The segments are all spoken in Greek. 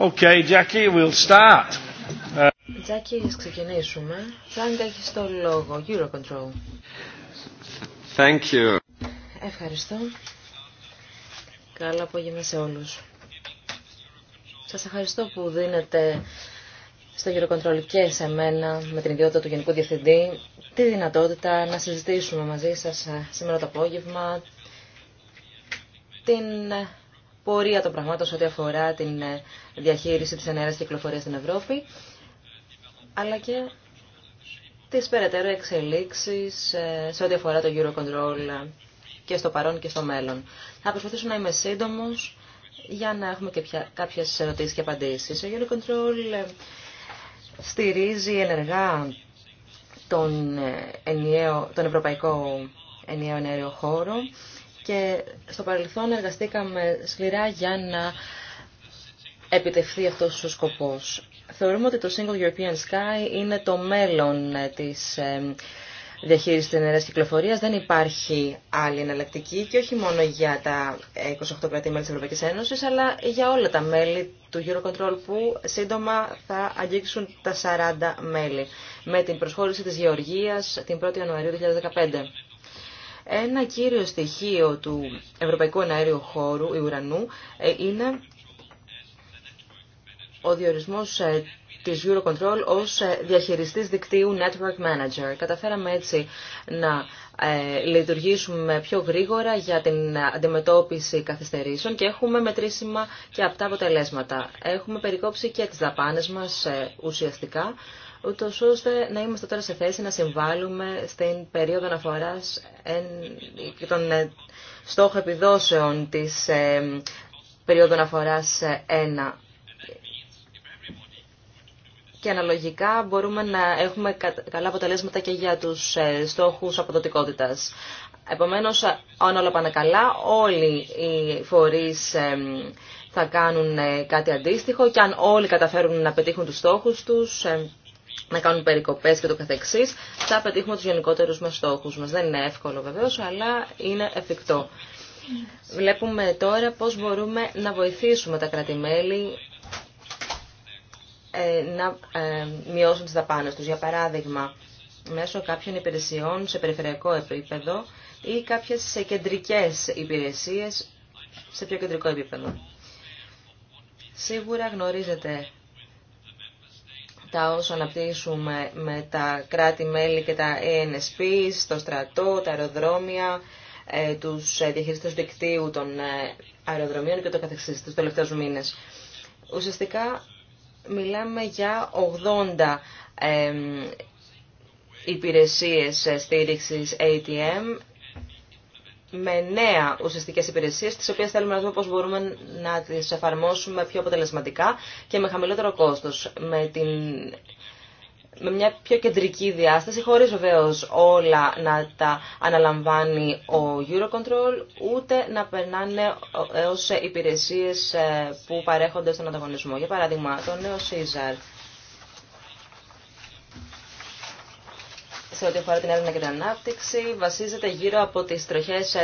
Okay, Jackie, we'll start. Τζάκι, ξεκινήσουμε. Φράγκα, έχει το λόγο. Eurocontrol. Thank you. Ευχαριστώ. Καλό απόγευμα σε όλου. Σας ευχαριστώ που δίνετε στο Eurocontrol και σε μένα, με την ιδιότητα του Γενικού Διευθυντή, τη δυνατότητα να συζητήσουμε μαζί σας ε, σήμερα το απόγευμα την πορεία των πραγμάτων σε ό,τι αφορά την ε, διαχείριση της ενέργειας κυκλοφορίας στην Ευρώπη, αλλά και τις περαιτέρω εξελίξεις ε, σε ό,τι αφορά το Eurocontrol ε, και στο παρόν και στο μέλλον. Θα προσπαθήσω να είμαι σύντομο για να έχουμε και κάποιες ερωτήσεις και απαντήσεις. Ο Eurocontrol στηρίζει ενεργά τον, ενιαίο, τον ευρωπαϊκό ενιαίο ενέργειο χώρο και στο παρελθόν εργαστήκαμε σκληρά για να επιτευχθεί αυτός ο σκοπός. Θεωρούμε ότι το Single European Sky είναι το μέλλον ε, της ε, διαχείρισης της νερές κυκλοφορίας. Δεν υπάρχει άλλη εναλλακτική και όχι μόνο για τα 28 κράτη-μέλη της Ευρωπαϊκής Ένωσης, αλλά για όλα τα μέλη του Eurocontrol που σύντομα θα αγγίξουν τα 40 μέλη με την προσχώρηση της Γεωργίας την 1η Ιανουαρίου 2015. Ένα κύριο στοιχείο του Ευρωπαϊκού Εναέριου Χώρου, η ουρανού, ε, είναι ο διορισμός ε, της Eurocontrol ως ε, διαχειριστής δικτύου Network Manager. Καταφέραμε έτσι να λειτουργήσουμε πιο γρήγορα για την αντιμετώπιση καθυστερήσεων και έχουμε μετρήσιμα και αυτά αποτελέσματα. Έχουμε περικόψει και τις δαπάνες μας ουσιαστικά ούτως ώστε να είμαστε τώρα σε θέση να συμβάλλουμε στην περίοδο αναφοράς και τον ε, στόχο επιδόσεων της ε, περίοδου αναφοράς 1. Ε, και αναλογικά μπορούμε να έχουμε καλά αποτελέσματα και για τους στόχους αποδοτικότητας. Επομένως, αν όλα πάνε καλά, όλοι οι φορείς θα κάνουν κάτι αντίστοιχο και αν όλοι καταφέρουν να πετύχουν τους στόχους τους, να κάνουν περικοπέ και το καθεξής, θα πετύχουμε τους γενικότερους μα. στόχου μας. Δεν είναι εύκολο βεβαίω, αλλά είναι εφικτό. Βλέπουμε τώρα πώς μπορούμε να βοηθήσουμε τα κρατημέλη ε, να ε, μειώσουν τις δαπάνες τους. Για παράδειγμα, μέσω κάποιων υπηρεσιών σε περιφερειακό επίπεδο ή κάποιες κεντρικές υπηρεσίες σε πιο κεντρικό επίπεδο. Σίγουρα γνωρίζετε τα όσα αναπτύσσουμε με τα κράτη-μέλη και τα ENSP, το στρατό, τα αεροδρόμια, ε, τους ε, διαχειριστές δικτύου των ε, αεροδρομίων και το καθεξής τους τελευταίους μήνες. Ουσιαστικά μιλάμε για 80 ε, υπηρεσίες στήριξης ATM με νέα ουσιαστικές υπηρεσίες, τις οποίες θέλουμε να δούμε πώς μπορούμε να τις εφαρμόσουμε πιο αποτελεσματικά και με χαμηλότερο κόστος, με, με μια πιο κεντρική διάσταση, χωρίς βεβαίω όλα να τα αναλαμβάνει ο Eurocontrol, ούτε να περνάνε ως υπηρεσίες ε, που παρέχονται στον ανταγωνισμό. Για παράδειγμα, το νέο Caesar σε ό,τι αφορά την έρευνα και την ανάπτυξη βασίζεται γύρω από τις τροχές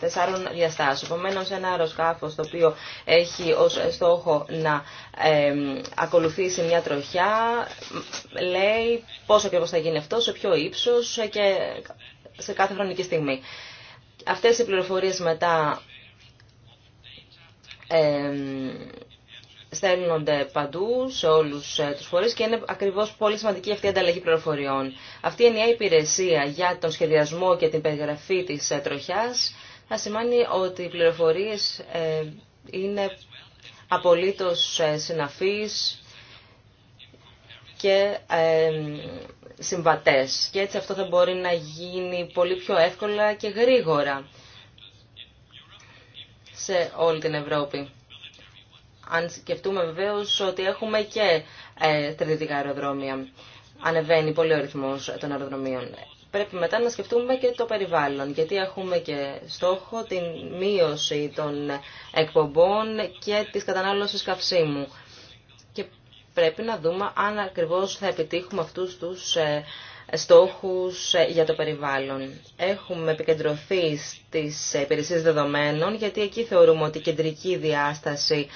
τεσσάρων διαστάσεων. Επομένω, ένα αεροσκάφος το οποίο έχει ως στόχο να ε, ακολουθήσει μια τροχιά λέει πόσο και θα γίνει αυτό, σε ποιο ύψος και σε κάθε χρονική στιγμή. Αυτές οι πληροφορίες μετά ε, στέλνονται παντού σε όλους ε, τους φορείς και είναι ακριβώς πολύ σημαντική αυτή η ανταλλαγή πληροφοριών. Αυτή η ενιαία υπηρεσία για τον σχεδιασμό και την περιγραφή της ε, τροχιά, θα σημαίνει ότι οι πληροφορίες ε, είναι απολύτως συναφείς και συμβατές. Και έτσι αυτό θα μπορεί να γίνει πολύ πιο εύκολα και γρήγορα σε όλη την Ευρώπη αν σκεφτούμε βεβαίω ότι έχουμε και ε, στρατιωτικά αεροδρόμια. Ανεβαίνει πολύ ο ρυθμός των αεροδρομίων. Πρέπει μετά να σκεφτούμε και το περιβάλλον, γιατί έχουμε και στόχο την μείωση των εκπομπών και της κατανάλωσης καυσίμου. Και πρέπει να δούμε αν ακριβώς θα επιτύχουμε αυτούς τους ε, στόχους ε, για το περιβάλλον. Έχουμε επικεντρωθεί στις υπηρεσίες δεδομένων, γιατί εκεί θεωρούμε ότι η κεντρική διάσταση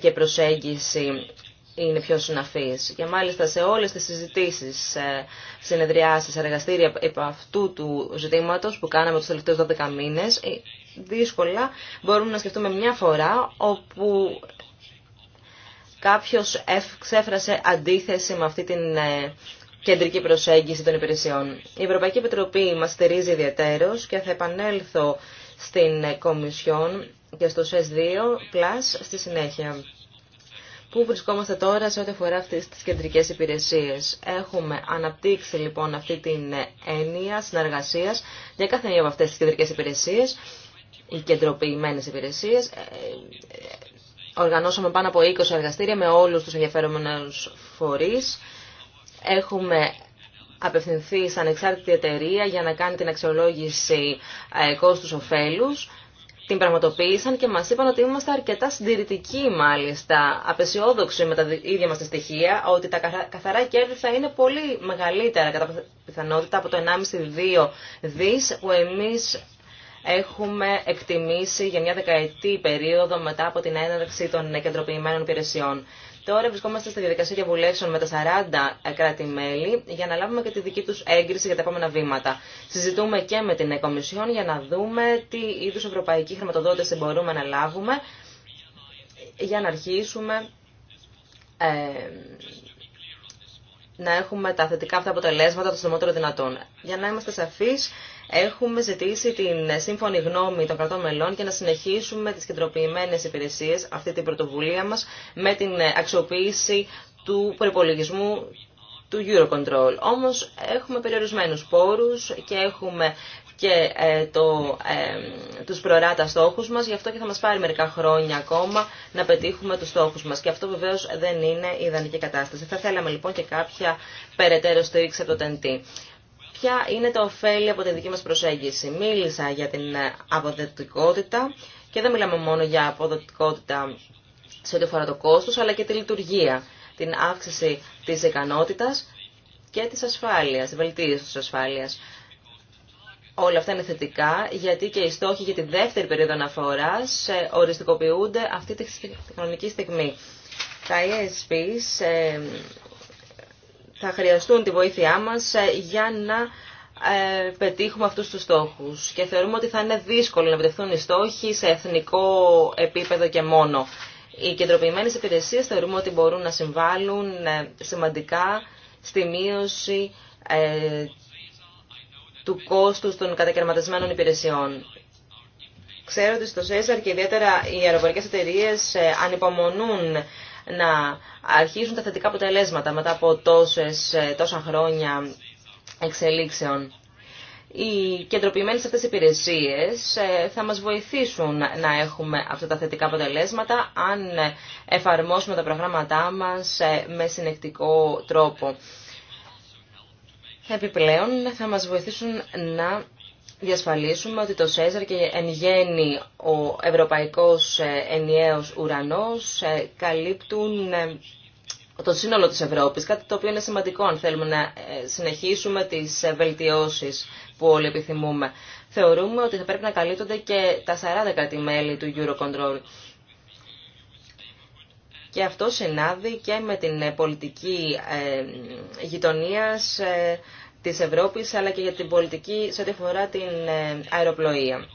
και προσέγγιση είναι πιο συναφής. Και μάλιστα σε όλες τις συζητήσεις, ε, συνεδριάσεις, εργαστήρια επ' αυτού του ζητήματος που κάναμε τους τελευταίους 12 μήνες, ε, δύσκολα μπορούμε να σκεφτούμε μια φορά όπου κάποιος ξέφρασε αντίθεση με αυτή την ε, κεντρική προσέγγιση των υπηρεσιών. Η Ευρωπαϊκή Επιτροπή μας στηρίζει ιδιαίτερως και θα επανέλθω στην Κομισιόν και στο SES2 στη συνέχεια. Πού βρισκόμαστε τώρα σε ό,τι αφορά αυτές τις κεντρικές υπηρεσίες. Έχουμε αναπτύξει λοιπόν αυτή την έννοια συνεργασίας για κάθε μία από αυτές τις κεντρικές υπηρεσίες, οι κεντροποιημένες υπηρεσίες. Ε, ε, οργανώσαμε πάνω από 20 εργαστήρια με όλους τους ενδιαφέρομενους φορείς. Έχουμε απευθυνθεί σαν εξάρτητη εταιρεία για να κάνει την αξιολόγηση ε, κόστους-οφέλους την πραγματοποίησαν και μας είπαν ότι είμαστε αρκετά συντηρητικοί μάλιστα, απεσιόδοξοι με τα ίδια μας τα στοιχεία, ότι τα καθαρά κέρδη θα είναι πολύ μεγαλύτερα κατά πιθανότητα από το 1,5-2 δις που εμείς έχουμε εκτιμήσει για μια δεκαετή περίοδο μετά από την έναρξη των κεντροποιημένων υπηρεσιών. Τώρα βρισκόμαστε στη διαδικασία διαβουλεύσεων με τα 40 ε, κράτη-μέλη για να λάβουμε και τη δική τους έγκριση για τα επόμενα βήματα. Συζητούμε και με την Εκομισιόν για να δούμε τι είδου ευρωπαϊκή χρηματοδότηση μπορούμε να λάβουμε για να αρχίσουμε ε, να έχουμε τα θετικά αυτά αποτελέσματα το συντομότερο δυνατόν. Για να είμαστε σαφείς, έχουμε ζητήσει την σύμφωνη γνώμη των κρατών μελών και να συνεχίσουμε τις κεντροποιημένες υπηρεσίες, αυτή την πρωτοβουλία μας, με την αξιοποίηση του προπολογισμού του Eurocontrol. Όμως έχουμε περιορισμένους πόρους και έχουμε και ε, το, ε, τους προεράτα στόχους μας, γι' αυτό και θα μας πάρει μερικά χρόνια ακόμα να πετύχουμε τους στόχους μας. Και αυτό βεβαίως δεν είναι η ιδανική κατάσταση. Θα θέλαμε λοιπόν και κάποια περαιτέρω στήριξη από το TNT. Ποια είναι τα ωφέλη από τη δική μας προσέγγιση. Μίλησα για την αποδοτικότητα και δεν μιλάμε μόνο για αποδοτικότητα σε ό,τι αφορά το κόστος, αλλά και τη λειτουργία, την αύξηση της ικανότητας και της ασφάλειας, τη βελτίωση της ασφάλειας. Όλα αυτά είναι θετικά, γιατί και οι στόχοι για τη δεύτερη περίοδο αναφορά ε, οριστικοποιούνται αυτή τη χρονική στιγμή. Τα ESPs ε, θα χρειαστούν τη βοήθειά μας ε, για να πετύχουμε αυτούς τους στόχους. Και θεωρούμε ότι θα είναι δύσκολο να επιτευχθούν οι στόχοι σε εθνικό επίπεδο και μόνο. Οι κεντροποιημένες υπηρεσίες θεωρούμε ότι μπορούν να συμβάλλουν σημαντικά στη μείωση του κόστου των κατακαιρματισμένων υπηρεσιών. Ξέρω ότι στο ΣΕΣΑΡ και ιδιαίτερα οι αεροπορικές εταιρείε ε, ανυπομονούν να αρχίσουν τα θετικά αποτελέσματα μετά από τόσες, ε, τόσα χρόνια εξελίξεων. Οι κεντροποιημένες αυτές υπηρεσίες ε, θα μας βοηθήσουν να έχουμε αυτά τα θετικά αποτελέσματα αν εφαρμόσουμε τα προγράμματά μας με συνεκτικό τρόπο. Επιπλέον θα μας βοηθήσουν να διασφαλίσουμε ότι το ΣΕΖΑΡ και εν γέννη ο Ευρωπαϊκός ε, Ενιαίος Ουρανός ε, καλύπτουν ε, το σύνολο της Ευρώπης, κάτι το οποίο είναι σημαντικό αν θέλουμε να συνεχίσουμε τις βελτιώσεις που όλοι επιθυμούμε. Θεωρούμε ότι θα πρέπει να καλύπτονται και τα 40 κράτη-μέλη του Eurocontrol. Και αυτό συνάδει και με την πολιτική γειτονίας της Ευρώπης αλλά και για την πολιτική σε ό,τι αφορά την ε, αεροπλοεία.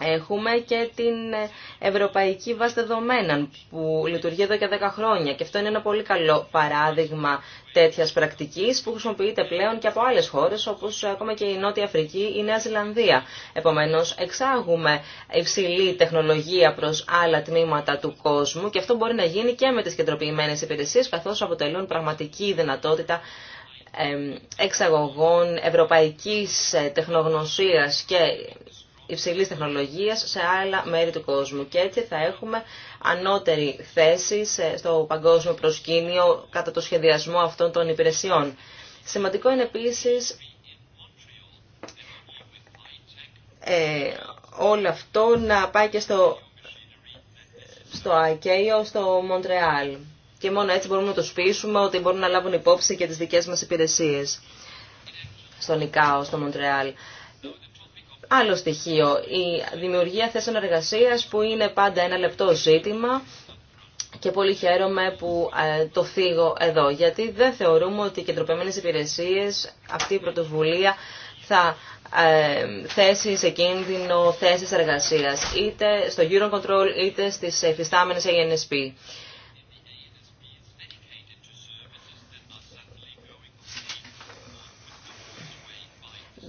Έχουμε και την ε, Ευρωπαϊκή Βάση Δεδομένων που λειτουργεί εδώ και 10 χρόνια και αυτό είναι ένα πολύ καλό παράδειγμα τέτοια πρακτική που χρησιμοποιείται πλέον και από άλλε χώρε, όπω ε, ακόμα και η Νότια Αφρική ή η Νέα Ζηλανδία. Επομένω, εξάγουμε υψηλή τεχνολογία προ άλλα τμήματα του κόσμου και αυτό μπορεί να γίνει και με τι κεντροποιημένε υπηρεσίε, καθώ αποτελούν πραγματική δυνατότητα εξαγωγών ευρωπαϊκής ε, τεχνογνωσίας και υψηλής τεχνολογίας σε άλλα μέρη του κόσμου. Και έτσι θα έχουμε ανώτερη θέση στο παγκόσμιο προσκήνιο κατά το σχεδιασμό αυτών των υπηρεσιών. Σημαντικό είναι επίσης ε, όλο αυτό να πάει και στο, στο ICAO, στο Μοντρεάλ και μόνο έτσι μπορούμε να του πείσουμε ότι μπορούν να λάβουν υπόψη και τις δικές μας υπηρεσίες στον ΙΚΑΟ, στο Μοντρεάλ. Άλλο στοιχείο, η δημιουργία θέσεων εργασίας που είναι πάντα ένα λεπτό ζήτημα και πολύ χαίρομαι που ε, το φύγω εδώ, γιατί δεν θεωρούμε ότι οι κεντροπεμένες υπηρεσίες, αυτή η πρωτοβουλία θα ε, θέσει σε κίνδυνο θέσεις εργασίας, είτε στο Eurocontrol είτε στις εφιστάμενες ANSP.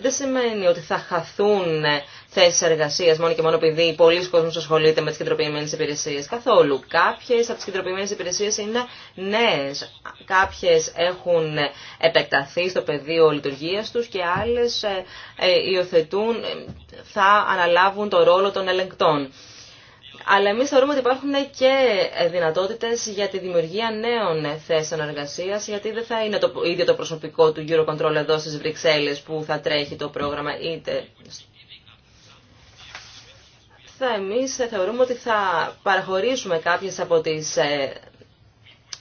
δεν σημαίνει ότι θα χαθούν ε, θέσει εργασία μόνο και μόνο επειδή πολλοί κόσμοι ασχολείται με τι κεντροποιημένε υπηρεσίε. Καθόλου. Κάποιε από τι κεντροποιημένε υπηρεσίε είναι νέε. Κάποιε έχουν ε, επεκταθεί στο πεδίο λειτουργία του και άλλε ε, υιοθετούν, θα αναλάβουν το ρόλο των ελεγκτών. Αλλά εμείς θεωρούμε ότι υπάρχουν και δυνατότητες για τη δημιουργία νέων θέσεων εργασίας, γιατί δεν θα είναι το ίδιο το προσωπικό του Eurocontrol εδώ στις Βρυξέλλες που θα τρέχει το πρόγραμμα, είτε θα εμείς θεωρούμε ότι θα παραχωρήσουμε κάποιες από τις ε,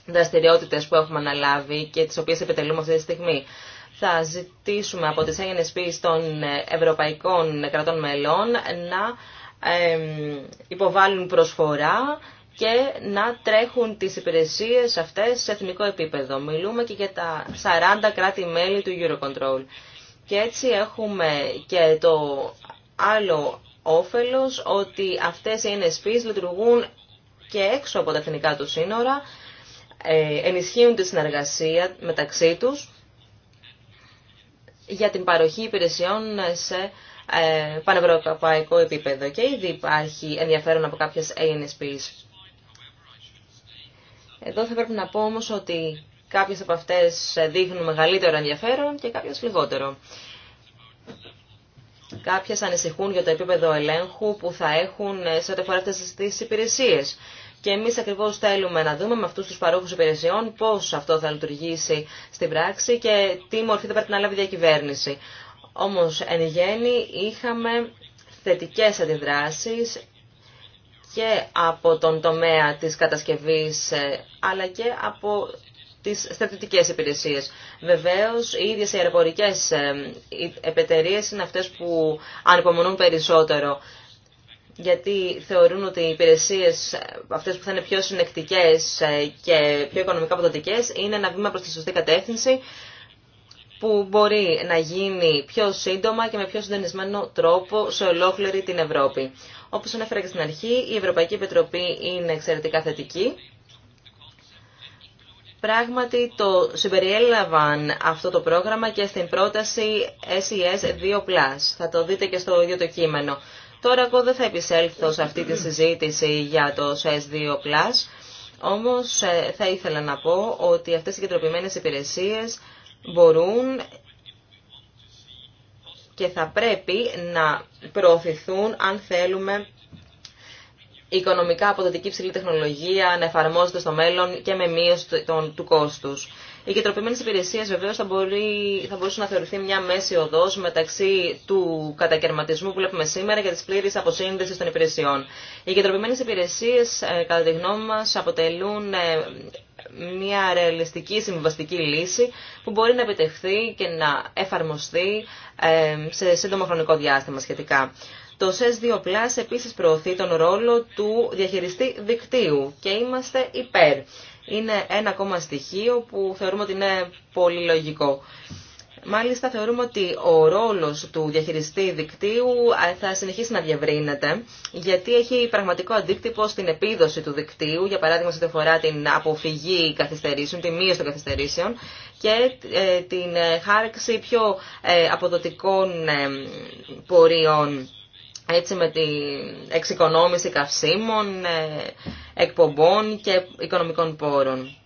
δραστηριότητες που έχουμε αναλάβει και τις οποίες επιτελούμε αυτή τη στιγμή. Θα ζητήσουμε από τις NSP των ε, ευρωπαϊκών κρατών μελών να υποβάλουν προσφορά και να τρέχουν τις υπηρεσίες αυτές σε εθνικό επίπεδο. Μιλούμε και για τα 40 κράτη-μέλη του Eurocontrol. Και έτσι έχουμε και το άλλο όφελος ότι αυτές οι NSPs λειτουργούν και έξω από τα εθνικά του σύνορα, ε, ενισχύουν τη συνεργασία μεταξύ τους για την παροχή υπηρεσιών σε ε, πανευρωπαϊκό επίπεδο και ήδη υπάρχει ενδιαφέρον από κάποιες ANSPs. Εδώ θα πρέπει να πω όμως ότι κάποιες από αυτές δείχνουν μεγαλύτερο ενδιαφέρον και κάποιες λιγότερο. Κάποιες ανησυχούν για το επίπεδο ελέγχου που θα έχουν σε ό,τι αφορά αυτές τις υπηρεσίες. Και εμεί ακριβώ θέλουμε να δούμε με αυτού του παρόχου υπηρεσιών πώ αυτό θα λειτουργήσει στην πράξη και τι μορφή θα πρέπει να λάβει η διακυβέρνηση. Όμως, εν γέννη, είχαμε θετικές αντιδράσεις και από τον τομέα της κατασκευής, ε, αλλά και από τις στρατιωτικές υπηρεσίες. Βεβαίως, οι ίδιες οι αεροπορικές εταιρείε είναι αυτές που ανυπομονούν περισσότερο, γιατί θεωρούν ότι οι υπηρεσίες ε, αυτές που θα είναι πιο συνεκτικές ε, και πιο οικονομικά αποδοτικές είναι ένα βήμα προς τη σωστή κατεύθυνση, που μπορεί να γίνει πιο σύντομα και με πιο συντονισμένο τρόπο σε ολόκληρη την Ευρώπη. Όπως ανέφερα και στην αρχή, η Ευρωπαϊκή Επιτροπή είναι εξαιρετικά θετική. Πράγματι, το συμπεριέλαβαν αυτό το πρόγραμμα και στην πρόταση SES 2+. E θα το δείτε και στο ίδιο το κείμενο. Τώρα εγώ δεν θα επισέλθω σε αυτή τη συζήτηση για το SES 2+. E όμως ε, θα ήθελα να πω ότι αυτές οι κεντροποιημένες υπηρεσίες μπορούν και θα πρέπει να προωθηθούν αν θέλουμε οικονομικά αποδοτική ψηλή τεχνολογία να εφαρμόζεται στο μέλλον και με μείωση του κόστου. Οι κεντροποιημένε υπηρεσίε βεβαίω θα, μπορούσαν θα να θεωρηθεί μια μέση οδό μεταξύ του κατακαιρματισμού που βλέπουμε σήμερα και τη πλήρη αποσύνδεση των υπηρεσιών. Οι κεντροποιημένε υπηρεσίε, ε, κατά τη γνώμη μα, αποτελούν ε, μια ρεαλιστική συμβαστική λύση που μπορεί να επιτευχθεί και να εφαρμοστεί σε σύντομο χρονικό διάστημα σχετικά. Το SES 2 Plus επίσης προωθεί τον ρόλο του διαχειριστή δικτύου και είμαστε υπέρ. Είναι ένα ακόμα στοιχείο που θεωρούμε ότι είναι πολύ λογικό. Μάλιστα θεωρούμε ότι ο ρόλος του διαχειριστή δικτύου θα συνεχίσει να διευρύνεται γιατί έχει πραγματικό αντίκτυπο στην επίδοση του δικτύου, για παράδειγμα σε αφορά την αποφυγή καθυστερήσεων, τη μείωση των καθυστερήσεων και ε, την ε, χάρξη πιο ε, αποδοτικών πορείων έτσι με την εξοικονόμηση καυσίμων, εκπομπών και οικονομικών πόρων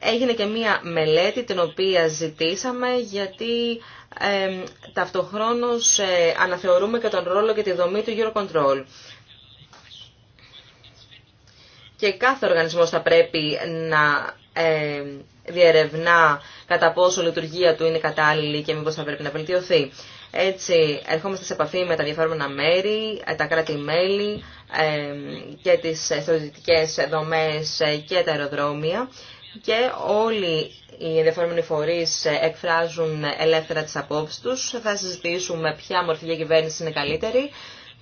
έγινε και μία μελέτη την οποία ζητήσαμε γιατί ε, ταυτοχρόνως αναθεωρούμε και τον ρόλο και τη δομή του Eurocontrol. Και κάθε οργανισμός θα πρέπει να ε, διερευνά κατά πόσο η λειτουργία του είναι κατάλληλη και μήπως θα πρέπει να βελτιωθεί. Έτσι, ερχόμαστε σε επαφή με τα διαφορετικά μέρη, ε, τα κράτη-μέλη και τις στρατιωτικές δομές ε, και τα αεροδρόμια και όλοι οι ενδιαφέρομενοι φορεί εκφράζουν ελεύθερα τις απόψεις τους. Θα συζητήσουμε ποια μορφή για κυβέρνηση είναι καλύτερη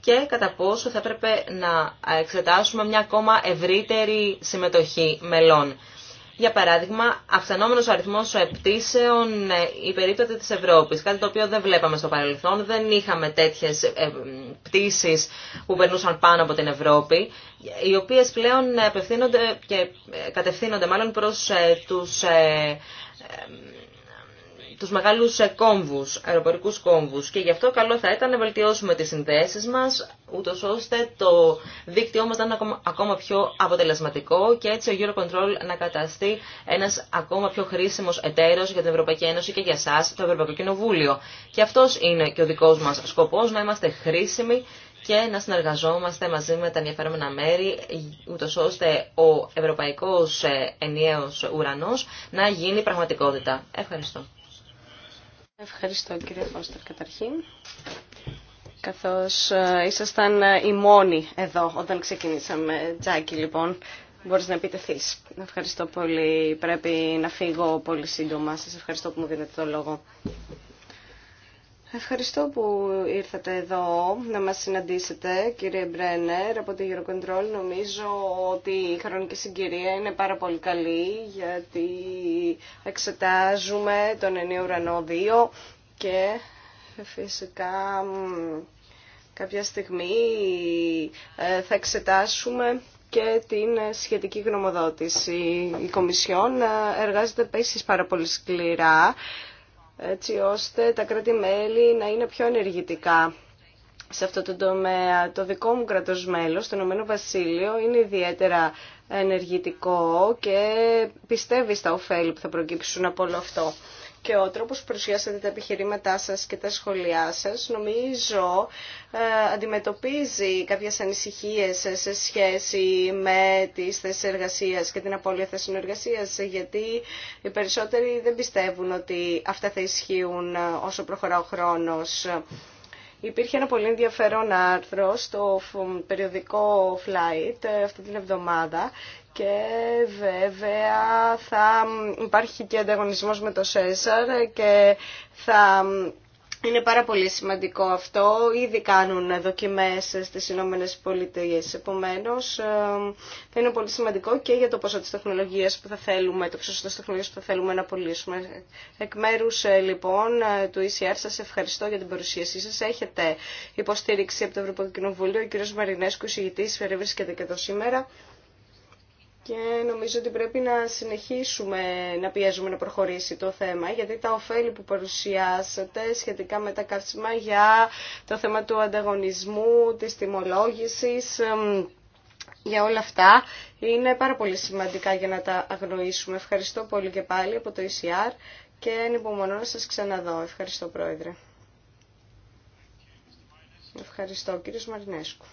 και κατά πόσο θα έπρεπε να εξετάσουμε μια ακόμα ευρύτερη συμμετοχή μελών. Για παράδειγμα, αυξανόμενο αριθμό πτήσεων ε, περίπτωση τη Ευρώπη. Κάτι το οποίο δεν βλέπαμε στο παρελθόν. Δεν είχαμε τέτοιε ε, πτήσει που περνούσαν πάνω από την Ευρώπη οι οποίες πλέον απευθύνονται και ε, κατευθύνονται μάλλον προς ε, τους, ε, τους μεγάλους κόμβους, αεροπορικούς κόμβους. Και γι' αυτό καλό θα ήταν να βελτιώσουμε τις συνδέσεις μας, ούτως ώστε το δίκτυό μας να είναι ακόμα πιο αποτελεσματικό και έτσι ο Eurocontrol να καταστεί ένας ακόμα πιο χρήσιμος εταίρος για την Ευρωπαϊκή Ένωση και για εσά το Ευρωπαϊκό Κοινοβούλιο. Και αυτός είναι και ο δικός μας σκοπός, να είμαστε χρήσιμοι και να συνεργαζόμαστε μαζί με τα ενδιαφέρομενα μέρη, ούτως ώστε ο Ευρωπαϊκός ε, Ενιαίος Ουρανός να γίνει πραγματικότητα. Ευχαριστώ. Ευχαριστώ κύριε Φώστερ καταρχήν, καθώς ε, ήσασταν ε, οι μόνοι εδώ όταν ξεκινήσαμε. Τζάκι λοιπόν, μπορείς να επιτεθείς. Ευχαριστώ πολύ, πρέπει να φύγω πολύ σύντομα. Σας ευχαριστώ που μου δίνετε το λόγο. Ευχαριστώ που ήρθατε εδώ να μας συναντήσετε, κύριε Μπρένερ, από το Eurocontrol. Νομίζω ότι η χρονική συγκυρία είναι πάρα πολύ καλή, γιατί εξετάζουμε τον ενίο ουρανό 2 και φυσικά κάποια στιγμή ε, θα εξετάσουμε και την σχετική γνωμοδότηση. Η Κομισιόν ε, εργάζεται επίσης πάρα πολύ σκληρά έτσι ώστε τα κράτη-μέλη να είναι πιο ενεργητικά σε αυτό το τομέα. Το δικό μου κρατος μέλος, το Ηνωμένο Βασίλειο, είναι ιδιαίτερα ενεργητικό και πιστεύει στα ωφέλη που θα προκύψουν από όλο αυτό και ο τρόπος που παρουσιάσατε τα επιχειρήματά σας και τα σχόλιά σας νομίζω ε, αντιμετωπίζει κάποιες ανησυχίες σε σχέση με τις θέσεις εργασίας και την απώλεια θέσεων εργασίας γιατί οι περισσότεροι δεν πιστεύουν ότι αυτά θα ισχύουν ε, όσο προχωρά ο χρόνος. Υπήρχε ένα πολύ ενδιαφέρον άρθρο στο περιοδικό Flight ε, αυτή την εβδομάδα και βέβαια θα υπάρχει και ανταγωνισμός με το Σέσαρ και θα είναι πάρα πολύ σημαντικό αυτό. Ήδη κάνουν δοκιμές στις Ηνωμένες Πολιτείες. Επομένως, ε, θα είναι πολύ σημαντικό και για το ποσό της τεχνολογίας που θα θέλουμε, το ποσό της τεχνολογίας που θα θέλουμε να πωλήσουμε. Εκ μέρους, ε, λοιπόν, ε, του ECR σας ευχαριστώ για την παρουσίασή σας. Έχετε υποστήριξη από το Ευρωπαϊκό Κοινοβούλιο. Ο κ. Μαρινέσκου, εισηγητής, βρίσκεται και εδώ σήμερα και νομίζω ότι πρέπει να συνεχίσουμε να πιέζουμε να προχωρήσει το θέμα, γιατί τα ωφέλη που παρουσιάσατε σχετικά με τα καύσιμα για το θέμα του ανταγωνισμού, της τιμολόγησης, για όλα αυτά είναι πάρα πολύ σημαντικά για να τα αγνοήσουμε. Ευχαριστώ πολύ και πάλι από το ECR και ανυπομονώ να σας ξαναδώ. Ευχαριστώ Πρόεδρε. Ευχαριστώ κύριος Μαρινέσκου.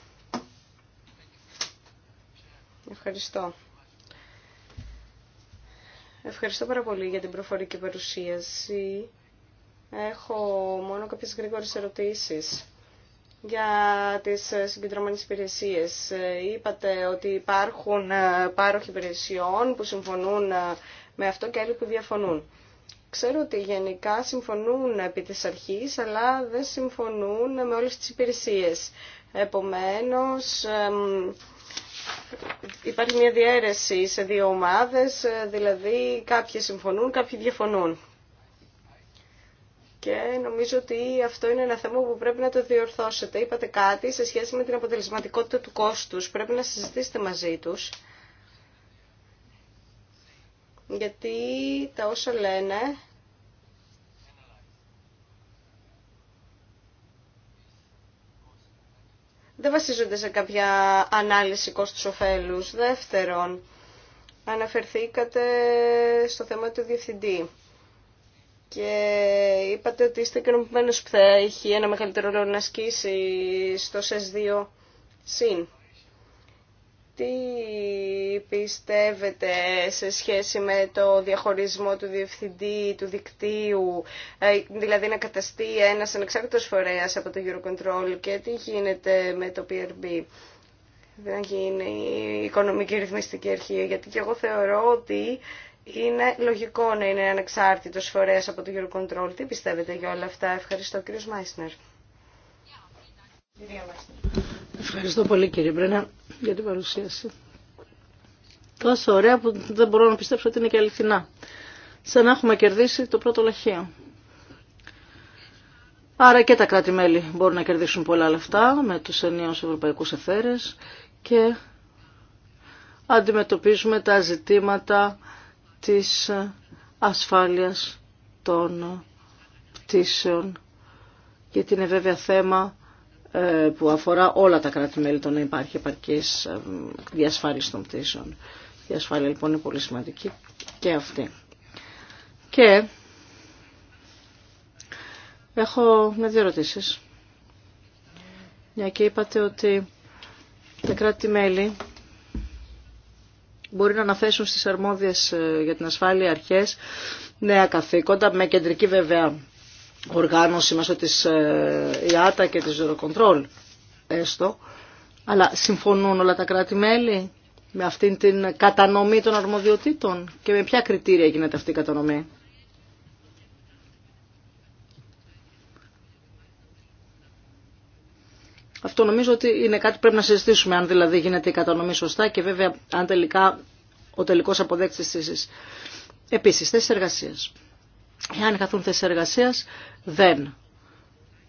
Ευχαριστώ. Ευχαριστώ πάρα πολύ για την προφορική παρουσίαση. Έχω μόνο κάποιες γρήγορες ερωτήσεις για τις συγκεντρωμένες υπηρεσίες. Είπατε ότι υπάρχουν πάροχοι υπηρεσιών που συμφωνούν με αυτό και άλλοι που διαφωνούν. Ξέρω ότι γενικά συμφωνούν επί τη αρχής, αλλά δεν συμφωνούν με όλες τις υπηρεσίες. Επομένως, υπάρχει μια διαίρεση σε δύο ομάδες, ε, δηλαδή κάποιοι συμφωνούν, κάποιοι διαφωνούν. Και νομίζω ότι αυτό είναι ένα θέμα που πρέπει να το διορθώσετε. Είπατε κάτι σε σχέση με την αποτελεσματικότητα του κόστους. Πρέπει να συζητήσετε μαζί τους. Γιατί τα όσα λένε δεν βασίζονται σε κάποια ανάλυση κόστους ωφέλους. Δεύτερον, αναφερθήκατε στο θέμα του διευθυντή και είπατε ότι είστε ικανοποιημένος που θα έχει ένα μεγαλύτερο ρόλο να ασκήσει στο σες ΣΥΝ. Τι πιστεύετε σε σχέση με το διαχωρισμό του διευθυντή, του δικτύου, ε, δηλαδή να καταστεί ένας ανεξάρτητος φορέας από το Eurocontrol και τι γίνεται με το PRB Δεν γίνει η οικονομική ρυθμιστική αρχή, γιατί και εγώ θεωρώ ότι είναι λογικό να είναι ανεξάρτητος φορέας από το Eurocontrol. Τι πιστεύετε για όλα αυτά. Ευχαριστώ κύριος Μάισνερ. Ευχαριστώ πολύ κύριε Μπρένα για την παρουσίαση. Τόσο ωραία που δεν μπορώ να πιστέψω ότι είναι και αληθινά. Σαν να έχουμε κερδίσει το πρώτο λαχείο. Άρα και τα κράτη-μέλη μπορούν να κερδίσουν πολλά λεφτά με τους ενιαίους ευρωπαϊκούς εθέρες και αντιμετωπίζουμε τα ζητήματα της ασφάλειας των πτήσεων γιατί είναι βέβαια θέμα ε, που αφορά όλα τα κράτη-μέλη το να υπάρχει επαρκής ε, διασφάλιση των πτήσεων. Η ασφάλεια λοιπόν είναι πολύ σημαντική και αυτή. Και έχω με δύο ερωτήσεις. Μια και είπατε ότι τα κράτη-μέλη μπορεί να αναθέσουν στις αρμόδιες ε, για την ασφάλεια αρχές νέα καθήκοντα με κεντρική βέβαια οργάνωση ε, μέσω της ΙΑΤΑ και της Eurocontrol έστω. Αλλά συμφωνούν όλα τα κράτη-μέλη με αυτήν την κατανομή των αρμοδιοτήτων και με ποια κριτήρια γίνεται αυτή η κατανομή. Αυτό νομίζω ότι είναι κάτι που πρέπει να συζητήσουμε, αν δηλαδή γίνεται η κατανομή σωστά και βέβαια αν τελικά ο τελικός αποδέκτης της Επίσης, θέσεις εργασίας. Εάν καθούν θέσει εργασία, δεν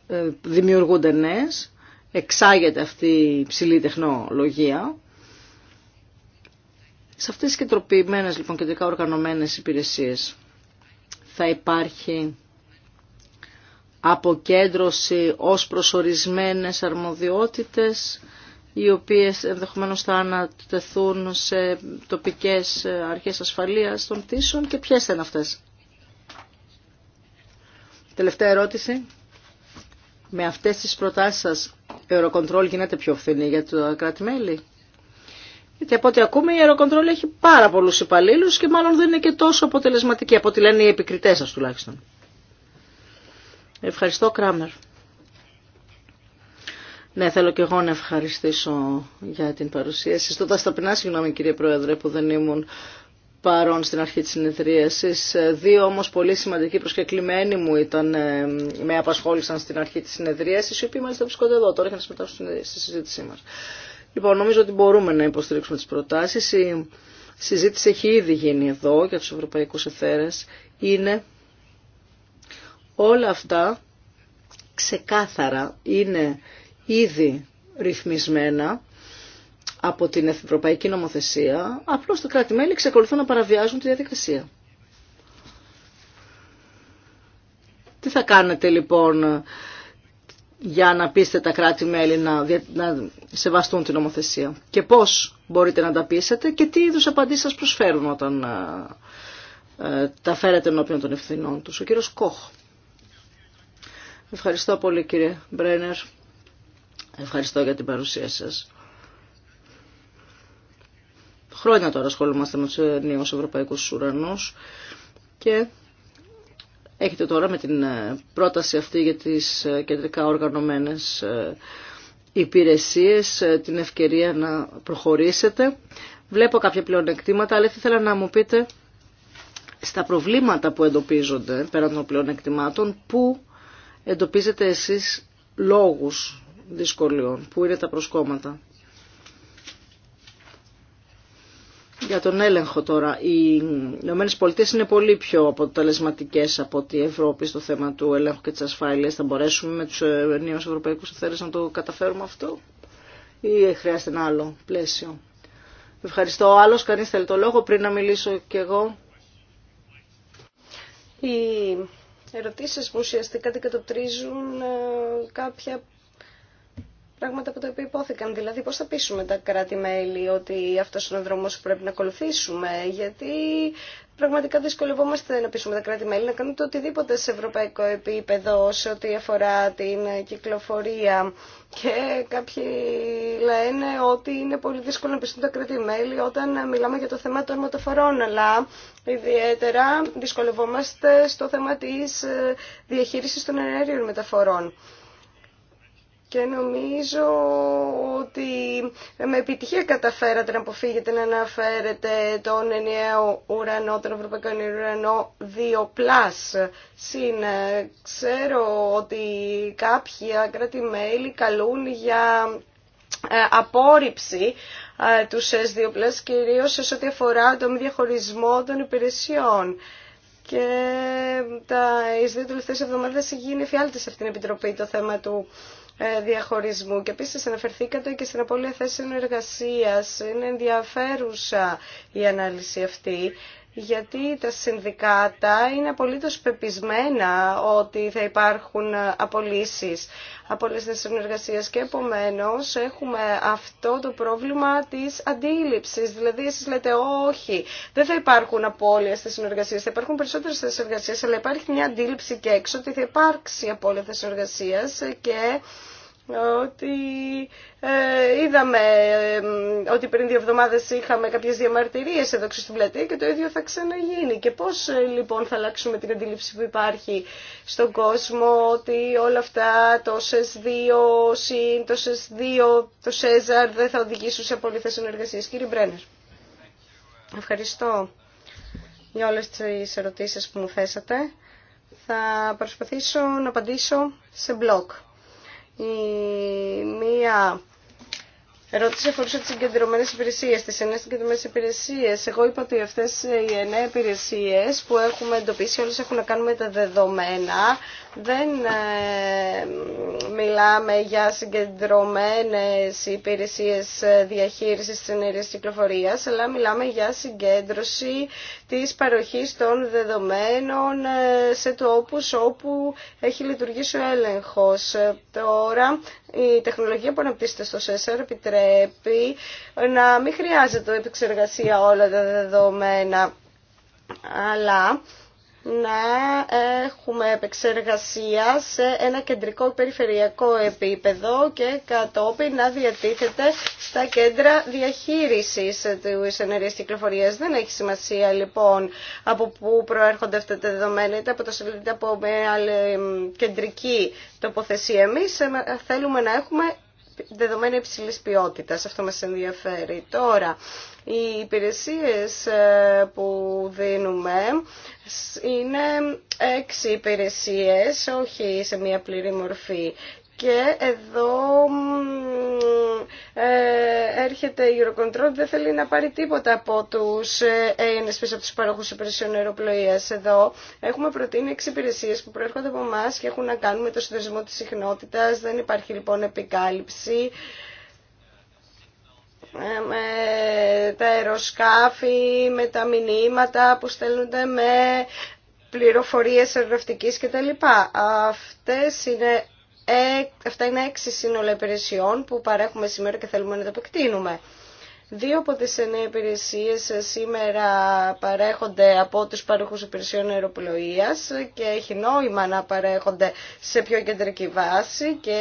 ε, δημιουργούνται νέε, εξάγεται αυτή η ψηλή τεχνολογία. Σε αυτές τις κεντροποιημένες λοιπόν κεντρικά οργανωμένες υπηρεσίες θα υπάρχει αποκέντρωση ως προσορισμένες αρμοδιότητες οι οποίες ενδεχομένως θα ανατεθούν σε τοπικές αρχές ασφαλείας των πτήσεων και ποιες θα είναι αυτές. Τελευταία ερώτηση. Με αυτές τις προτάσεις σας, η Eurocontrol γίνεται πιο φθηνή για το κράτη-μέλη. Γιατί από ό,τι ακούμε η Eurocontrol έχει πάρα πολλούς υπαλλήλου και μάλλον δεν είναι και τόσο αποτελεσματική από ό,τι λένε οι επικριτές σας τουλάχιστον. Ευχαριστώ Κράμερ. Ναι, θέλω και εγώ να ευχαριστήσω για την παρουσίαση. Στο τασταπεινά, συγγνώμη κύριε Πρόεδρε που δεν ήμουν παρόν στην αρχή της συνεδρίασης. Δύο όμως πολύ σημαντικοί προσκεκλημένοι μου ήταν, ε, με απασχόλησαν στην αρχή της συνεδρίασης, οι οποίοι μάλιστα βρίσκονται εδώ τώρα για να συμμετάσχουν στη συζήτησή μας. Λοιπόν, νομίζω ότι μπορούμε να υποστηρίξουμε τις προτάσεις. Η συζήτηση έχει ήδη γίνει εδώ για τους ευρωπαϊκούς εθέρες. Είναι όλα αυτά ξεκάθαρα, είναι ήδη ρυθμισμένα από την Ευρωπαϊκή Νομοθεσία, απλώς τα κράτη-μέλη εξακολουθούν να παραβιάζουν τη διαδικασία. Τι θα κάνετε λοιπόν για να πείσετε τα κράτη-μέλη να, να σεβαστούν την νομοθεσία και πώς μπορείτε να τα πείσετε και τι είδους απαντήσεις σας προσφέρουν όταν ε, ε, τα φέρετε ενώπιον των ευθυνών τους. Ο κύριος Κόχ. Ευχαριστώ πολύ κύριε Μπρένερ. Ευχαριστώ για την παρουσία σας. Χρόνια τώρα ασχολούμαστε με τους νέους ευρωπαϊκούς ουρανούς και έχετε τώρα με την ε, πρόταση αυτή για τις ε, κεντρικά οργανωμένες ε, υπηρεσίες την ευκαιρία να προχωρήσετε. Βλέπω κάποια πλεονεκτήματα, αλλά ήθελα να μου πείτε στα προβλήματα που εντοπίζονται πέραν των πλεονεκτημάτων, πού εντοπίζετε εσείς λόγους δυσκολιών, πού είναι τα προσκόμματα. για τον έλεγχο τώρα. Οι Ηνωμένε Πολιτείε είναι πολύ πιο αποτελεσματικέ από ότι Ευρώπη στο θέμα του ελέγχου και τη ασφάλεια. Θα μπορέσουμε με του ε, νέου ευρωπαϊκού ευθέρε να το καταφέρουμε αυτό, ή χρειάζεται ένα άλλο πλαίσιο. Ευχαριστώ. Άλλο κανεί θέλει το λόγο πριν να μιλήσω κι εγώ. Οι ερωτήσει που ουσιαστικά αντικατοπτρίζουν ε, κάποια πράγματα που το υπόθηκαν. Δηλαδή, πώ θα πείσουμε τα κράτη-μέλη ότι αυτό είναι ο δρόμο που πρέπει να ακολουθήσουμε, γιατί πραγματικά δυσκολευόμαστε να πείσουμε τα κράτη-μέλη να κάνουν το οτιδήποτε σε ευρωπαϊκό επίπεδο σε ό,τι αφορά την κυκλοφορία. Και κάποιοι λένε ότι είναι πολύ δύσκολο να πείσουν τα κράτη-μέλη όταν μιλάμε για το θέμα των μεταφορών, αλλά ιδιαίτερα δυσκολευόμαστε στο θέμα τη ε, διαχείριση των ενέργειων μεταφορών και νομίζω ότι με επιτυχία καταφέρατε να αποφύγετε να αναφέρετε τον ενιαίο ουρανό, τον Ευρωπαϊκό Ενιαίο Ουρανό 2+. Συν, ε, ξέρω κάποιοι κάποια κράτη-μέλη καλούν για ε, απόρριψη του ΣΕΣ 2+, κυρίως σε ό,τι αφορά τον διαχωρισμό των υπηρεσιών. Και τα εις δύο τελευταίες εβδομάδες γίνει φιάλτη σε αυτήν την Επιτροπή το θέμα του ε, διαχωρισμού. Και επίση αναφερθήκατε και στην απώλεια θέσεων εργασία Είναι ενδιαφέρουσα η ανάλυση αυτή γιατί τα συνδικάτα είναι απολύτως πεπισμένα ότι θα υπάρχουν απολύσεις, τις συνεργασίες και επομένως έχουμε αυτό το πρόβλημα της αντίληψης. Δηλαδή εσείς λέτε όχι, δεν θα υπάρχουν απώλειες στις συνεργασίες, θα υπάρχουν περισσότερες στις συνεργασίες, αλλά υπάρχει μια αντίληψη και έξω ότι θα υπάρξει απώλεια συνεργασίες και ότι ε, είδαμε ότι πριν δύο εβδομάδες είχαμε κάποιες διαμαρτυρίες εδώ στην πλατεία και το ίδιο θα ξαναγίνει. Και πώς ε, λοιπόν θα αλλάξουμε την αντίληψη που υπάρχει στον κόσμο ότι όλα αυτά το σες το ΣΕΣ2, το ΣΕΖΑΡ δεν θα οδηγήσουν σε πολύ θέση Κύριε Μπρένερ, ευχαριστώ για όλες τις ερωτήσεις που μου θέσατε. Θα προσπαθήσω να απαντήσω σε μπλοκ. Η μία ερώτηση αφορούσε τι συγκεντρωμένε υπηρεσίε, τι εννέα συγκεντρωμένε υπηρεσίε. Εγώ είπα ότι αυτέ οι εννέα υπηρεσίε που έχουμε εντοπίσει όλε έχουν να κάνουν με τα δεδομένα, δεν ε, μιλάμε για συγκεντρωμένες υπηρεσίες ε, διαχείρισης της ενέργειας κυκλοφορίας, αλλά μιλάμε για συγκέντρωση της παροχής των δεδομένων ε, σε τόπους όπου έχει λειτουργήσει ο έλεγχος. Τώρα η τεχνολογία που αναπτύσσεται στο ΣΕΣΑΡ επιτρέπει να μην χρειάζεται επεξεργασία όλα τα δεδομένα, αλλά να έχουμε επεξεργασία σε ένα κεντρικό περιφερειακό επίπεδο και κατόπιν να διατίθεται στα κέντρα διαχείρισης του ενέργειας κυκλοφορίας. Δεν έχει σημασία λοιπόν από πού προέρχονται αυτά τα δεδομένα, είτε από το σελίδι, από μια κεντρική τοποθεσία. Εμείς ε, θέλουμε να έχουμε δεδομένα υψηλής ποιότητας. Αυτό μας ενδιαφέρει. Τώρα, οι υπηρεσίες ε, που δίνουμε είναι έξι υπηρεσίες, όχι σε μία πλήρη μορφή. Και εδώ ε, έρχεται η Eurocontrol, δεν θέλει να πάρει τίποτα από τους ΕΕΝΕΣ πίσω από τους παρόχους υπηρεσιών αεροπλοείας. Εδώ έχουμε προτείνει έξι υπηρεσίες που προέρχονται από εμά και έχουν να κάνουν με το συνδεσμό της συχνότητας. Δεν υπάρχει λοιπόν επικάλυψη. Ε, με τα αεροσκάφη, με τα μηνύματα που στέλνονται με πληροφορίες και κτλ. Αυτές είναι, αυτά είναι έξι σύνολα υπηρεσιών που παρέχουμε σήμερα και θέλουμε να τα επεκτείνουμε. Δύο από τις εννέα υπηρεσίες σήμερα παρέχονται από τους παροχούς υπηρεσιών αεροπλοείας και έχει νόημα να παρέχονται σε πιο κεντρική βάση και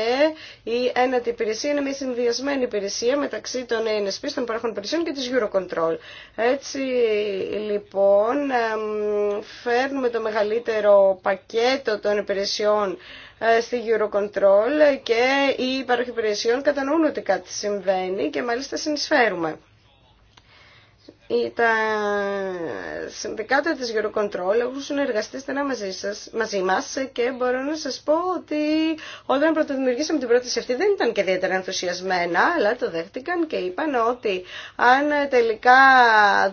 η ένατη υπηρεσία είναι μια συνδυασμένη υπηρεσία μεταξύ των ANSP, των παροχών υπηρεσιών και της Eurocontrol. Έτσι λοιπόν φέρνουμε το μεγαλύτερο πακέτο των υπηρεσιών ε, στη Eurocontrol και οι υπαροχοι υπηρεσιών κατανοούν ότι κάτι συμβαίνει και μάλιστα συνεισφέρουμε τα συνδικάτα της Eurocontrol έχουν συνεργαστεί στενά μαζί, σας, μαζί μας και μπορώ να σας πω ότι όταν πρωτοδημιουργήσαμε την πρόταση αυτή δεν ήταν και ιδιαίτερα ενθουσιασμένα αλλά το δέχτηκαν και είπαν ότι αν τελικά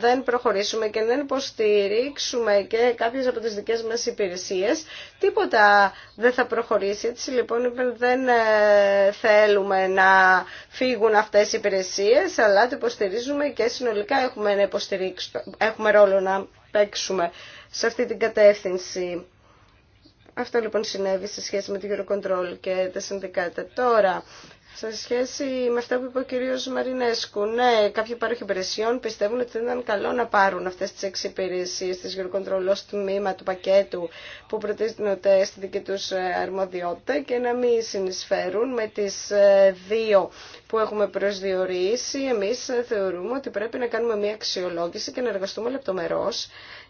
δεν προχωρήσουμε και δεν υποστηρίξουμε και κάποιες από τις δικές μας υπηρεσίες τίποτα δεν θα προχωρήσει έτσι λοιπόν δεν ε, θέλουμε να φύγουν αυτές οι υπηρεσίες αλλά το υποστηρίζουμε και συνολικά έχουμε να υποστηρίξουμε, έχουμε ρόλο να παίξουμε σε αυτή την κατεύθυνση. Αυτό λοιπόν συνέβη σε σχέση με το Eurocontrol και τα συνδικάτα. Τώρα, σε σχέση με αυτά που είπε ο κύριο Μαρινέσκου, ναι, κάποιοι υπάρχουν υπηρεσιών πιστεύουν ότι δεν ήταν καλό να πάρουν αυτέ τι έξι υπηρεσίε της Eurocontrol ως τμήμα του πακέτου που προτείνονται στη δική του ε, αρμοδιότητα και να μην συνεισφέρουν με τι ε, δύο που έχουμε προσδιορίσει. Εμεί ε, θεωρούμε ότι πρέπει να κάνουμε μια αξιολόγηση και να εργαστούμε λεπτομερώ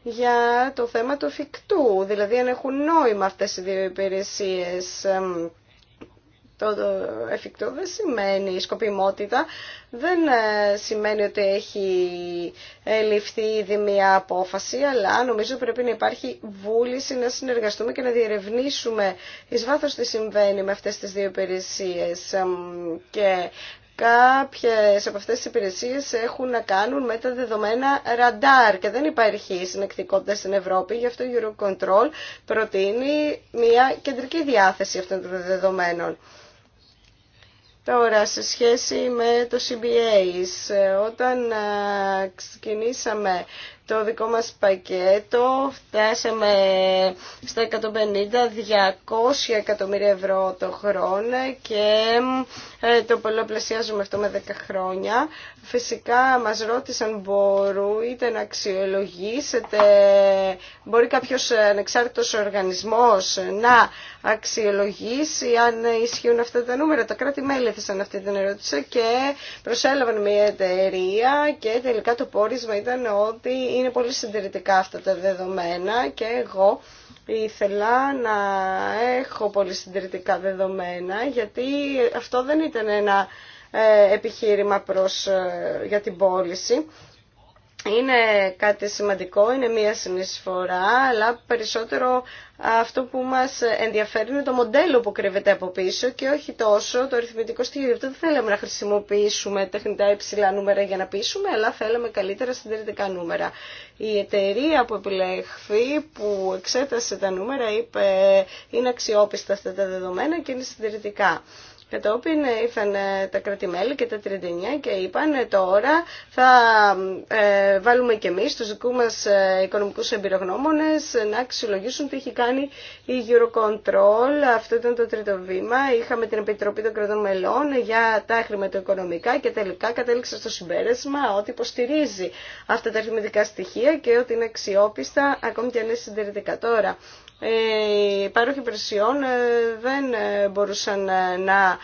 για το θέμα του εφικτού, δηλαδή αν έχουν νόημα αυτέ οι δύο υπηρεσίε το εφικτό δεν σημαίνει η σκοπιμότητα, δεν ε, σημαίνει ότι έχει ε, ληφθεί ήδη μια απόφαση, αλλά νομίζω πρέπει να υπάρχει βούληση να συνεργαστούμε και να διερευνήσουμε εις βάθος τι συμβαίνει με αυτές τις δύο υπηρεσίε. Και κάποιες από αυτές τις υπηρεσίες έχουν να κάνουν με τα δεδομένα ραντάρ και δεν υπάρχει συνεκτικότητα στην Ευρώπη, γι' αυτό η Eurocontrol προτείνει μια κεντρική διάθεση αυτών των δεδομένων. Τώρα, σε σχέση με το CBA, όταν ξεκινήσαμε το δικό μας πακέτο, φτάσαμε στα 150-200 εκατομμύρια ευρώ το χρόνο και ε, το πολλαπλασιάζουμε αυτό με 10 χρόνια. Φυσικά μας ρώτησαν μπορείτε να αξιολογήσετε, μπορεί κάποιος ανεξάρτητος οργανισμός να αξιολογήσει αν ισχύουν αυτά τα νούμερα. Τα κράτη-μέλη έθεσαν αυτή την ερώτηση και προσέλαβαν μια εταιρεία και τελικά το πόρισμα ήταν ότι είναι πολύ συντηρητικά αυτά τα δεδομένα και εγώ ήθελα να έχω πολύ συντηρητικά δεδομένα γιατί αυτό δεν ήταν ένα ε, επιχείρημα προς, ε, για την πώληση. Είναι κάτι σημαντικό, είναι μία συνεισφορά, αλλά περισσότερο αυτό που μας ενδιαφέρει είναι το μοντέλο που κρύβεται από πίσω και όχι τόσο το αριθμητικό στήριο. Αυτό δεν θέλαμε να χρησιμοποιήσουμε τεχνητά υψηλά νούμερα για να πείσουμε, αλλά θέλαμε καλύτερα συντηρητικά νούμερα. Η εταιρεία που επιλέχθη, που εξέτασε τα νούμερα, είπε είναι αξιόπιστα αυτά τα δεδομένα και είναι συντηρητικά. Κατόπιν ήρθαν ε, τα κρατημέλη και τα 39 και είπαν ε, τώρα θα ε, βάλουμε και εμείς τους δικού μας οικονομικούς εμπειρογνώμονες να αξιολογήσουν τι έχει κάνει η Eurocontrol. Αυτό ήταν το τρίτο βήμα. Είχαμε την Επιτροπή των Κρατών Μελών για τα χρηματοοικονομικά και τελικά κατέληξε στο συμπέρασμα ότι υποστηρίζει αυτά τα αριθμητικά στοιχεία και ότι είναι αξιόπιστα ακόμη και αν είναι συντηρητικά τώρα. Ε, οι παρόχοι υπηρεσιών ε, δεν ε, μπορούσαν να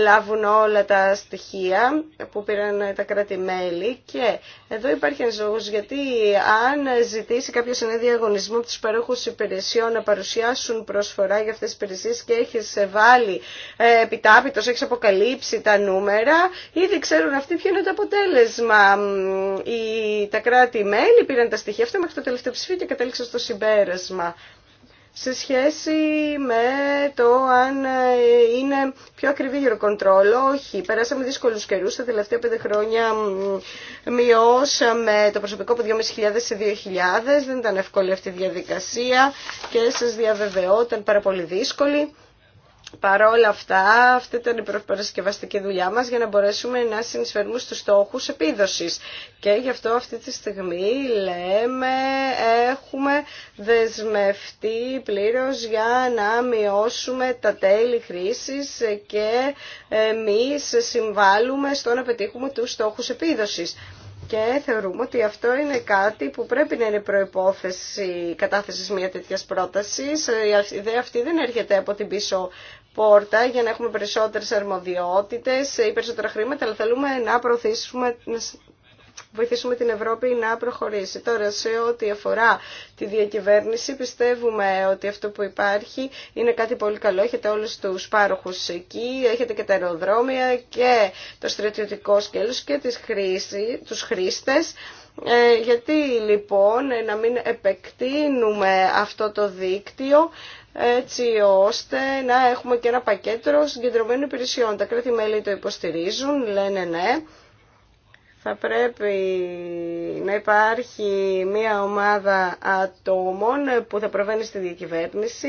λάβουν όλα τα στοιχεία που πήραν τα κράτη-μέλη και εδώ υπάρχει ένας λόγος γιατί αν ζητήσει κάποιο ένα διαγωνισμό από τους παρόχους υπηρεσιών να παρουσιάσουν προσφορά για αυτές τις υπηρεσίες και έχεις βάλει επιτάπητος, έχεις αποκαλύψει τα νούμερα, ήδη ξέρουν αυτοί ποιο είναι το αποτέλεσμα. τα κράτη-μέλη πήραν τα στοιχεία αυτά μέχρι το τελευταίο ψηφίο και κατέληξαν στο συμπέρασμα σε σχέση με το αν ε, είναι πιο ακριβή γεροκοντρόλο, Όχι, περάσαμε δύσκολου καιρού. Τα τελευταία πέντε χρόνια μειώσαμε το προσωπικό από 2.500 σε 2.000. Δεν ήταν εύκολη αυτή η διαδικασία και σα διαβεβαιώ, ήταν πάρα πολύ δύσκολη παρόλα αυτά, αυτή ήταν η προπαρασκευαστική δουλειά μας για να μπορέσουμε να συνεισφέρουμε στους στόχους επίδοσης. Και γι' αυτό αυτή τη στιγμή λέμε έχουμε δεσμευτεί πλήρως για να μειώσουμε τα τέλη χρήσης και εμείς συμβάλλουμε στο να πετύχουμε τους στόχους επίδοσης. Και θεωρούμε ότι αυτό είναι κάτι που πρέπει να είναι προϋπόθεση κατάθεσης μια τέτοιας πρότασης. Η ιδέα αυτή δεν έρχεται από την πίσω για να έχουμε περισσότερες αρμοδιότητες ή περισσότερα χρήματα, αλλά θέλουμε να βοηθήσουμε την Ευρώπη να προχωρήσει. Τώρα, σε ό,τι αφορά τη διακυβέρνηση, πιστεύουμε ότι αυτό που υπάρχει είναι κάτι πολύ καλό. Έχετε όλους τους πάροχους εκεί, έχετε και τα αεροδρόμια και το στρατιωτικό σκέλος και τις χρήστε. τους ε, γιατί λοιπόν να μην επεκτείνουμε αυτό το δίκτυο έτσι ώστε να έχουμε και ένα πακέτο συγκεντρωμένων υπηρεσιών. Τα κράτη-μέλη το υποστηρίζουν, λένε ναι, θα πρέπει να υπάρχει μια ομάδα ατόμων που θα προβαίνει στη διακυβέρνηση,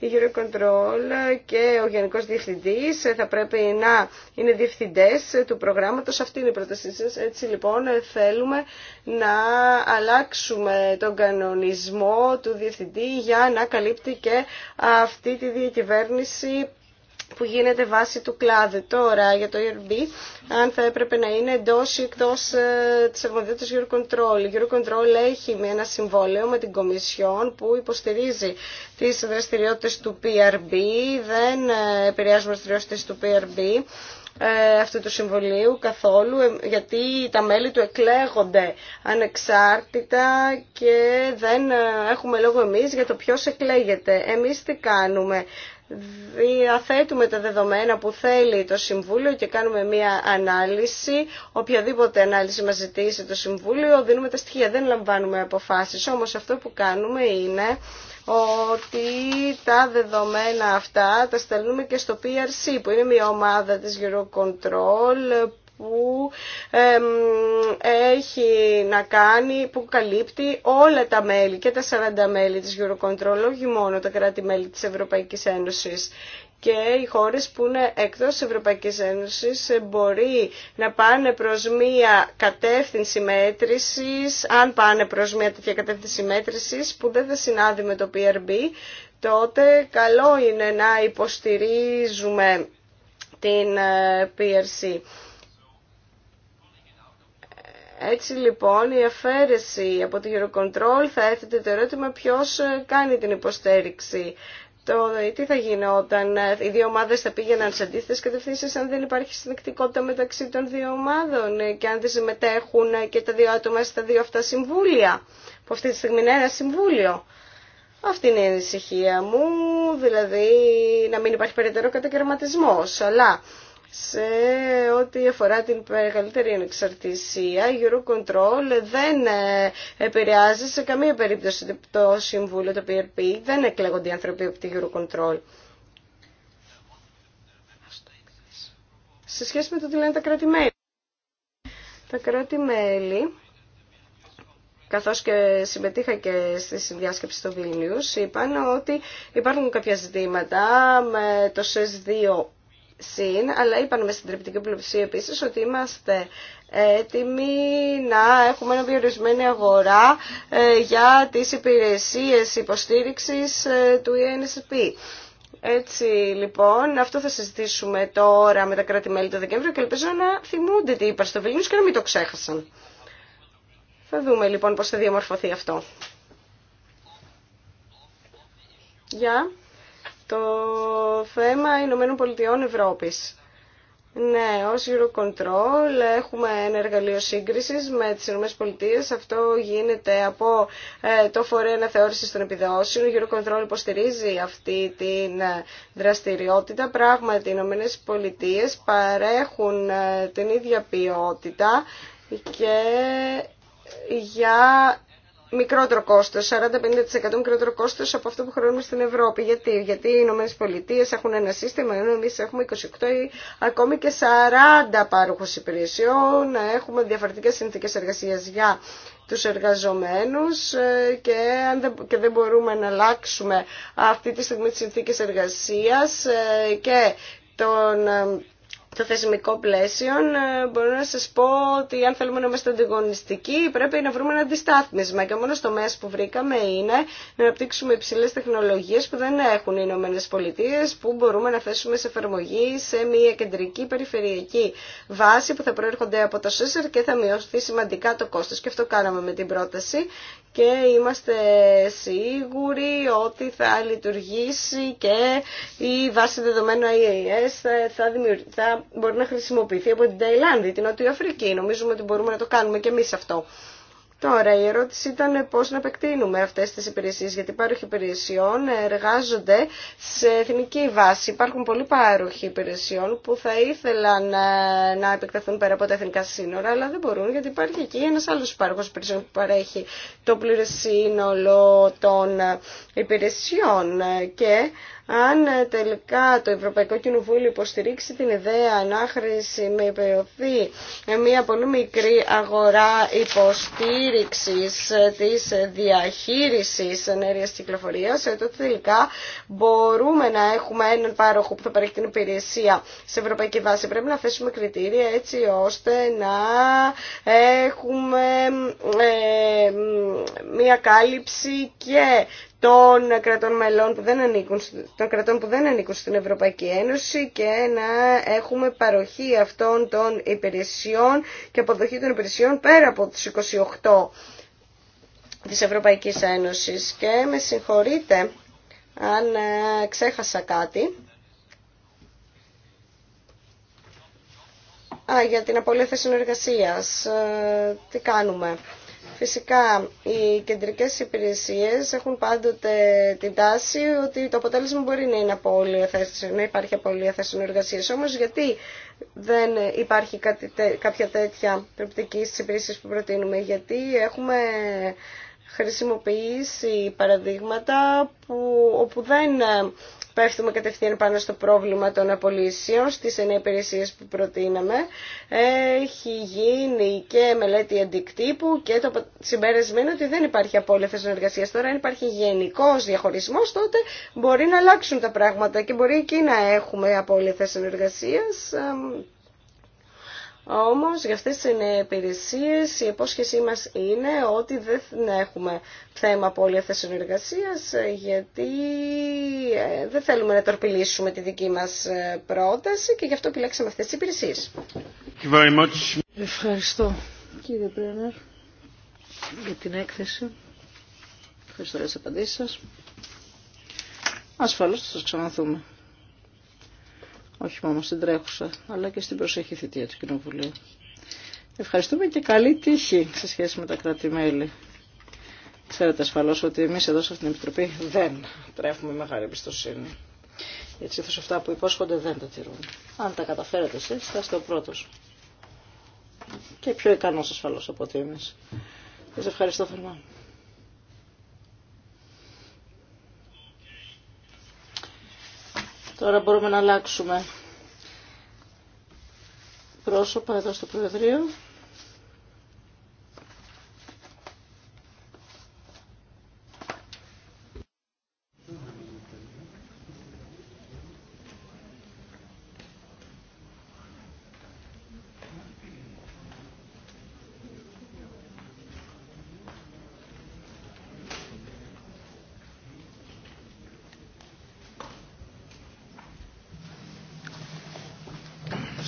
η Eurocontrol και ο Γενικός Διευθυντής θα πρέπει να είναι διευθυντές του προγράμματος. Αυτή είναι η πρότασή Έτσι λοιπόν θέλουμε να αλλάξουμε τον κανονισμό του Διευθυντή για να καλύπτει και αυτή τη διακυβέρνηση που γίνεται βάση του κλάδου. Τώρα για το ERB, αν θα έπρεπε να είναι εντό ή εκτό ε, τη αρμοδιότητα Eurocontrol. Η Eurocontrol έχει με ένα συμβόλαιο με την Κομισιόν που υποστηρίζει τι δραστηριότητε του PRB. Δεν ε, επηρεάζουμε τι δραστηριότητε του PRB ε, αυτού του συμβολίου καθόλου ε, γιατί τα μέλη του εκλέγονται ανεξάρτητα και δεν έχουμε λόγο εμείς για το ποιος εκλέγεται. Εμείς τι κάνουμε διαθέτουμε τα δεδομένα που θέλει το Συμβούλιο και κάνουμε μία ανάλυση. Οποιαδήποτε ανάλυση μας ζητήσει το Συμβούλιο, δίνουμε τα στοιχεία, δεν λαμβάνουμε αποφάσεις. Όμως αυτό που κάνουμε είναι ότι τα δεδομένα αυτά τα στέλνουμε και στο PRC που είναι μια ομάδα της Eurocontrol που έχει να κάνει, που καλύπτει όλα τα μέλη και τα 40 μέλη της Eurocontrol, όχι μόνο τα κράτη-μέλη της Ευρωπαϊκής Ένωσης και οι χώρες που είναι εκτός της Ευρωπαϊκής Ένωσης μπορεί να πάνε προς μία κατεύθυνση μέτρησης, αν πάνε προς μία τέτοια κατεύθυνση μέτρησης που δεν θα συνάδει με το PRB, τότε καλό είναι να υποστηρίζουμε την ε, PRC. Έτσι λοιπόν η αφαίρεση από το Eurocontrol θα έθετε το ερώτημα ποιος ε, κάνει την υποστέριξη. Το, ε, τι θα γίνει όταν ε, οι δύο ομάδες θα πήγαιναν σε αντίθετες κατευθύνσεις αν δεν υπάρχει συνεκτικότητα μεταξύ των δύο ομάδων και αν δεν συμμετέχουν και τα δύο άτομα στα δύο αυτά συμβούλια, που αυτή τη στιγμή είναι ένα συμβούλιο. Αυτή είναι η ανησυχία μου, δηλαδή να μην υπάρχει περαιτέρω κατακαιρματισμός, αλλά σε ό,τι αφορά την μεγαλύτερη ανεξαρτησία, η Eurocontrol δεν ε, επηρεάζει σε καμία περίπτωση το Συμβούλιο, το PRP, δεν εκλέγονται οι άνθρωποι από τη Eurocontrol. Σε σχέση με το τι λένε τα κράτη-μέλη. Τα κράτη-μέλη, καθώς και συμμετείχα και στη συνδιάσκεψη στο Βίλνιους, είπαν ότι υπάρχουν κάποια ζητήματα με το ΣΕΣ συν, αλλά είπαμε με συντριπτική πλειοψηφία επίση ότι είμαστε έτοιμοι να έχουμε μια περιορισμένη αγορά ε, για τις υπηρεσίες υποστήριξης ε, του ENSP. Έτσι λοιπόν, αυτό θα συζητήσουμε τώρα με τα κράτη-μέλη το Δεκέμβριο και ελπίζω να θυμούνται τι είπα στο Βελίνους και να μην το ξέχασαν. Θα δούμε λοιπόν πώς θα διαμορφωθεί αυτό. Γεια. Yeah το θέμα Ηνωμένων Πολιτειών Ευρώπης. Ναι, ω Eurocontrol έχουμε ένα εργαλείο σύγκριση με τις ΗΠΑ. Αυτό γίνεται από ε, το Φορέα αναθεώρηση των Επιδεώσεων. Ο Eurocontrol υποστηρίζει αυτή την ε, δραστηριότητα. Πράγματι, οι ΗΠΑ παρέχουν ε, την ίδια ποιότητα και για μικρότερο κόστος, 40-50% μικρότερο κόστος από αυτό που χρεώνουμε στην Ευρώπη. Γιατί, γιατί οι Ηνωμένε Πολιτείε έχουν ένα σύστημα, ενώ εμείς έχουμε 28 ή ακόμη και 40 πάροχους υπηρεσιών, έχουμε διαφορετικές συνθήκες εργασίας για τους εργαζομένους ε, και, αν δεν, και δεν μπορούμε να αλλάξουμε αυτή τη στιγμή τις συνθήκες εργασίας ε, και τον ε, το θεσμικό πλαίσιο, ε, μπορώ να σας πω ότι αν θέλουμε να είμαστε αντιγωνιστικοί πρέπει να βρούμε ένα αντιστάθμισμα και μόνο στο μέσο που βρήκαμε είναι να αναπτύξουμε υψηλές τεχνολογίες που δεν έχουν οι Ηνωμένες Πολιτείες που μπορούμε να θέσουμε σε εφαρμογή σε μια κεντρική περιφερειακή βάση που θα προέρχονται από το ΣΕΣΕΡ και θα μειωθεί σημαντικά το κόστος και αυτό κάναμε με την πρόταση και είμαστε σίγουροι ότι θα λειτουργήσει και η βάση δεδομένου IAS θα, θα, θα μπορεί να χρησιμοποιηθεί από την Ταϊλάνδη, την Νότια Αφρική. Νομίζουμε ότι μπορούμε να το κάνουμε και εμεί αυτό. Τώρα η ερώτηση ήταν πώ να επεκτείνουμε αυτέ τι υπηρεσίε, γιατί πάροχοι υπηρεσιών εργάζονται σε εθνική βάση. Υπάρχουν πολλοί πάροχοι υπηρεσιών που θα ήθελαν ε, να επεκταθούν πέρα από τα εθνικά σύνορα, αλλά δεν μπορούν γιατί υπάρχει εκεί ένα άλλο πάροχο υπηρεσιών που παρέχει το πλήρε σύνολο των ε, υπηρεσιών ε, και αν ε, τελικά το Ευρωπαϊκό Κοινοβούλιο υποστηρίξει την ιδέα να χρησιμοποιηθεί μια πολύ μικρή αγορά υποστήριξης ε, της διαχείρισης ενέργειας κυκλοφορίας, ε, τότε τελικά μπορούμε να έχουμε έναν πάροχο που θα παρέχει την υπηρεσία σε ευρωπαϊκή βάση. Πρέπει να θέσουμε κριτήρια έτσι ώστε να έχουμε μια κάλυψη και των κρατών μελών που δεν ανήκουν, κρατών που δεν ανήκουν στην Ευρωπαϊκή Ένωση και να έχουμε παροχή αυτών των υπηρεσιών και αποδοχή των υπηρεσιών πέρα από τους 28 της Ευρωπαϊκής Ένωσης και με συγχωρείτε αν ε, ξέχασα κάτι Α, για την απολύθεση συνεργασίας. Ε, τι κάνουμε. Φυσικά, οι κεντρικές υπηρεσίες έχουν πάντοτε την τάση ότι το αποτέλεσμα μπορεί να είναι απόλυτα θέση, να υπάρχει απόλυτα θέση συνεργασία. Όμως γιατί δεν υπάρχει κάποια τέτοια προπτική στις υπηρεσίες που προτείνουμε, γιατί έχουμε χρησιμοποιήσει παραδείγματα που, όπου δεν πέφτουμε κατευθείαν πάνω στο πρόβλημα των απολύσεων στις ενέπηρεσίε που προτείναμε. Έχει γίνει και μελέτη αντικτύπου και το συμπέρασμα είναι ότι δεν υπάρχει απόλυτη συνεργασία. Τώρα, αν υπάρχει γενικό διαχωρισμό, τότε μπορεί να αλλάξουν τα πράγματα και μπορεί εκεί να έχουμε απόλυτη εργασία. Όμως για αυτές τις υπηρεσίες η υπόσχεσή μας είναι ότι δεν έχουμε θέμα τη συνεργασίας γιατί ε, δεν θέλουμε να τορπιλήσουμε τη δική μας ε, πρόταση και γι' αυτό επιλέξαμε αυτές τις υπηρεσίες. Ευχαριστώ κύριε Πρένερ για την έκθεση. Ευχαριστώ για τις απαντήσεις σας. Ασφαλώς θα σας ξαναθούμε όχι μόνο στην τρέχουσα, αλλά και στην προσεχή θητεία του Κοινοβουλίου. Ευχαριστούμε και καλή τύχη σε σχέση με τα κράτη-μέλη. Ξέρετε ασφαλώ ότι εμείς εδώ σε αυτήν την Επιτροπή δεν τρέφουμε μεγάλη εμπιστοσύνη. Γιατί συνήθω αυτά που υπόσχονται δεν τα τηρούν. Αν τα καταφέρετε εσεί, θα είστε ο πρώτος. Και πιο ικανό ασφαλώς από ότι εμεί. Σα ευχαριστώ θερμά. Τώρα μπορούμε να αλλάξουμε πρόσωπα εδώ στο Προεδρείο.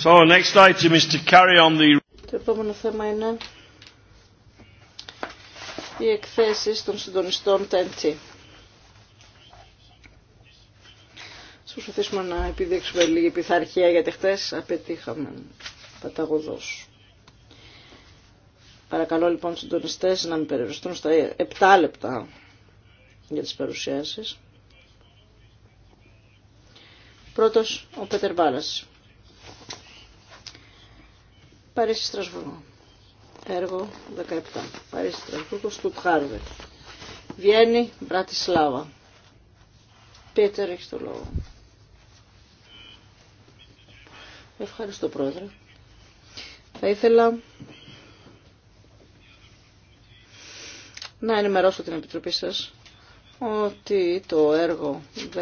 So, next item is to carry on the... Το επόμενο θέμα είναι οι εκθέσεις των συντονιστών TNT. Σας προσπαθήσουμε να επιδείξουμε λίγη πειθαρχία γιατί χτες απαιτήχαμε παταγωδός. Παρακαλώ λοιπόν τους συντονιστές να μην περιοριστούν στα 7 λεπτά για τις παρουσιάσεις. Πρώτος ο Πέτερ Βάλας. Παρίσι Στρασβούργο. Έργο 17. Παρίσι Στρασβούργο, Στουτχάρβε. Βιέννη, Μπρατισλάβα. Πίτερ, έχει το λόγο. Ευχαριστώ, Πρόεδρε. Θα ήθελα να ενημερώσω την Επιτροπή σας ότι το έργο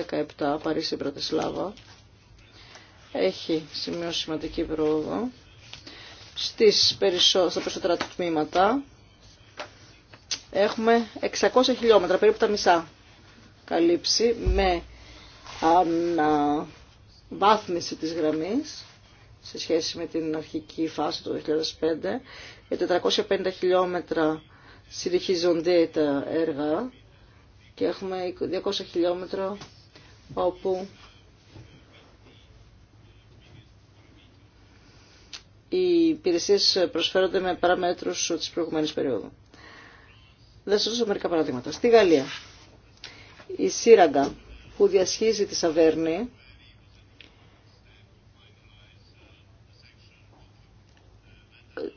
17 Παρίσι Μπρατισλάβα έχει σημειώσει σημαντική πρόοδο στις περισσότερα, στα περισσότερα τμήματα έχουμε 600 χιλιόμετρα, περίπου τα μισά καλύψει με αναβάθμιση της γραμμής σε σχέση με την αρχική φάση του 2005. Για 450 χιλιόμετρα συνεχίζονται τα έργα και έχουμε 200 χιλιόμετρα όπου οι υπηρεσίε προσφέρονται με παραμέτρου τη προηγούμενη περίοδου. Θα σα δώσω μερικά παραδείγματα. Στη Γαλλία, η σύραγγα που διασχίζει τη Σαβέρνη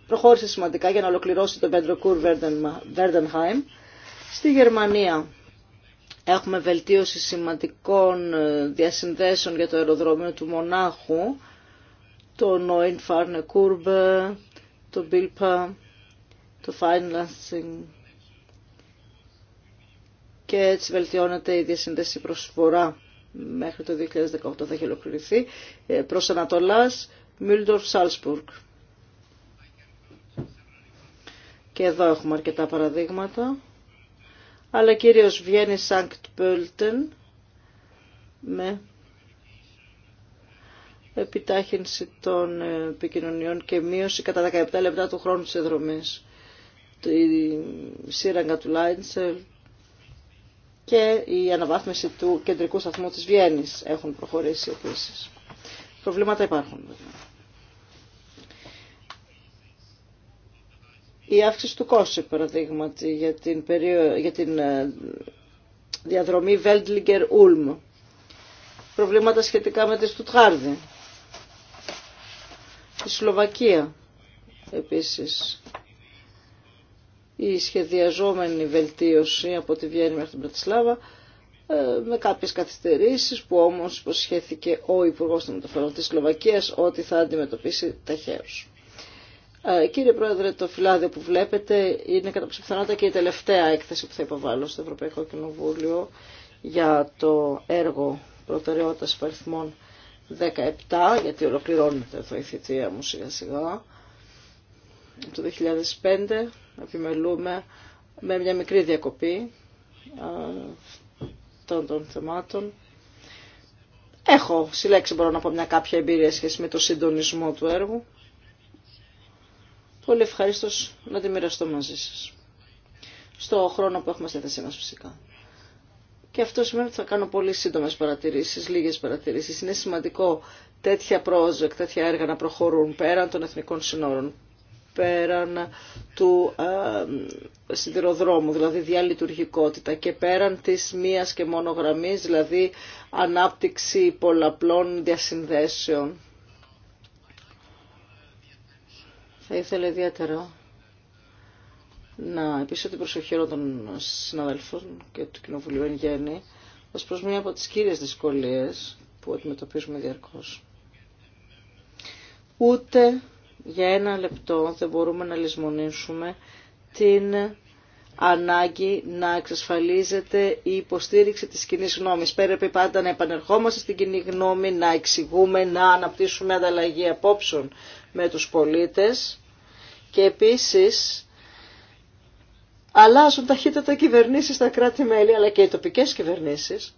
προχώρησε σημαντικά για να ολοκληρώσει τον Πέντρο Κουρ Βέρντενχάιμ. Στη Γερμανία έχουμε βελτίωση σημαντικών ε, διασυνδέσεων για το αεροδρόμιο του Μονάχου το Neuen Kurve, το BILPA, το Financing και έτσι βελτιώνεται η διασύνδεση προσφορά μέχρι το 2018 θα έχει ολοκληρωθεί ε, προς Ανατολάς Μίλντορφ Σάλσπουργκ. Και εδώ έχουμε αρκετά παραδείγματα. Αλλά κυρίως Βιέννη Σάνκτ Πέλτεν με επιτάχυνση των επικοινωνιών και μείωση κατά 17 λεπτά του χρόνου της εδρομής, η σύραγγα του Λάιντσελ και η αναβάθμιση του κεντρικού σταθμού της Βιέννης έχουν προχωρήσει επίσης. Προβλήματα υπάρχουν Η αύξηση του κόσμου, παραδείγματι, για την, περίο για την ε, διαδρομή Βέλτλιγκερ-Ούλμ. Προβλήματα σχετικά με τη Στουτχάρδη η Σλοβακία επίσης η σχεδιαζόμενη βελτίωση από τη Βιέννη μέχρι την Πρατισλάβα ε, με κάποιες καθυστερήσεις που όμως υποσχέθηκε ο Υπουργός των Μεταφορών της Σλοβακίας ότι θα αντιμετωπίσει ταχαίως. Ε, κύριε Πρόεδρε, το φυλάδιο που βλέπετε είναι κατά πιθανότητα και η τελευταία έκθεση που θα υποβάλω στο Ευρωπαϊκό Κοινοβούλιο για το έργο προτεραιότητας υπαριθμών 17, γιατί ολοκληρώνεται εδώ η θητεία μου σιγά σιγά. Το 2005 επιμελούμε με μια μικρή διακοπή των, των θεμάτων. Έχω συλλέξει μπορώ να πω μια κάποια εμπειρία σχέση με το συντονισμό του έργου. Πολύ ευχαριστώ να τη μοιραστώ μαζί σας. Στο χρόνο που έχουμε στη θέση μας φυσικά. Και αυτό σημαίνει ότι θα κάνω πολύ σύντομε παρατηρήσει, λίγε παρατηρήσει. Είναι σημαντικό τέτοια project, τέτοια έργα να προχωρούν πέραν των εθνικών συνόρων, πέραν του ε, σιδηροδρόμου, δηλαδή διαλειτουργικότητα και πέραν της μίας και μόνο γραμμή, δηλαδή ανάπτυξη πολλαπλών διασυνδέσεων. Θα ήθελα ιδιαίτερα να επίσης την προσοχή όλων των συναδελφών και του Κοινοβουλίου εν γέννη ως προς μία από τις κύριες δυσκολίες που αντιμετωπίζουμε διαρκώς. Ούτε για ένα λεπτό δεν μπορούμε να λησμονήσουμε την ανάγκη να εξασφαλίζεται η υποστήριξη της κοινή γνώμη. Πρέπει πάντα να επανερχόμαστε στην κοινή γνώμη, να εξηγούμε, να αναπτύσσουμε ανταλλαγή απόψεων με τους πολίτες και επίσης αλλάζουν ταχύτατα κυβερνήσεις στα κράτη-μέλη, αλλά και οι τοπικές κυβερνήσεις.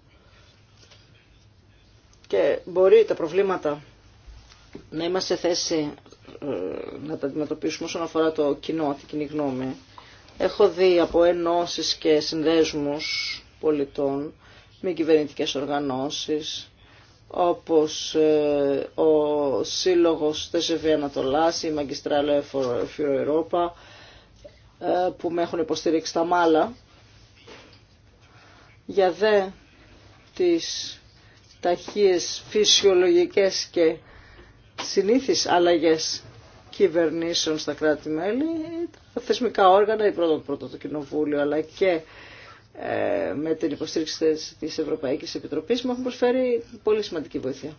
Και μπορεί τα προβλήματα να είμαστε σε θέση ε, να τα αντιμετωπίσουμε όσον αφορά το κοινό, την κοινή γνώμη. Έχω δει από ενώσεις και συνδέσμους πολιτών, με κυβερνητικές οργανώσεις, όπως ε, ο Σύλλογος ΤΣΒ Ανατολάς, η Μαγκιστράλα Ευρώπα, ε, που με έχουν υποστηρίξει τα μάλα για δε τις ταχείες φυσιολογικές και συνήθεις αλλαγές κυβερνήσεων στα κράτη-μέλη, τα θεσμικά όργανα, η πρώτο, πρώτο το Κοινοβούλιο, αλλά και ε, με την υποστήριξη της Ευρωπαϊκής Επιτροπής, μου έχουν προσφέρει πολύ σημαντική βοήθεια.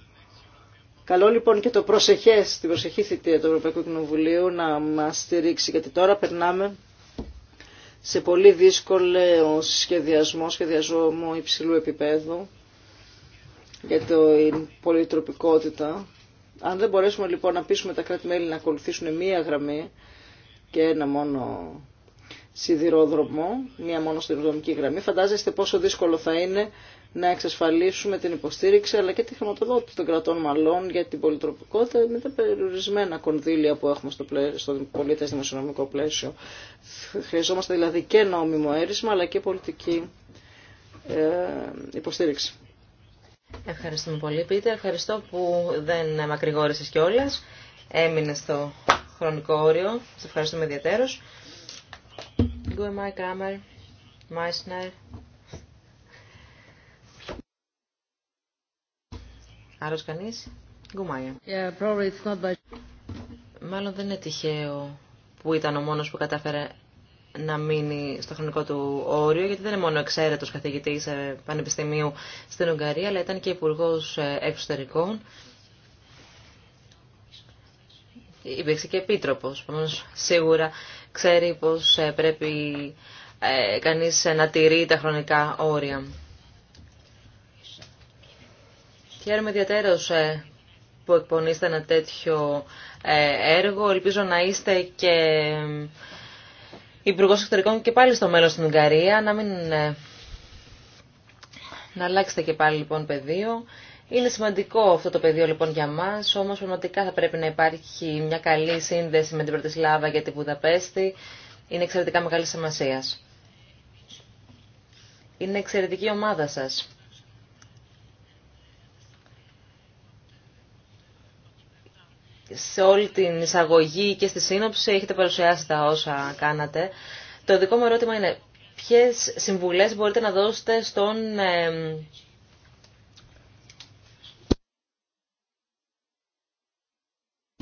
Καλό λοιπόν και το προσεχές, την προσεχή θητεία του Ευρωπαϊκού Κοινοβουλίου να μας στηρίξει, γιατί τώρα περνάμε σε πολύ δύσκολο σχεδιασμό, σχεδιασμό υψηλού επίπεδου για την πολυτροπικότητα. Αν δεν μπορέσουμε λοιπόν να πείσουμε τα κράτη-μέλη να ακολουθήσουν μία γραμμή και ένα μόνο σιδηρόδρομο, μία μόνο σιδηροδρομική γραμμή, φαντάζεστε πόσο δύσκολο θα είναι να εξασφαλίσουμε την υποστήριξη αλλά και τη χρηματοδότηση των κρατών μαλλών για την πολυτροπικότητα με τα περιορισμένα κονδύλια που έχουμε στο, πλαίσιο, στο πολίτες δημοσιονομικό πλαίσιο. Χρειαζόμαστε δηλαδή και νόμιμο αίρισμα αλλά και πολιτική ε, υποστήριξη. Ευχαριστούμε πολύ Πίτερ. Ευχαριστώ που δεν μακρηγόρησες κιόλα. Έμεινε στο χρονικό όριο. Σε ευχαριστούμε ιδιαίτερως. Κράμερ, Μάισνερ. Άλλος κανείς. Γκουμάια. Μάλλον δεν είναι τυχαίο που ήταν ο μόνος που κατάφερε να μείνει στο χρονικό του όριο, γιατί δεν είναι μόνο εξαίρετος καθηγητής ε, πανεπιστημίου στην Ουγγαρία, αλλά ήταν και υπουργό ε, εξωτερικών. Υπήρξε και επίτροπος, όμως σίγουρα ξέρει πως ε, πρέπει κανείς να τηρεί τα χρονικά όρια. Χαίρομαι ιδιαίτερως ε, που εκπονείστε ένα τέτοιο ε, έργο. Ελπίζω να είστε και ε, υπουργό Εξωτερικών και πάλι στο μέλλον στην Ουγγαρία. Να μην... Να αλλάξετε και πάλι λοιπόν πεδίο. Είναι σημαντικό αυτό το πεδίο λοιπόν για μα. Όμω πραγματικά θα πρέπει να υπάρχει μια καλή σύνδεση με την Πρωτεσλάβα για την Βουδαπέστη. Είναι εξαιρετικά μεγάλη σημασία. Είναι εξαιρετική ομάδα σας. σε όλη την εισαγωγή και στη σύνοψη έχετε παρουσιάσει τα όσα κάνατε. Το δικό μου ερώτημα είναι ποιες συμβουλές μπορείτε να δώσετε στον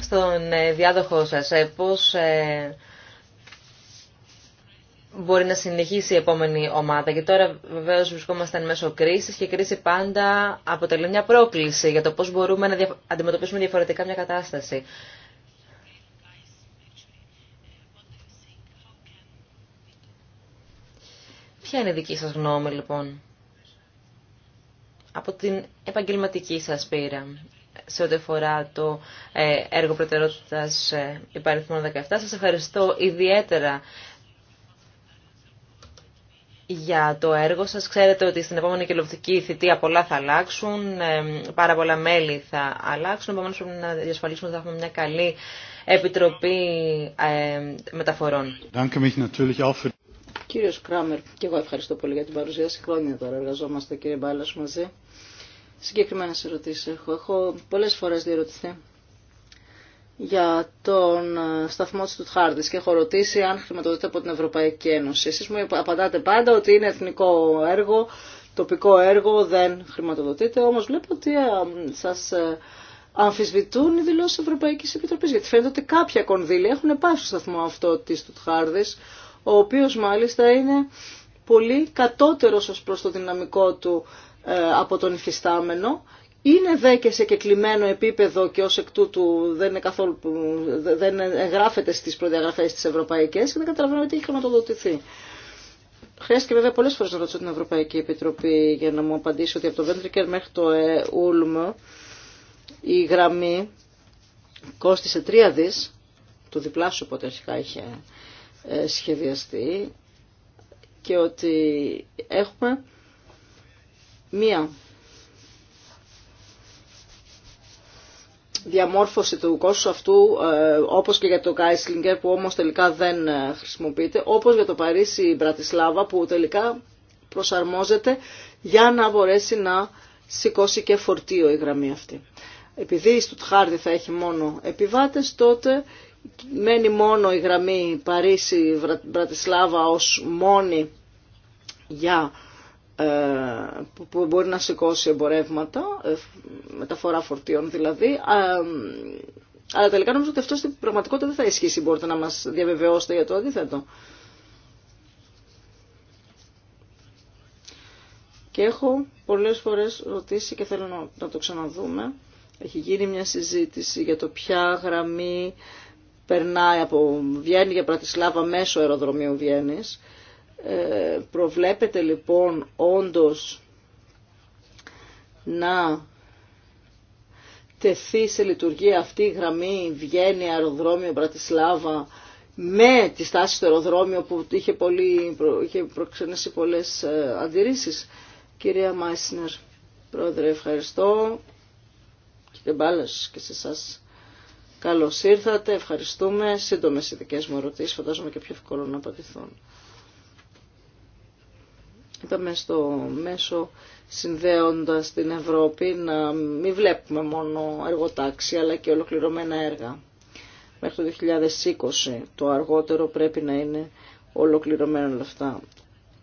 στον ε, διάδοχό σας, ε, πώς ε, μπορεί να συνεχίσει η επόμενη ομάδα. Και τώρα βεβαίω βρισκόμαστε εν μέσω κρίση και η κρίση πάντα αποτελεί μια πρόκληση για το πώς μπορούμε να αντιμετωπίσουμε διαφορετικά μια κατάσταση. Ποια είναι η δική σας γνώμη λοιπόν από την επαγγελματική σας πείρα σε ό,τι αφορά το ε, έργο προτεραιότητας ε, υπαριθμών 17. Σας ευχαριστώ ιδιαίτερα για το έργο σας. Ξέρετε ότι στην επόμενη κοινοβουλευτική θητεία πολλά θα αλλάξουν, πάρα πολλά μέλη θα αλλάξουν, επομένως πρέπει να διασφαλίσουμε ότι θα έχουμε μια καλή Επιτροπή Μεταφορών. Κύριος Κράμερ, και εγώ ευχαριστώ πολύ για την παρουσίαση. Χρόνια τώρα εργαζόμαστε κύριε Μπάλλας μαζί. Συγκεκριμένες ερωτήσει έχω. Έχω πολλές φορές διερωτηθεί για τον ε, σταθμό της Τουτχάρδης και έχω ρωτήσει αν χρηματοδοτείται από την Ευρωπαϊκή Ένωση. Εσείς μου απαντάτε πάντα ότι είναι εθνικό έργο, τοπικό έργο, δεν χρηματοδοτείται, όμως βλέπω ότι ε, σας ε, αμφισβητούν οι δηλώσεις της Ευρωπαϊκής Επιτροπής, γιατί φαίνεται ότι κάποια κονδύλια έχουν πάει στο σταθμό αυτό της Τουτχάρδης, ο οποίος μάλιστα είναι πολύ κατώτερος ως προς το δυναμικό του από τον υφιστάμενο είναι δε και σε κεκλειμένο επίπεδο και ως εκ τούτου δεν, είναι καθόλου, δεν εγγράφεται στις προδιαγραφές της Ευρωπαϊκής και δεν καταλαβαίνω τι έχει χρηματοδοτηθεί. Χρειάστηκε βέβαια πολλές φορές να ρωτήσω την Ευρωπαϊκή Επιτροπή για να μου απαντήσει ότι από το Βέντρικερ μέχρι το ε, Ούλμ η γραμμή κόστισε 3 δις, το διπλάσιο πότε αρχικά είχε ε, σχεδιαστεί και ότι έχουμε μία διαμόρφωση του κόστου αυτού, ε, όπως και για το Κάισλιγκερ που όμως τελικά δεν ε, χρησιμοποιείται, όπως για το Παρίσι-Μπρατισλάβα που τελικά προσαρμόζεται για να μπορέσει να σηκώσει και φορτίο η γραμμή αυτή. Επειδή η Στουτχάρδη θα έχει μόνο επιβάτες, τότε μένει μόνο η γραμμή Παρίσι-Μπρατισλάβα ως μόνη για ε, που μπορεί να σηκώσει εμπορεύματα, ε, μεταφορά φορτίων δηλαδή, ε, αλλά τελικά νομίζω ότι αυτό στην πραγματικότητα δεν θα ισχύσει. Μπορείτε να μας διαβεβαιώσετε για το αντίθετο. Και έχω πολλές φορές ρωτήσει και θέλω να το ξαναδούμε. Έχει γίνει μια συζήτηση για το ποια γραμμή περνάει από Βιέννη για Πρατισλάβα μέσω αεροδρομίου Βιέννης ε, προβλέπετε λοιπόν όντως να τεθεί σε λειτουργία αυτή η γραμμή βγαίνει αεροδρόμιο, Μπρατισλάβα με τη στάση του αεροδρόμιο που είχε, πολύ, είχε προξενήσει πολλές ε, αντιρρήσεις. Κυρία Μάισνερ, πρόεδρε ευχαριστώ. Κύριε Μπάλας και σε εσάς. Καλώς ήρθατε, ευχαριστούμε. Σύντομες οι δικές μου ερωτήσεις, φαντάζομαι και πιο εύκολο να απαντηθούν είπαμε στο μέσο συνδέοντας την Ευρώπη να μην βλέπουμε μόνο εργοτάξια αλλά και ολοκληρωμένα έργα. Μέχρι το 2020 το αργότερο πρέπει να είναι ολοκληρωμένα όλα αυτά.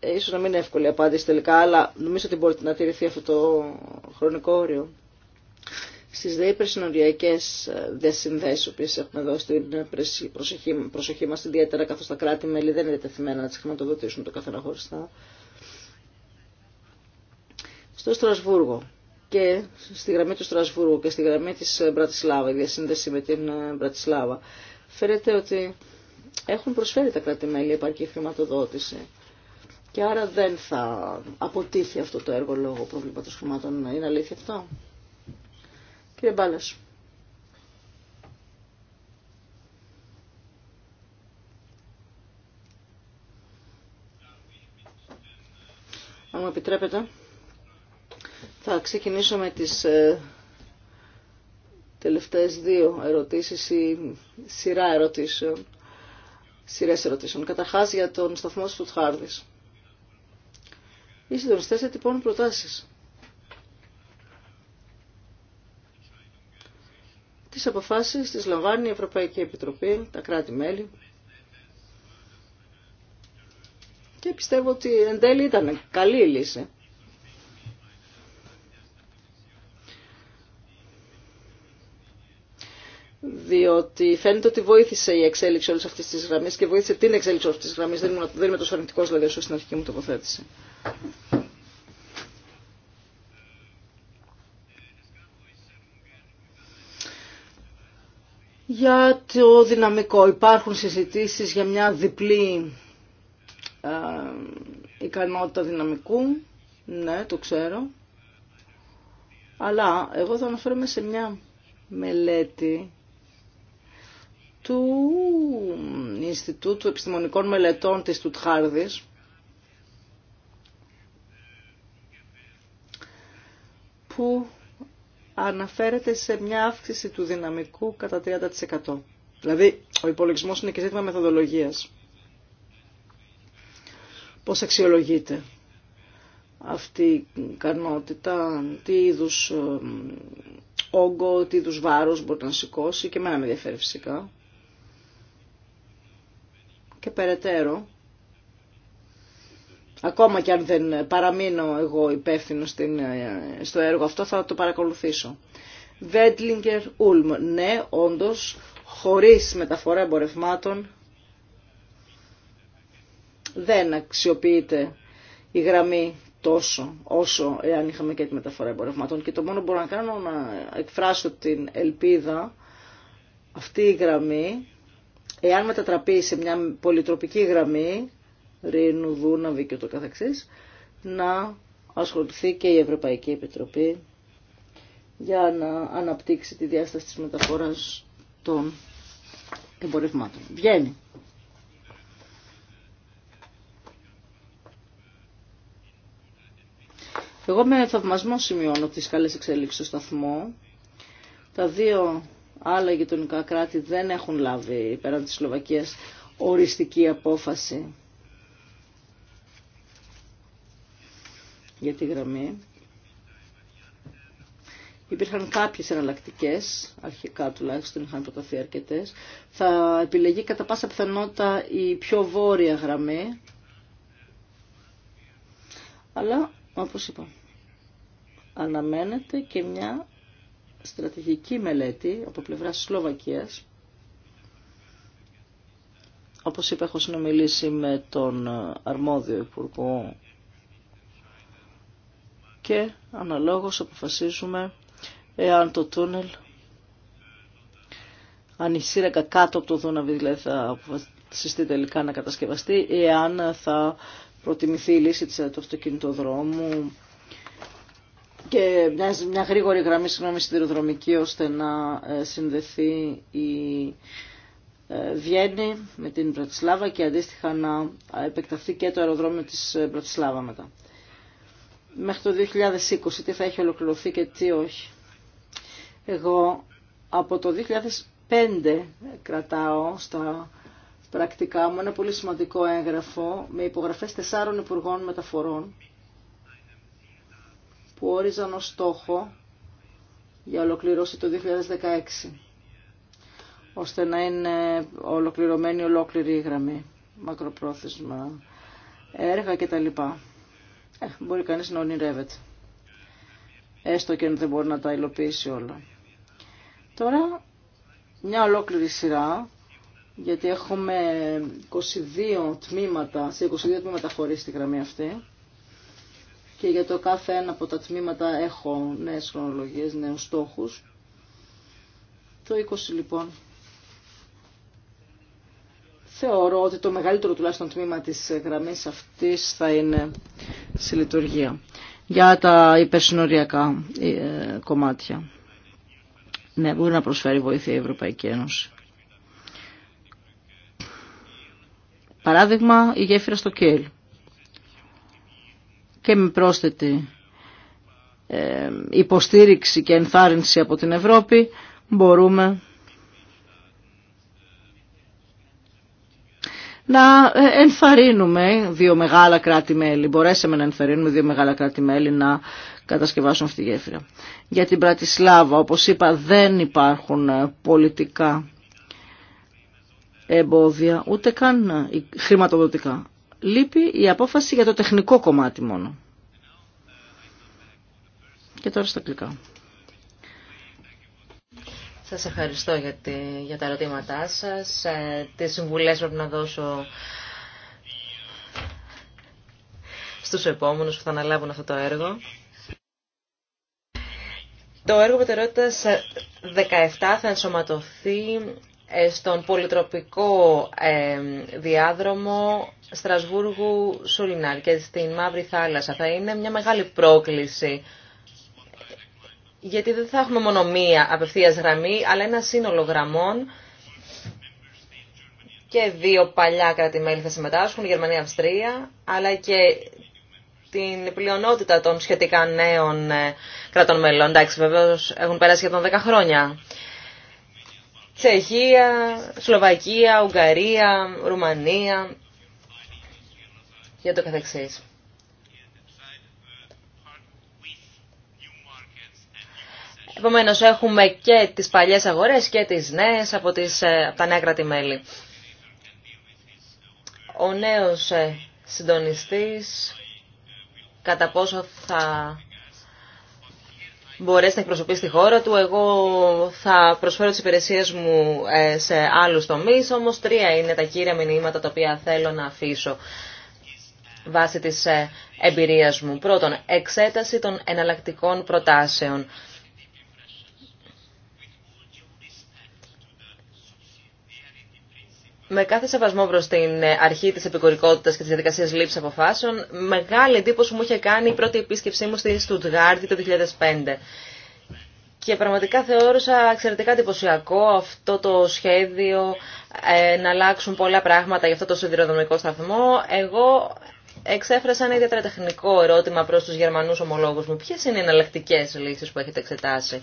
Ε, ίσως να μην είναι εύκολη απάντηση τελικά, αλλά νομίζω ότι μπορείτε να τηρηθεί αυτό το χρονικό όριο. Στις δε υπερσυνοριακές ε, διασυνδέσεις, οποίες έχουμε δώσει την προσοχή, προσοχή μας ιδιαίτερα, καθώς τα κράτη-μέλη δεν είναι τεθειμένα να τις χρηματοδοτήσουν το καθένα χωριστά, στο Στρασβούργο και στη γραμμή του Στρασβούργου και στη γραμμή της Μπρατισλάβα, η διασύνδεση με την ε, Μπρατισλάβα, φαίνεται ότι έχουν προσφέρει τα κράτη-μέλη επαρκή χρηματοδότηση. Και άρα δεν θα αποτύχει αυτό το έργο λόγω προβλήματος χρημάτων. Είναι αλήθεια αυτό. Κύριε Μπάλας. Αν μου επιτρέπετε. Θα ξεκινήσω με τις ε, τελευταίες δύο ερωτήσεις ή σειρά ερωτήσεων, σειρές ερωτήσεων. Καταρχάς για τον σταθμό Στουτχάρδης. Οι συντονιστές ετυπώνουν προτάσεις. Τις αποφάσεις τις λαμβάνει η Ευρωπαϊκή Επιτροπή, τα κράτη-μέλη. Και πιστεύω ότι εν τέλει ήταν καλή η λύση. διότι φαίνεται ότι βοήθησε η εξέλιξη όλη αυτή τη γραμμή και βοήθησε την εξέλιξη όλη αυτή τη γραμμή. Δεν, δεν είμαι τόσο αρνητικό δηλαδή όσο στην αρχική μου τοποθέτηση. Για το δυναμικό υπάρχουν συζητήσεις για μια διπλή ε, ικανότητα δυναμικού. Ναι, το ξέρω. Αλλά εγώ θα αναφέρομαι σε μια μελέτη του Ινστιτούτου Επιστημονικών Μελετών της Τουτχάρδης που αναφέρεται σε μια αύξηση του δυναμικού κατά 30%. Δηλαδή, ο υπολογισμός είναι και ζήτημα μεθοδολογίας. Πώς αξιολογείται αυτή η ικανότητα, τι είδους ε, όγκο, τι είδους βάρος μπορεί να σηκώσει και εμένα με ενδιαφέρει φυσικά και περαιτέρω, ακόμα και αν δεν παραμείνω εγώ υπεύθυνο ε, στο έργο αυτό, θα το παρακολουθήσω. Βέντλιγκερ Ούλμ, ναι, όντως, χωρίς μεταφορά εμπορευμάτων, δεν αξιοποιείται η γραμμή τόσο όσο εάν είχαμε και τη μεταφορά εμπορευμάτων. Και το μόνο που μπορώ να κάνω να εκφράσω την ελπίδα αυτή η γραμμή Εάν μετατραπεί σε μια πολυτροπική γραμμή, Ρήνου, Δούναβη και το καθεξής, να ασχοληθεί και η Ευρωπαϊκή Επιτροπή για να αναπτύξει τη διάσταση της μεταφοράς των εμπορευμάτων. Βγαίνει. Εγώ με θαυμασμό σημειώνω τις καλές εξέλιξεις στο σταθμό. Τα δύο Άλλα γειτονικά κράτη δεν έχουν λάβει πέραν της Σλοβακίας οριστική απόφαση για τη γραμμή. Υπήρχαν κάποιες εναλλακτικέ, αρχικά τουλάχιστον είχαν προταθεί αρκετέ. Θα επιλεγεί κατά πάσα πιθανότητα η πιο βόρεια γραμμή. Αλλά, όπως είπα, αναμένεται και μια στρατηγική μελέτη από πλευράς Σλοβακίας. Όπως είπα, έχω συνομιλήσει με τον αρμόδιο υπουργό και αναλόγως αποφασίζουμε εάν το τούνελ αν η σύραγγα κάτω από το Δούναβι δηλαδή θα αποφασιστεί τελικά να κατασκευαστεί, εάν θα προτιμηθεί η λύση του αυτοκινητοδρόμου και μια, μια γρήγορη γραμμή συγγνώμη σιδηροδρομική ώστε να ε, συνδεθεί η ε, Βιέννη με την Πρατισλάβα και αντίστοιχα να ε, επεκταθεί και το αεροδρόμιο της Πρατισλάβα μετά. Μέχρι το 2020 τι θα έχει ολοκληρωθεί και τι όχι. Εγώ από το 2005 κρατάω στα πρακτικά μου ένα πολύ σημαντικό έγγραφο με υπογραφές τεσσάρων υπουργών μεταφορών που όριζαν ως στόχο για ολοκληρώση το 2016, ώστε να είναι ολοκληρωμένη ολόκληρη η γραμμή, μακροπρόθεσμα, έργα κτλ. Ε, μπορεί κανείς να ονειρεύεται, έστω και αν δεν μπορεί να τα υλοποιήσει όλα. Τώρα, μια ολόκληρη σειρά, γιατί έχουμε 22 τμήματα, σε 22 τμήματα χωρίς τη γραμμή αυτή, και για το κάθε ένα από τα τμήματα έχω νέες χρονολογίες, νέους στόχους. Το 20 λοιπόν. Θεωρώ ότι το μεγαλύτερο τουλάχιστον τμήμα της γραμμής αυτής θα είναι στη λειτουργία για τα υπερσυνοριακά ε, κομμάτια. Ναι, μπορεί να προσφέρει βοήθεια η Ευρωπαϊκή Ένωση. Παράδειγμα, η γέφυρα στο Κέλ και με πρόσθετη ε, υποστήριξη και ενθάρρυνση από την Ευρώπη μπορούμε να ε, ενθαρρύνουμε δύο μεγάλα κράτη-μέλη, μπορέσαμε να ενθαρρύνουμε δύο μεγάλα κράτη-μέλη να κατασκευάσουν αυτή τη γέφυρα. Για την Πρατισλάβα, όπως είπα, δεν υπάρχουν ε, πολιτικά εμπόδια, ούτε καν χρηματοδοτικά λείπει η απόφαση για το τεχνικό κομμάτι μόνο. Και τώρα στα κλικά. Σας ευχαριστώ για, για τα ερωτήματά σας. Ε, τις συμβουλές πρέπει να δώσω στους επόμενους που θα αναλάβουν αυτό το έργο. Το έργο προτεραιότητας 17 θα ενσωματωθεί ε, στον πολυτροπικό ε, διάδρομο Στρασβούργου-Σούλιναρ και στην Μαύρη Θάλασσα. Θα είναι μια μεγάλη πρόκληση γιατί δεν θα έχουμε μόνο μία απευθείας γραμμή, αλλά ένα σύνολο γραμμών και δύο παλιά κράτη-μέλη θα συμμετάσχουν, Γερμανία-Αυστρία, αλλά και την πλειονότητα των σχετικά νέων ε, κρατών μελών. Εντάξει, βεβαίω έχουν περάσει σχεδόν 10 χρόνια Τσεχία, Σλοβακία, Ουγγαρία, Ρουμανία για το καθεξής. Επομένως έχουμε και τις παλιές αγορές και τις νέες από, τις, ε, από τα νέα κράτη-μέλη. Ο νέος ε, συντονιστής κατά πόσο θα μπορέσει να εκπροσωπήσει τη χώρα του. Εγώ θα προσφέρω τις υπηρεσίες μου ε, σε άλλους τομεί, όμως τρία είναι τα κύρια μηνύματα τα οποία θέλω να αφήσω βάσει της ε, εμπειρίας μου. Πρώτον, εξέταση των εναλλακτικών προτάσεων. με κάθε σεβασμό προ την ε, αρχή τη επικορικότητας και τη διαδικασία λήψη αποφάσεων, μεγάλη εντύπωση μου είχε κάνει η πρώτη επίσκεψή μου στη Στουτγάρδη το 2005. Και πραγματικά θεώρησα εξαιρετικά εντυπωσιακό αυτό το σχέδιο ε, να αλλάξουν πολλά πράγματα για αυτό το σιδηροδρομικό σταθμό. Εγώ εξέφρασα ένα ιδιαίτερα τεχνικό ερώτημα προ του Γερμανού ομολόγου μου. ποιε είναι οι εναλλακτικέ λύσει που έχετε εξετάσει.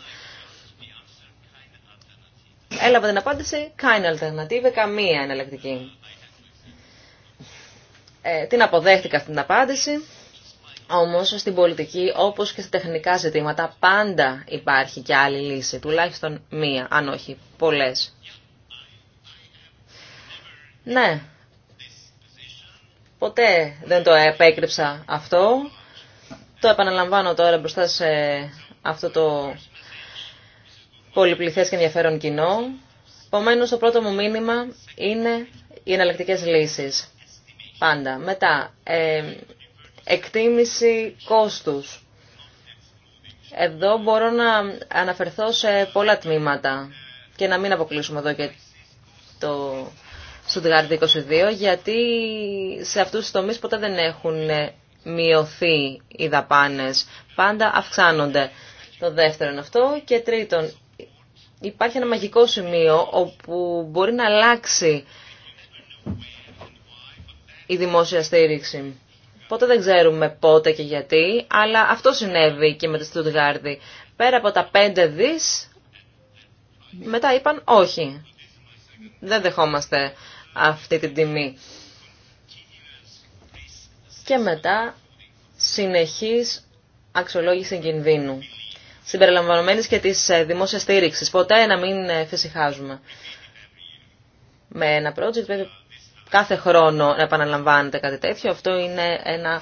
Έλαβα την απάντηση, κανένα Alternative, καμία εναλλακτική. Ε, την αποδέχτηκα αυτή την απάντηση, όμως στην πολιτική όπως και στα τεχνικά ζητήματα πάντα υπάρχει και άλλη λύση, τουλάχιστον μία, αν όχι πολλές. Ναι, ποτέ δεν το επέκρυψα αυτό. Το επαναλαμβάνω τώρα μπροστά σε αυτό το πολυπληθές και ενδιαφέρον κοινό. Επομένω, το πρώτο μου μήνυμα είναι οι εναλλακτικέ λύσεις. Πάντα. Μετά, ε, εκτίμηση κόστους. Εδώ μπορώ να αναφερθώ σε πολλά τμήματα και να μην αποκλείσουμε εδώ και το Στουτγάρδι 22, γιατί σε αυτούς τους τομείς ποτέ δεν έχουν μειωθεί οι δαπάνες. Πάντα αυξάνονται. Το δεύτερο είναι αυτό. Και τρίτον, υπάρχει ένα μαγικό σημείο όπου μπορεί να αλλάξει η δημόσια στήριξη. Πότε δεν ξέρουμε πότε και γιατί, αλλά αυτό συνέβη και με τη Στουτγάρδη. Πέρα από τα πέντε δις, μετά είπαν όχι. Δεν δεχόμαστε αυτή την τιμή. Και μετά συνεχής αξιολόγηση κινδύνου συμπεριλαμβανομένη και της ε, δημόσιας στήριξη. Ποτέ να μην φυσικάζουμε. Ε, Με ένα project βέβαια κάθε χρόνο να επαναλαμβάνεται κάτι τέτοιο. Αυτό είναι ένα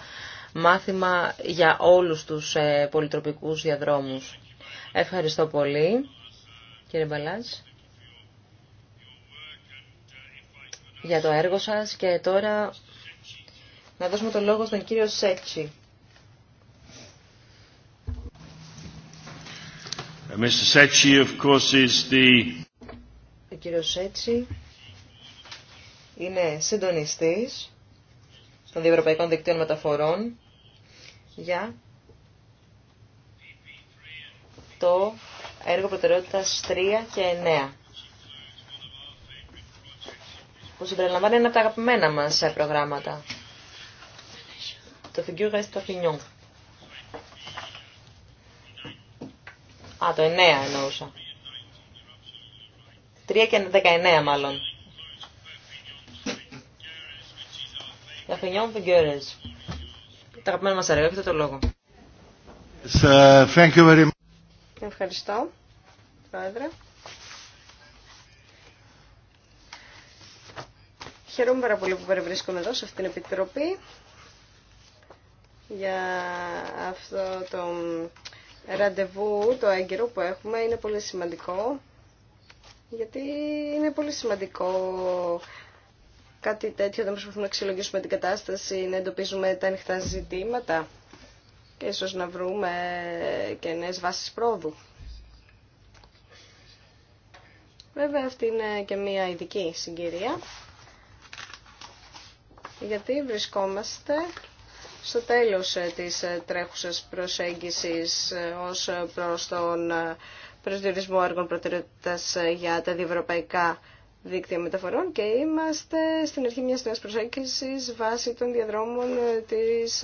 μάθημα για όλους τους ε, πολυτροπικούς διαδρόμους. Ευχαριστώ πολύ, κύριε Μπαλάτς, για το έργο σας και τώρα να δώσουμε το λόγο στον κύριο Σέτσι. Mr. of course, is the... Ο κύριος Σέτσι είναι συντονιστής των διευρωπαϊκών δικτύων μεταφορών για το έργο προτεραιότητας 3 και 9 που συμπεριλαμβάνει ένα από τα αγαπημένα μας προγράμματα το Figure Rest Α, το 9 εννοούσα. 3 και 19 μάλλον. Τα Γαφινιόν Φιγκέρες. Τα αγαπημένα μας έργα, έχετε το λόγο. Uh, thank you very much. Ευχαριστώ, Πρόεδρε. Χαίρομαι πάρα πολύ που περιβρίσκομαι εδώ σε αυτήν την Επιτροπή για αυτό το ραντεβού, το έγκυρο που έχουμε, είναι πολύ σημαντικό. Γιατί είναι πολύ σημαντικό κάτι τέτοιο, όταν προσπαθούμε να αξιολογήσουμε την κατάσταση, να εντοπίζουμε τα ανοιχτά ζητήματα και ίσως να βρούμε και νέες βάσεις πρόοδου. Βέβαια αυτή είναι και μία ειδική συγκυρία, γιατί βρισκόμαστε στο τέλος ε, της ε, τρέχουσας προσέγγισης ε, ως προς τον προσδιορισμό έργων προτεραιότητας για τα διευρωπαϊκά δίκτυα μεταφορών και είμαστε στην αρχή μιας νέας προσέγγισης βάσει των διαδρόμων της,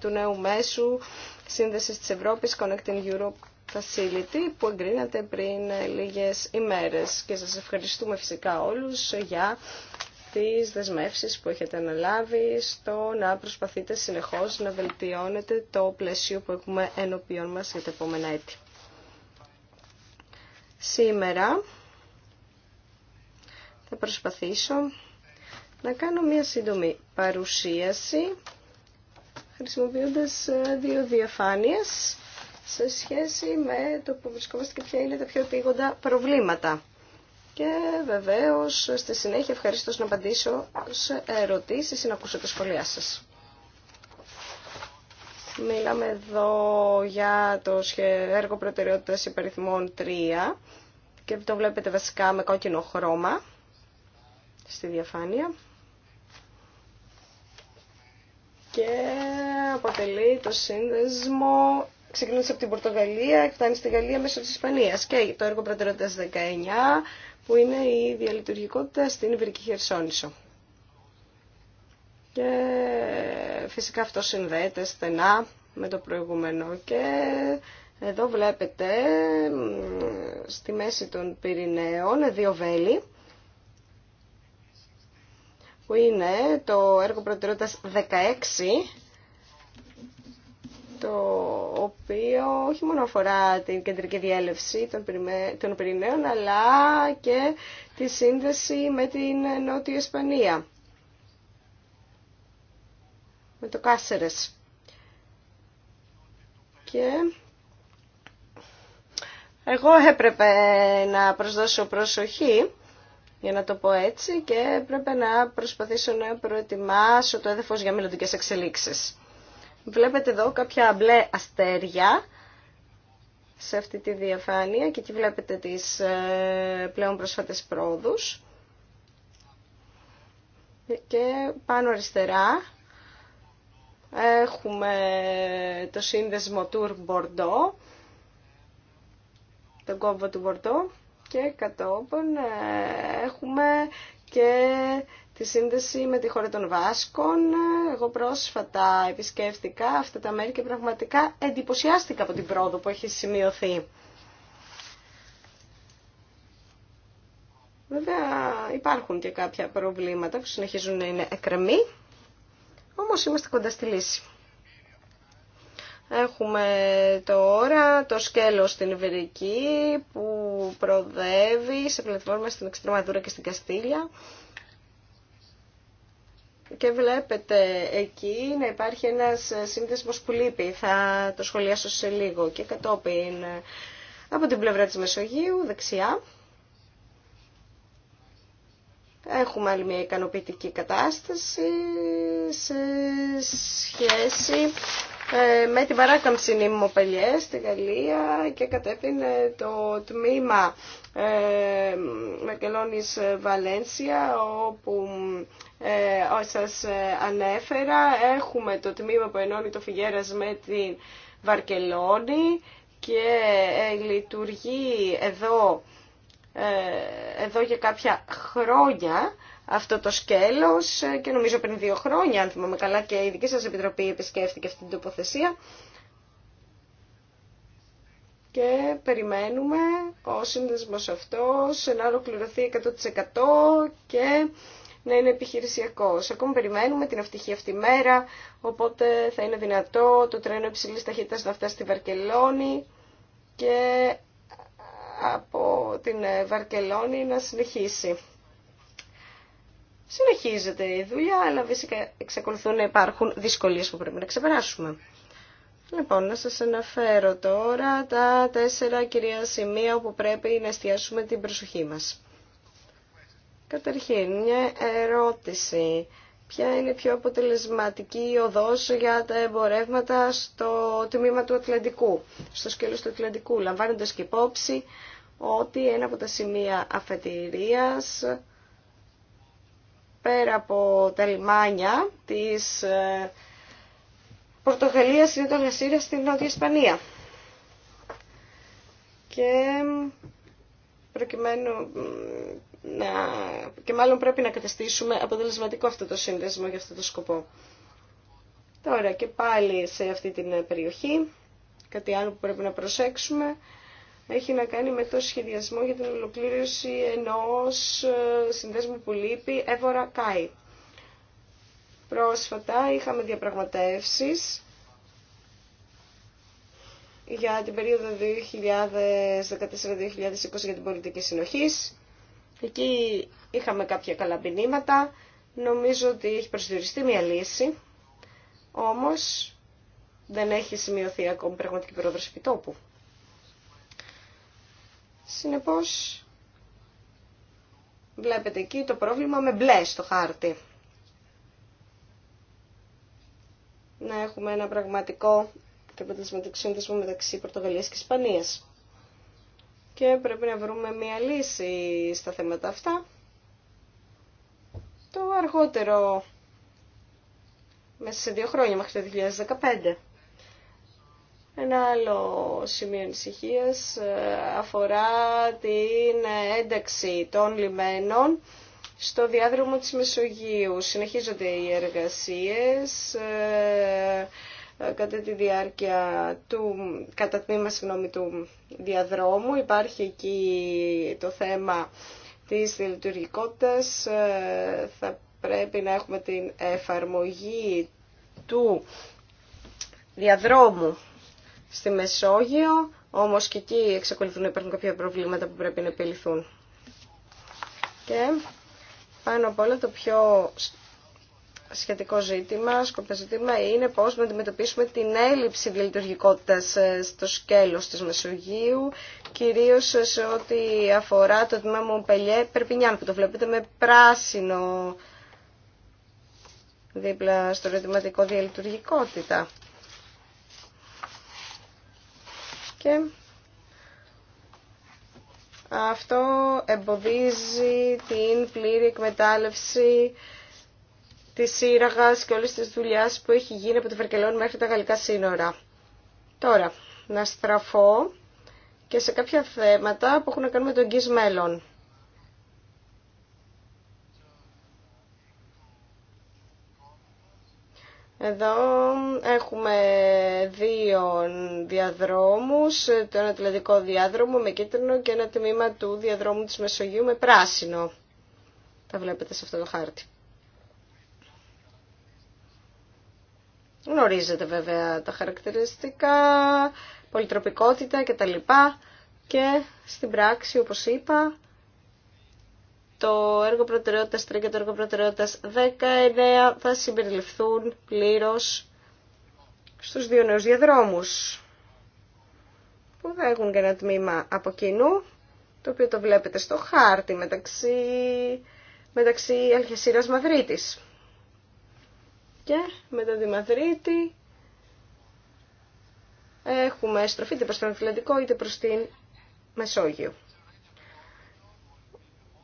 του νέου μέσου σύνδεσης της Ευρώπης Connecting Europe Facility που εγκρίνατε πριν λίγες ημέρες και σας ευχαριστούμε φυσικά όλους για τις δεσμεύσεις που έχετε αναλάβει στο να προσπαθείτε συνεχώς να βελτιώνετε το πλαίσιο που έχουμε ενώπιον μας για τα επόμενα έτη. Σήμερα θα προσπαθήσω να κάνω μια σύντομη παρουσίαση χρησιμοποιώντας ε, δύο διαφάνειες σε σχέση με το που βρισκόμαστε και ποια είναι τα πιο επίγοντα προβλήματα και βεβαίως στη συνέχεια ευχαριστώ να απαντήσω σε ερωτήσεις ή να ακούσω τα σχόλιά σας. Μιλάμε εδώ για το έργο προτεραιότητας υπαριθμών 3 και το βλέπετε βασικά με κόκκινο χρώμα στη διαφάνεια και αποτελεί το σύνδεσμο ξεκινώντας από την Πορτογαλία και φτάνει στη Γαλλία μέσω της Ισπανίας και το έργο προτεραιότητας 19 που είναι η διαλειτουργικότητα στην Ιβρική Χερσόνησο. Και φυσικά αυτό συνδέεται στενά με το προηγούμενο και εδώ βλέπετε στη μέση των Πυρηναίων δύο βέλη που είναι το έργο προτεραιότητας 16 το οποίο όχι μόνο αφορά την κεντρική διέλευση των Πυρηναίων, αλλά και τη σύνδεση με την Νότια Ισπανία, με το Κάσερες. Και εγώ έπρεπε να προσδώσω προσοχή για να το πω έτσι, και έπρεπε να προσπαθήσω να προετοιμάσω το έδεφος για μελλοντικέ εξελίξεις. Βλέπετε εδώ κάποια μπλε αστέρια σε αυτή τη διαφάνεια και εκεί βλέπετε τις ε, πλέον προσφατές πρόοδους. Και πάνω αριστερά έχουμε το σύνδεσμο Tour Bordeaux, τον κόμβο του Bordeaux και κατόπιν ε, έχουμε και τη σύνδεση με τη χώρα των Βάσκων. Εγώ πρόσφατα επισκέφτηκα αυτά τα μέρη και πραγματικά εντυπωσιάστηκα από την πρόοδο που έχει σημειωθεί. Βέβαια υπάρχουν και κάποια προβλήματα που συνεχίζουν να είναι εκρεμή, όμως είμαστε κοντά στη λύση. Έχουμε τώρα το σκέλος στην Ιβερική που προδεύει σε πλατφόρμα στην Εξτρεμαδούρα και στην Καστήλια και βλέπετε εκεί να υπάρχει ένας σύνδεσμος που λείπει. Θα το σχολιάσω σε λίγο και κατόπιν από την πλευρά της Μεσογείου, δεξιά. Έχουμε άλλη μια ικανοποιητική κατάσταση σε σχέση ε, με την παράκαμψη νήμου Πελιέ στη Γαλλία και κατέπινε το τμήμα ε, Βαλένσια όπου ε, σας ε, ανέφερα. Έχουμε το τμήμα που ενώνει το Φιγέρας με την Βαρκελόνη και ε, λειτουργεί εδώ, ε, εδώ για κάποια χρόνια αυτό το σκέλος και νομίζω πριν δύο χρόνια, αν θυμάμαι καλά, και η δική σας επιτροπή επισκέφθηκε αυτή την τοποθεσία. Και περιμένουμε ο σύνδεσμος αυτός να ολοκληρωθεί 100% και να είναι επιχειρησιακό. Ακόμα περιμένουμε την ευτυχή αυτή μέρα, οπότε θα είναι δυνατό το τρένο υψηλής ταχύτητα να φτάσει στη Βαρκελόνη και από την ε, Βαρκελόνη να συνεχίσει. Συνεχίζεται η δουλειά, αλλά βέβαια εξακολουθούν να υπάρχουν δυσκολίες που πρέπει να ξεπεράσουμε. Λοιπόν, να σας αναφέρω τώρα τα τέσσερα κυρία σημεία όπου πρέπει να εστιάσουμε την προσοχή μας. Καταρχήν, μια ερώτηση. Ποια είναι η πιο αποτελεσματική οδός για τα εμπορεύματα στο τμήμα του Ατλαντικού, στο σκέλος του Ατλαντικού, λαμβάνοντας και υπόψη ότι ένα από τα σημεία αφετηρίας πέρα από τα λιμάνια της ε, Πορτογαλίας είναι το Αλγασίρα στην Νότια Ισπανία. Και προκειμένου να, και μάλλον πρέπει να καταστήσουμε αποτελεσματικό αυτό το σύνδεσμο για αυτό το σκοπό. Τώρα και πάλι σε αυτή την περιοχή, κάτι άλλο που πρέπει να προσέξουμε, έχει να κάνει με το σχεδιασμό για την ολοκλήρωση ενός ε, συνδέσμου που λείπει, Εύωρα Κάι. Πρόσφατα είχαμε διαπραγματεύσεις για την περίοδο 2014-2020 για την πολιτική συνοχής Εκεί είχαμε κάποια καλά ποινήματα. Νομίζω ότι έχει προσδιοριστεί μια λύση. Όμως δεν έχει σημειωθεί ακόμη πραγματική πρόοδος επιτόπου. Συνεπώς, βλέπετε εκεί το πρόβλημα με μπλε στο χάρτη. Να έχουμε ένα πραγματικό και αποτελεσματικό σύνδεσμο μεταξύ Πορτογαλίας και Ισπανίας και πρέπει να βρούμε μια λύση στα θέματα αυτά. Το αργότερο, μέσα σε δύο χρόνια μέχρι το 2015. Ένα άλλο σημείο ανησυχία ε, αφορά την ένταξη των λιμένων στο διάδρομο της Μεσογείου. Συνεχίζονται οι εργασίες ε, ε, κατά τη διάρκεια του, κατά τμήμα του διαδρόμου. Υπάρχει εκεί το θέμα της λειτουργικότητας. Ε, θα πρέπει να έχουμε την εφαρμογή του διαδρόμου στη Μεσόγειο, όμως και εκεί εξακολουθούν να υπάρχουν κάποια προβλήματα που πρέπει να επιληθούν. Και πάνω απ' όλα το πιο σχετικό ζήτημα, σκοπιά ζήτημα, είναι πώς να αντιμετωπίσουμε την έλλειψη διαλειτουργικότητας ε, στο σκέλος της Μεσογείου, κυρίως σε ό,τι αφορά το τμήμα Μομπελιέ Περπινιάν, που το βλέπετε με πράσινο δίπλα στο ερωτηματικό διαλειτουργικότητα. Και αυτό εμποδίζει την πλήρη εκμετάλλευση τη σύραγα και όλη τη δουλειά που έχει γίνει από τη Βαρκελόνη μέχρι τα γαλλικά σύνορα. Τώρα, να στραφώ και σε κάποια θέματα που έχουν να κάνουν με τον εγγύς μέλλον. Εδώ έχουμε δύο διαδρόμους, το ένα τηλεδικό διάδρομο με κίτρινο και ένα τμήμα του διαδρόμου της Μεσογείου με πράσινο. Τα βλέπετε σε αυτό το χάρτη. Γνωρίζετε βέβαια τα χαρακτηριστικά, πολυτροπικότητα κτλ. Και στην πράξη, όπως είπα, το έργο προτεραιότητας 3 και το έργο προτεραιότητας 19 θα συμπεριληφθούν πλήρως στους δύο νέους διαδρόμους που θα έχουν και ένα τμήμα από κοινού το οποίο το βλέπετε στο χάρτη μεταξύ, μεταξύ Αλχεσίρας Μαδρίτης. Και μετά τη Μαδρίτη έχουμε στροφή είτε προς τον Ατλαντικό είτε προς την Μεσόγειο.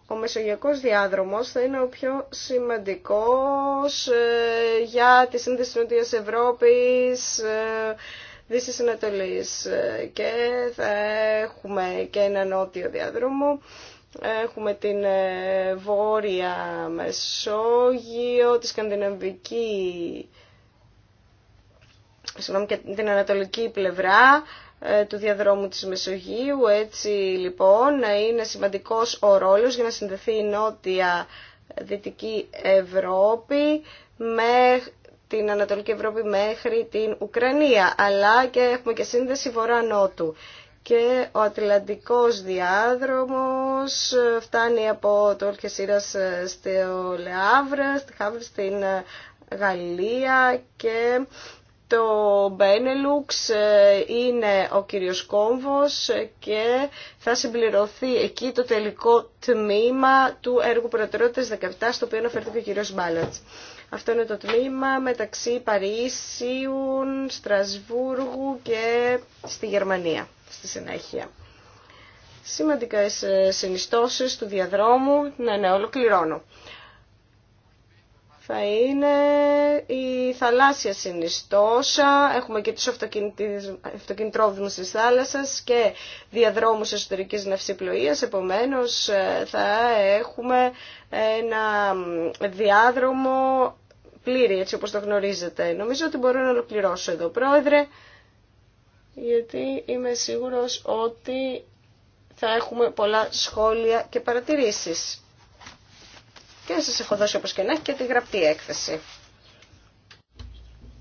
Ο μεσογειακός διάδρομος θα είναι ο πιο σημαντικός ε, για τη σύνδεση της Νοτιάς Ευρώπης, ε, Δύσης Ανατολής ε, και θα έχουμε και ένα νότιο διάδρομο Έχουμε την ε, Βόρεια Μεσόγειο, τη Σκανδιναβική, συγγνώμη, την Ανατολική πλευρά ε, του διαδρόμου της Μεσογείου. Έτσι λοιπόν είναι σημαντικός ο ρόλος για να συνδεθεί η Νότια Δυτική Ευρώπη με την Ανατολική Ευρώπη μέχρι την Ουκρανία, αλλά και έχουμε και σύνδεση Βορρά-Νότου και ο Ατλαντικός διάδρομος φτάνει από το Ολχεσίρας στη Λεάβρα, στη Χάβρη στην Γαλλία και το Benelux ε, είναι ο κύριος κόμβος και θα συμπληρωθεί εκεί το τελικό τμήμα του έργου προτεραιότητας 17 στο οποίο αναφέρθηκε ο κύριος Μπάλατς. Αυτό είναι το τμήμα μεταξύ Παρίσιου, Στρασβούργου και στη Γερμανία στη συνέχεια. Σημαντικές ε, συνιστώσεις του διαδρόμου, ναι, ναι, ολοκληρώνω. Θα είναι η θαλάσσια συνιστόσα, έχουμε και τους αυτοκινητρόδρομους της θάλασσας και διαδρόμους εσωτερικής ναυσιπλοείας, επομένως ε, θα έχουμε ένα διάδρομο πλήρη, έτσι όπως το γνωρίζετε. Νομίζω ότι μπορώ να ολοκληρώσω εδώ, Πρόεδρε γιατί είμαι σίγουρος ότι θα έχουμε πολλά σχόλια και παρατηρήσεις. Και σας έχω δώσει όπως και να έχει και τη γραπτή έκθεση.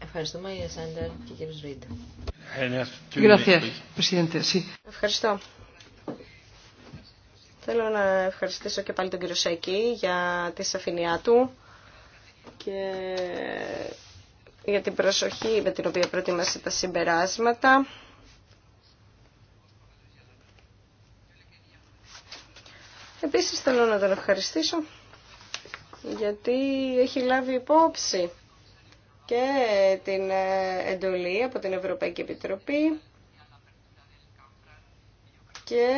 Ευχαριστούμε, Σάντερ και κύριε Σβίτα. Ευχαριστώ. Θέλω να ευχαριστήσω και πάλι τον κύριο Σέκη για τη σαφηνιά του και για την προσοχή με την οποία προετοίμασε τα συμπεράσματα. Επίσης θέλω να τον ευχαριστήσω γιατί έχει λάβει υπόψη και την ε, εντολή από την Ευρωπαϊκή Επιτροπή και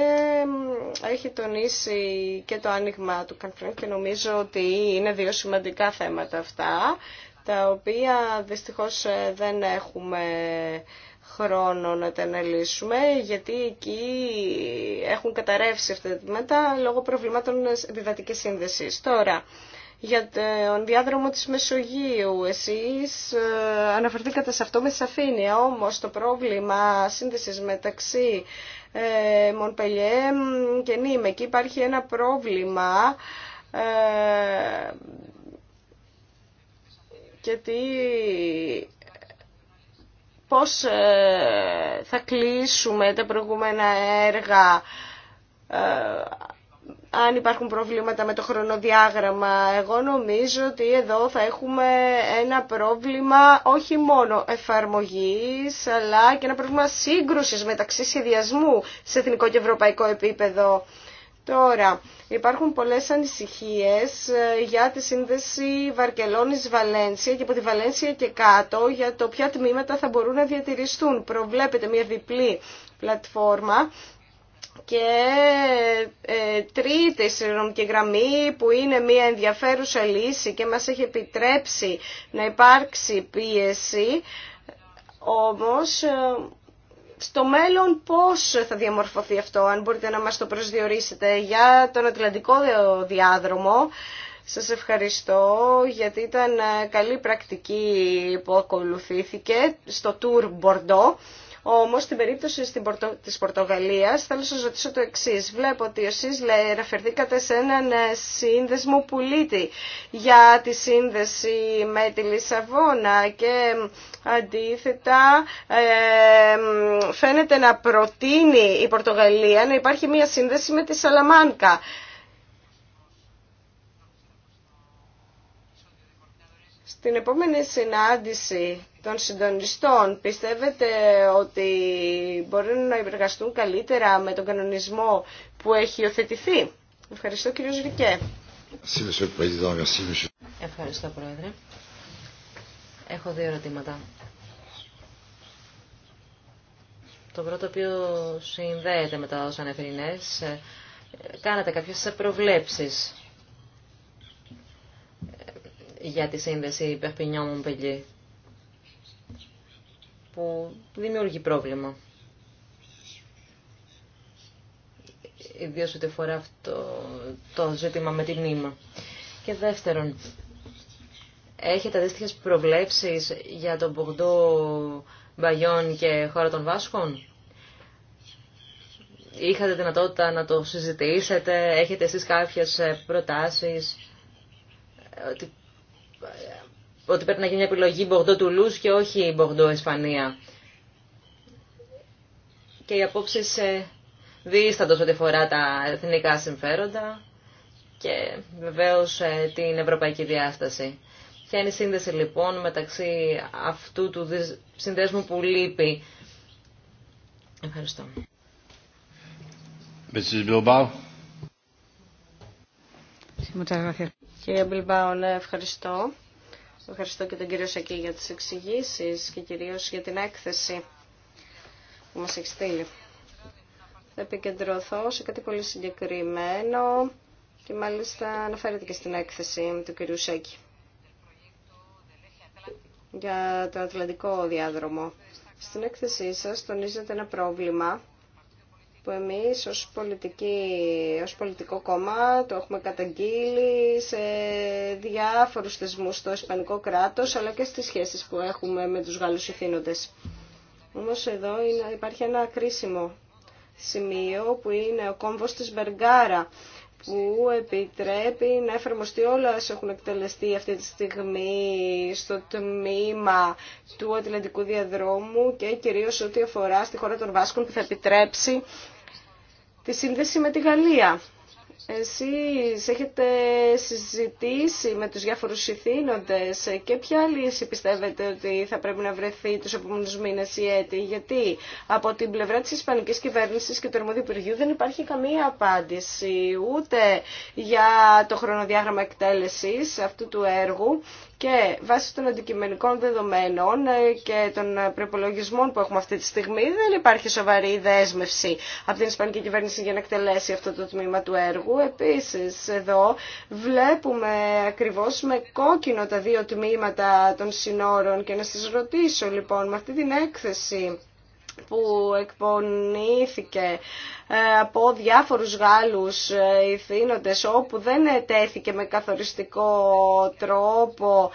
έχει τονίσει και το άνοιγμα του Κανφρέν και νομίζω ότι είναι δύο σημαντικά θέματα αυτά τα οποία δυστυχώς ε, δεν έχουμε χρόνο να τα γιατί εκεί έχουν καταρρεύσει αυτά τα τμήματα λόγω προβλημάτων επιβατική σύνδεση. Τώρα, για τον διάδρομο της Μεσογείου. Εσείς ε, αναφερθήκατε σε αυτό με σαφήνεια, όμως το πρόβλημα σύνδεσης μεταξύ ε, Μονπελιέ και Νίμε. Εκεί υπάρχει ένα πρόβλημα ε, γιατί πώς ε, θα κλείσουμε τα προηγούμενα έργα ε, αν υπάρχουν προβλήματα με το χρονοδιάγραμμα. Εγώ νομίζω ότι εδώ θα έχουμε ένα πρόβλημα όχι μόνο εφαρμογής, αλλά και ένα πρόβλημα σύγκρουσης μεταξύ σχεδιασμού σε εθνικό και ευρωπαϊκό επίπεδο. Τώρα, υπάρχουν πολλές ανησυχίες ε, για τη σύνδεση Βαρκελόνης-Βαλένσια και από τη Βαλένσια και κάτω για το ποια τμήματα θα μπορούν να διατηρηστούν. Προβλέπεται μια διπλή πλατφόρμα και ε, τρίτη συνδρομική γραμμή που είναι μια ενδιαφέρουσα λύση και μας έχει επιτρέψει να υπάρξει πίεση. Όμως ε, στο μέλλον πώς θα διαμορφωθεί αυτό, αν μπορείτε να μας το προσδιορίσετε για τον Ατλαντικό διάδρομο. Σας ευχαριστώ γιατί ήταν ε, καλή πρακτική που ακολουθήθηκε στο Tour Bordeaux Όμω στην περίπτωση τη Πορτο... της Πορτογαλίας θέλω να σα ρωτήσω το εξή. Βλέπω ότι εσεί σε έναν ε, σύνδεσμο πουλίτη για τη σύνδεση με τη Λισαβόνα και αντίθετα ε, φαίνεται να προτείνει η Πορτογαλία να υπάρχει μια σύνδεση με τη Σαλαμάνκα. Την επόμενη συνάντηση των συντονιστών πιστεύετε ότι μπορούν να υπεργαστούν καλύτερα με τον κανονισμό που έχει υιοθετηθεί. Ευχαριστώ κύριο Ζρικέ. Ευχαριστώ πρόεδρε. Έχω δύο ερωτήματα. Το πρώτο οποίο συνδέεται με τα όσα ανεφερεινές, ε, κάνατε κάποιες προβλέψεις για τη σύνδεση Περπινιό-Μομπελιέ που δημιουργεί πρόβλημα. Ιδίως ότι φορά αυτό το ζήτημα με την νήμα. Και δεύτερον, έχετε αντίστοιχε προβλέψεις για τον Μπογντό Μπαγιόν και χώρα των Βάσκων. Είχατε δυνατότητα να το συζητήσετε, έχετε εσείς κάποιες ε, προτάσεις ε, ε, ότι πρέπει να γίνει μια επιλογή Μπορντό-Τουλούς και όχι Μπορντό-Ισπανία. Και οι απόψει ε, δίστατο ό,τι αφορά τα εθνικά συμφέροντα και βεβαίως ε, την ευρωπαϊκή διάσταση. Ποια είναι η σύνδεση λοιπόν μεταξύ αυτού του συνδέσμου που λείπει. Ευχαριστώ. Κύριε Μπιλμπάου, ναι, ευχαριστώ. Ευχαριστώ και τον κύριο Σακή για τις εξηγήσει και κυρίως για την έκθεση που μας έχει στείλει. Θα επικεντρωθώ σε κάτι πολύ συγκεκριμένο και μάλιστα αναφέρεται και στην έκθεση του κυρίου Σέκη για το Ατλαντικό διάδρομο. Στην έκθεσή σας τονίζεται ένα πρόβλημα που εμείς ως, πολιτική, ως πολιτικό κόμμα το έχουμε καταγγείλει σε διάφορους θεσμούς στο Ισπανικό κράτος αλλά και στις σχέσεις που έχουμε με τους Γάλλους ηθήνοντες. Όμως εδώ υπάρχει ένα κρίσιμο σημείο που είναι ο κόμβος της Μπεργκάρα που επιτρέπει να εφαρμοστεί όλα όσα έχουν εκτελεστεί αυτή τη στιγμή στο τμήμα του Ατλαντικού Διαδρόμου και κυρίως ό,τι αφορά στη χώρα των Βάσκων που θα επιτρέψει τη σύνδεση με τη Γαλλία. Εσείς έχετε συζητήσει με τους διάφορους συθήνοντες και ποια λύση πιστεύετε ότι θα πρέπει να βρεθεί τους επόμενους μήνες ή έτη, γιατί από την πλευρά της Ισπανικής Κυβέρνησης και του Ερμοδίου δεν υπάρχει καμία απάντηση ούτε για το χρονοδιάγραμμα εκτέλεσης αυτού του έργου, και βάσει των αντικειμενικών δεδομένων ε, και των ε, προπολογισμών που έχουμε αυτή τη στιγμή, δεν υπάρχει σοβαρή δέσμευση από την Ισπανική κυβέρνηση για να εκτελέσει αυτό το τμήμα του έργου. Επίση, εδώ βλέπουμε ακριβώ με κόκκινο τα δύο τμήματα των συνόρων και να σα ρωτήσω λοιπόν με αυτή την έκθεση που εκπονήθηκε ε, από διάφορους Γάλλους ε, ηθήνοντες όπου δεν τέθηκε με καθοριστικό τρόπο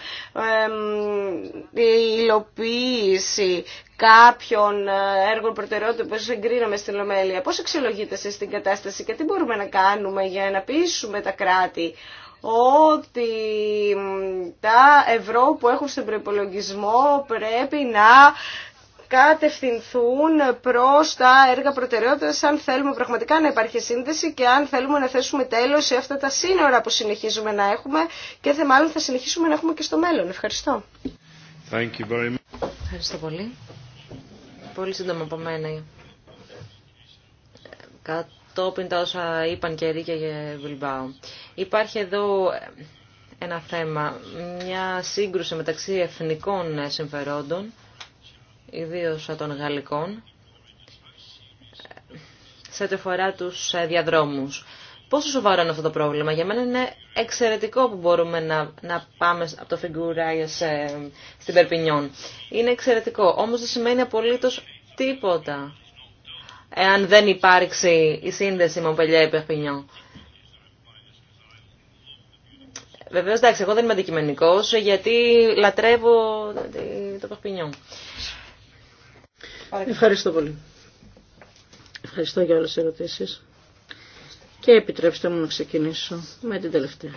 η υλοποίηση κάποιων ε, έργων προτεραιότητα που εγκρίναμε στην Λομέλεια. Πώς εξελογείτε εσείς την κατάσταση και τι μπορούμε να κάνουμε για να πείσουμε τα κράτη ότι τα ευρώ που έχουν στον προπολογισμό πρέπει να κατευθυνθούν προς τα έργα προτεραιότητας αν θέλουμε πραγματικά να υπάρχει σύνδεση και αν θέλουμε να θέσουμε τέλος σε αυτά τα σύνορα που συνεχίζουμε να έχουμε και θα, μάλλον θα συνεχίσουμε να έχουμε και στο μέλλον. Ευχαριστώ. Thank you very much. Ευχαριστώ πολύ. Πολύ σύντομα από μένα. Κατόπιν τα όσα είπαν και Ρίκια και Βιλμπάου. Υπάρχει εδώ ένα θέμα, μια σύγκρουση μεταξύ εθνικών συμφερόντων ιδίως των γαλλικών, σε ό,τι αφορά τους διαδρόμους. Πόσο σοβαρό είναι αυτό το πρόβλημα. Για μένα είναι εξαιρετικό που μπορούμε να, να πάμε από το Φιγκούρα σε, στην Περπινιόν. Είναι εξαιρετικό. Όμως δεν σημαίνει απολύτως τίποτα. Εάν δεν υπάρξει η συνδεση ή Μομπελιέ-Περπινιόν. Βεβαίω, εντάξει, εγώ δεν είμαι αντικειμενικό, γιατί λατρεύω το Περπινιόν. Ευχαριστώ πολύ. Ευχαριστώ για όλες τις ερωτήσεις. Και επιτρέψτε μου να ξεκινήσω με την τελευταία.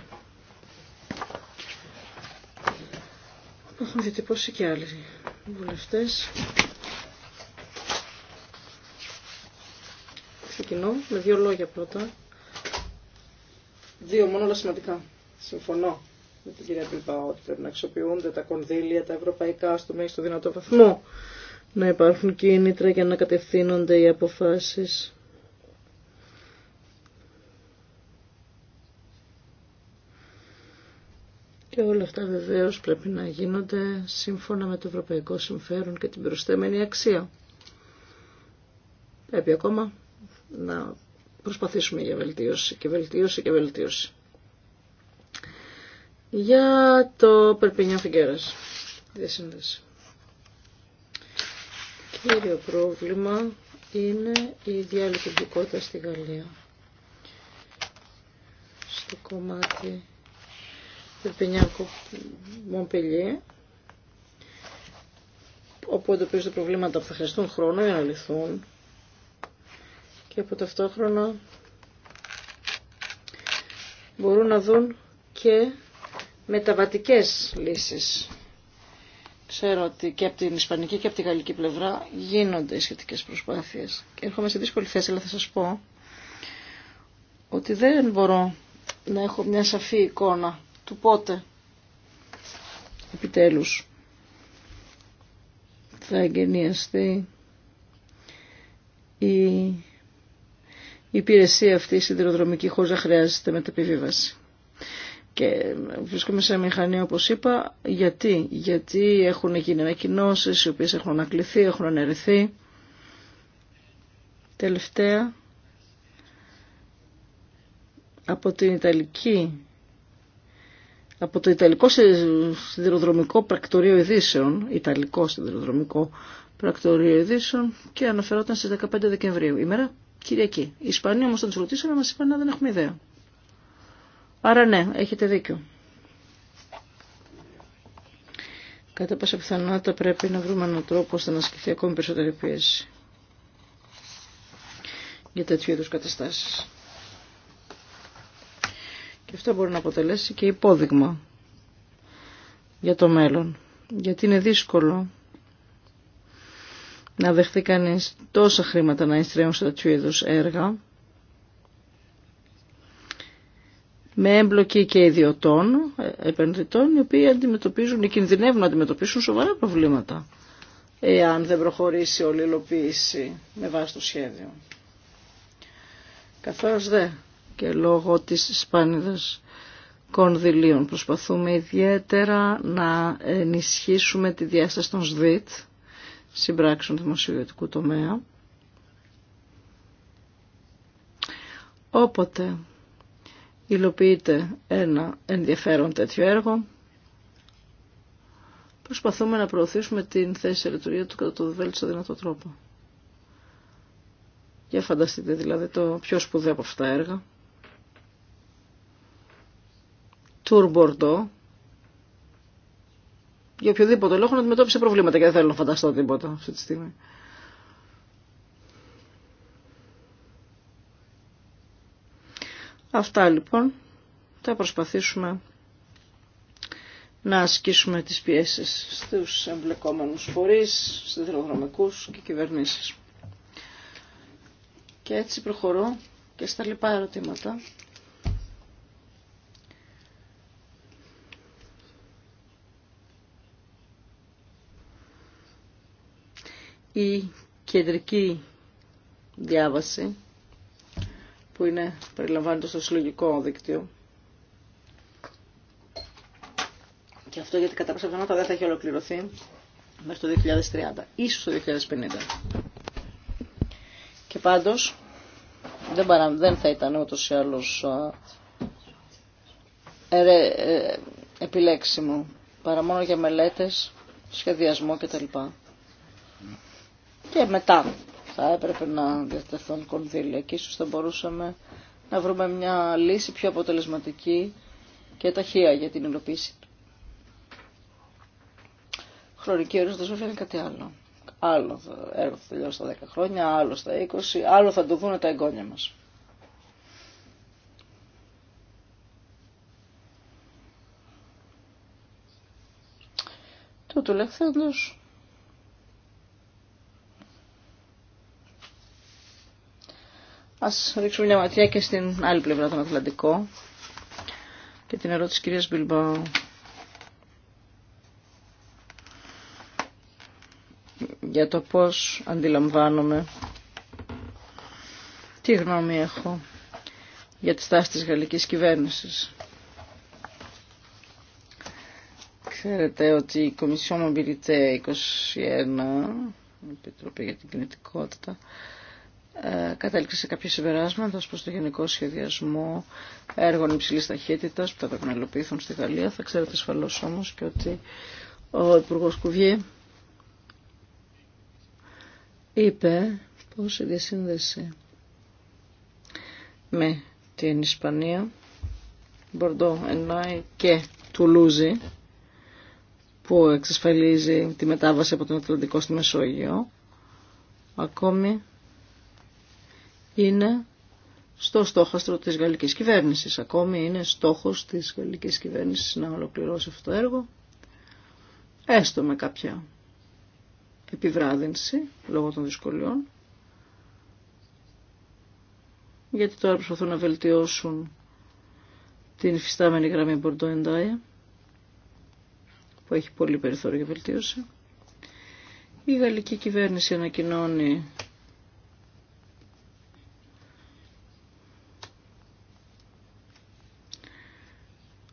Έχουν διατυπώσει και άλλοι βουλευτές. Ξεκινώ με δύο λόγια πρώτα. Δύο μόνο, αλλά σημαντικά. Συμφωνώ με την κυρία Πιλπά ότι πρέπει να αξιοποιούνται τα κονδύλια, τα ευρωπαϊκά, στο μέγιστο δυνατό βαθμό να υπάρχουν κίνητρα για να κατευθύνονται οι αποφάσεις. Και όλα αυτά βεβαίως πρέπει να γίνονται σύμφωνα με το ευρωπαϊκό συμφέρον και την προσθέμενη αξία. Πρέπει ακόμα να προσπαθήσουμε για βελτίωση και βελτίωση και βελτίωση. Για το Περπινιά Φιγκέρας. Διασύνδεση κύριο πρόβλημα είναι η διαλειτουργικότητα στη Γαλλία. Στο κομμάτι του Πενιάκου Μομπελιέ, όπου εντοπίζονται προβλήματα που θα χρειαστούν χρόνο για να λυθούν και από ταυτόχρονα μπορούν να δουν και μεταβατικές λύσεις. Ξέρω ότι και από την ισπανική και από τη γαλλική πλευρά γίνονται οι σχετικές προσπάθειες. Και έρχομαι σε δύσκολη θέση, αλλά θα σας πω ότι δεν μπορώ να έχω μια σαφή εικόνα του πότε επιτέλους θα εγγενιαστεί η υπηρεσία αυτή η σιδηροδρομική χωρίς να χρειάζεται μεταπιβίβαση. Και βρίσκομαι σε μηχανή όπως είπα, γιατί, γιατί έχουν γίνει ανακοινώσει οι οποίες έχουν ανακληθεί, έχουν αναιρεθεί. Τελευταία, από την Ιταλική, από το Ιταλικό Σιδηροδρομικό Πρακτορείο Ειδήσεων, Ιταλικό Σιδηροδρομικό Πρακτορείο Ειδήσεων και αναφερόταν στις 15 Δεκεμβρίου, ημέρα Κυριακή. Οι Ισπανοί όμως θα τους ρωτήσουν να μας είπαν να δεν έχουμε ιδέα. Άρα ναι, έχετε δίκιο. Κατά πάσα πιθανότητα πρέπει να βρούμε έναν τρόπο ώστε να ασκηθεί ακόμη περισσότερη πίεση για τέτοιου είδους καταστάσεις. Και αυτό μπορεί να αποτελέσει και υπόδειγμα για το μέλλον. Γιατί είναι δύσκολο να δεχθεί κανείς τόσα χρήματα να ειστρέουν σε τέτοιου είδους έργα με έμπλοκη και ιδιωτών, ε, επενδυτών, οι οποίοι αντιμετωπίζουν ή κινδυνεύουν να αντιμετωπίσουν σοβαρά προβλήματα, εάν δεν προχωρήσει όλη η υλοποίηση με βάση το σχέδιο. Καθώς δε και λόγω της σπάνιδας κονδυλίων προσπαθούμε ιδιαίτερα να ενισχύσουμε τη διάσταση των ΣΔΙΤ, συμπράξεων δημοσιογραφικού τομέα, όποτε υλοποιείται ένα ενδιαφέρον τέτοιο έργο. Προσπαθούμε να προωθήσουμε την θέση σε λειτουργία του κατά το βέλτιστο δυνατό τρόπο. Για φανταστείτε δηλαδή το πιο σπουδαίο από αυτά τα έργα. Τουρ Μπορντό. Για οποιοδήποτε λόγο να αντιμετώπισε προβλήματα και δεν θέλω να φανταστώ τίποτα αυτή τη στιγμή. Αυτά λοιπόν θα προσπαθήσουμε να ασκήσουμε τις πιέσεις στους εμπλεκόμενους φορείς, στους και κυβερνήσεις. Και έτσι προχωρώ και στα λοιπά ερωτήματα. Η κεντρική διάβαση που είναι περιλαμβάνοντας στο συλλογικό δίκτυο. Και αυτό γιατί κατά πάσα πιθανότητα δεν θα έχει ολοκληρωθεί μέχρι το 2030, ίσως το 2050. Και πάντως δεν, παρά, δεν θα ήταν ούτως ή άλλως ε, επιλέξιμο, παρά μόνο για μελέτες, σχεδιασμό κτλ. Και μετά θα έπρεπε να διατεθούν κονδύλια και ίσως θα μπορούσαμε να βρούμε μια λύση πιο αποτελεσματική και ταχεία για την υλοποίηση του. Χρονική ορίζοντας δεν είναι κάτι άλλο. Άλλο έργο θα τελειώσει στα 10 χρόνια, άλλο στα 20, άλλο θα το δουν τα εγγόνια μας. Τούτου λεχθέντος Ας ρίξουμε μια ματιά και στην άλλη πλευρά τον Ατλαντικό και την ερώτηση της κυρίας Μπιλμπάου. για το πώς αντιλαμβάνομαι, τι γνώμη έχω για τη στάση της γαλλικής κυβέρνησης. Ξέρετε ότι η Κομισιόν Μομπιλιτέ 21, η Επιτροπή για την Κινητικότητα, ε, κατέληξε σε κάποια συμπεράσματα προ προς το γενικό σχεδιασμό έργων υψηλής ταχύτητας που θα πρέπει να υλοποιηθούν στη Γαλλία. Θα ξέρετε ασφαλώς όμως και ότι ο υπουργό Κουβιέ είπε πως η διασύνδεση με την Ισπανία, Μπορντό, Ενάι και Τουλούζη που εξασφαλίζει τη μετάβαση από τον Ατλαντικό στη Μεσόγειο ακόμη είναι στο στόχαστρο της γαλλικής κυβέρνησης. Ακόμη είναι στόχος της γαλλικής κυβέρνησης να ολοκληρώσει αυτό το έργο, έστω με κάποια επιβράδυνση λόγω των δυσκολιών, γιατί τώρα προσπαθούν να βελτιώσουν την υφιστάμενη γραμμή Μπορντό Εντάια, που έχει πολύ περιθώριο για βελτίωση. Η γαλλική κυβέρνηση ανακοινώνει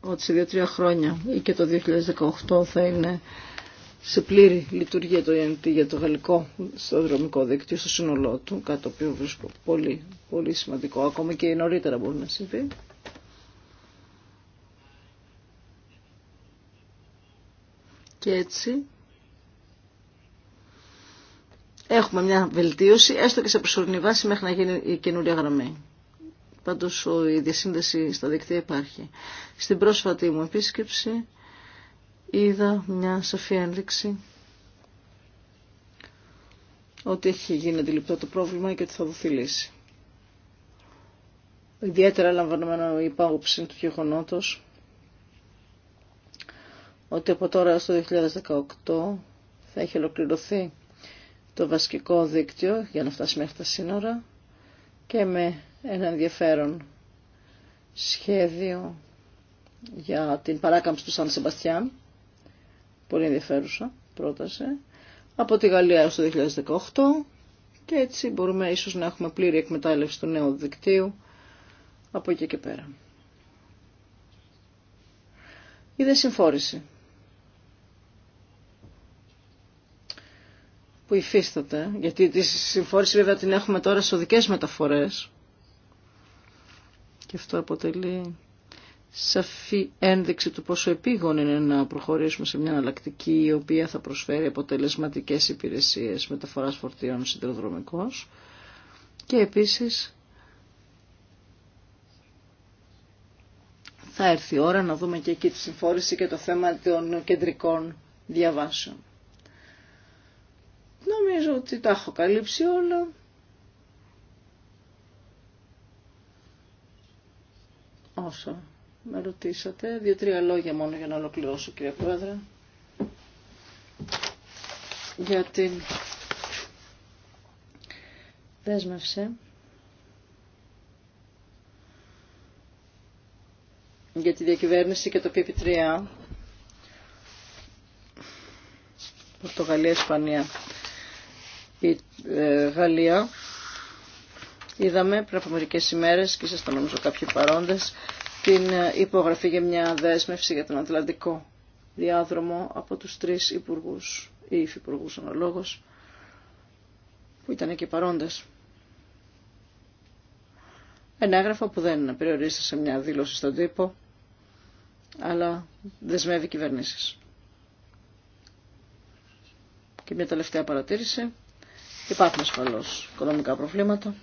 ότι σε δύο-τρία χρόνια ή και το 2018 θα είναι σε πλήρη λειτουργία το ΙΕΝΤ για το γαλλικό στο δρομικό δίκτυο, στο σύνολό του, κάτι το οποίο βρίσκω πολύ, πολύ σημαντικό, ακόμα και νωρίτερα μπορεί να συμβεί. Και έτσι έχουμε μια βελτίωση, έστω και σε προσωρινή βάση, μέχρι να γίνει η καινούρια γραμμή. Πάντως η διασύνδεση στα δίκτυα υπάρχει. Στην πρόσφατη μου επίσκεψη είδα μια σαφή ένδειξη ότι έχει γίνει αντιληπτό το πρόβλημα και ότι θα δοθεί λύση. Ιδιαίτερα λαμβανωμένο η υπάγωψη του γεγονότο ότι από τώρα έως το 2018 θα έχει ολοκληρωθεί το βασικό δίκτυο για να φτάσει μέχρι τα σύνορα και με ένα ενδιαφέρον σχέδιο για την παράκαμψη του Σαν Σεμπαστιάν. Πολύ ενδιαφέρουσα πρόταση. Από τη Γαλλία έως το 2018 και έτσι μπορούμε ίσως να έχουμε πλήρη εκμετάλλευση του νέου δικτύου από εκεί και πέρα. Η δε συμφόρηση που υφίσταται, γιατί τη συμφόρηση βέβαια την έχουμε τώρα σε οδικές μεταφορές, και αυτό αποτελεί σαφή ένδειξη του πόσο επίγον είναι να προχωρήσουμε σε μια αναλλακτική η οποία θα προσφέρει αποτελεσματικές υπηρεσίες μεταφοράς φορτίων σιδηροδρομικός και επίσης θα έρθει η ώρα να δούμε και εκεί τη συμφόρηση και το θέμα των κεντρικών διαβάσεων. Νομίζω ότι τα έχω καλύψει όλα. όσα με ρωτήσατε. Δύο-τρία λόγια μόνο για να ολοκληρώσω, κύριε Πρόεδρε. Για την δέσμευση. Για τη διακυβέρνηση και το PP3. Πορτογαλία, Ισπανία. Η ε, Γαλλία. Είδαμε πριν από μερικέ ημέρε και ήσασταν νομίζω κάποιοι παρόντε την ε, υπογραφή για μια δέσμευση για τον Ατλαντικό διάδρομο από τους τρεις υπουργούς ή υφυπουργούς αναλόγως που ήταν εκεί παρόντες. Ένα έγγραφο που δεν περιορίζεται σε μια δήλωση στον τύπο, αλλά δεσμεύει κυβερνήσεις. Και μια τελευταία παρατήρηση. Υπάρχουν ασφαλώς οικονομικά προβλήματα.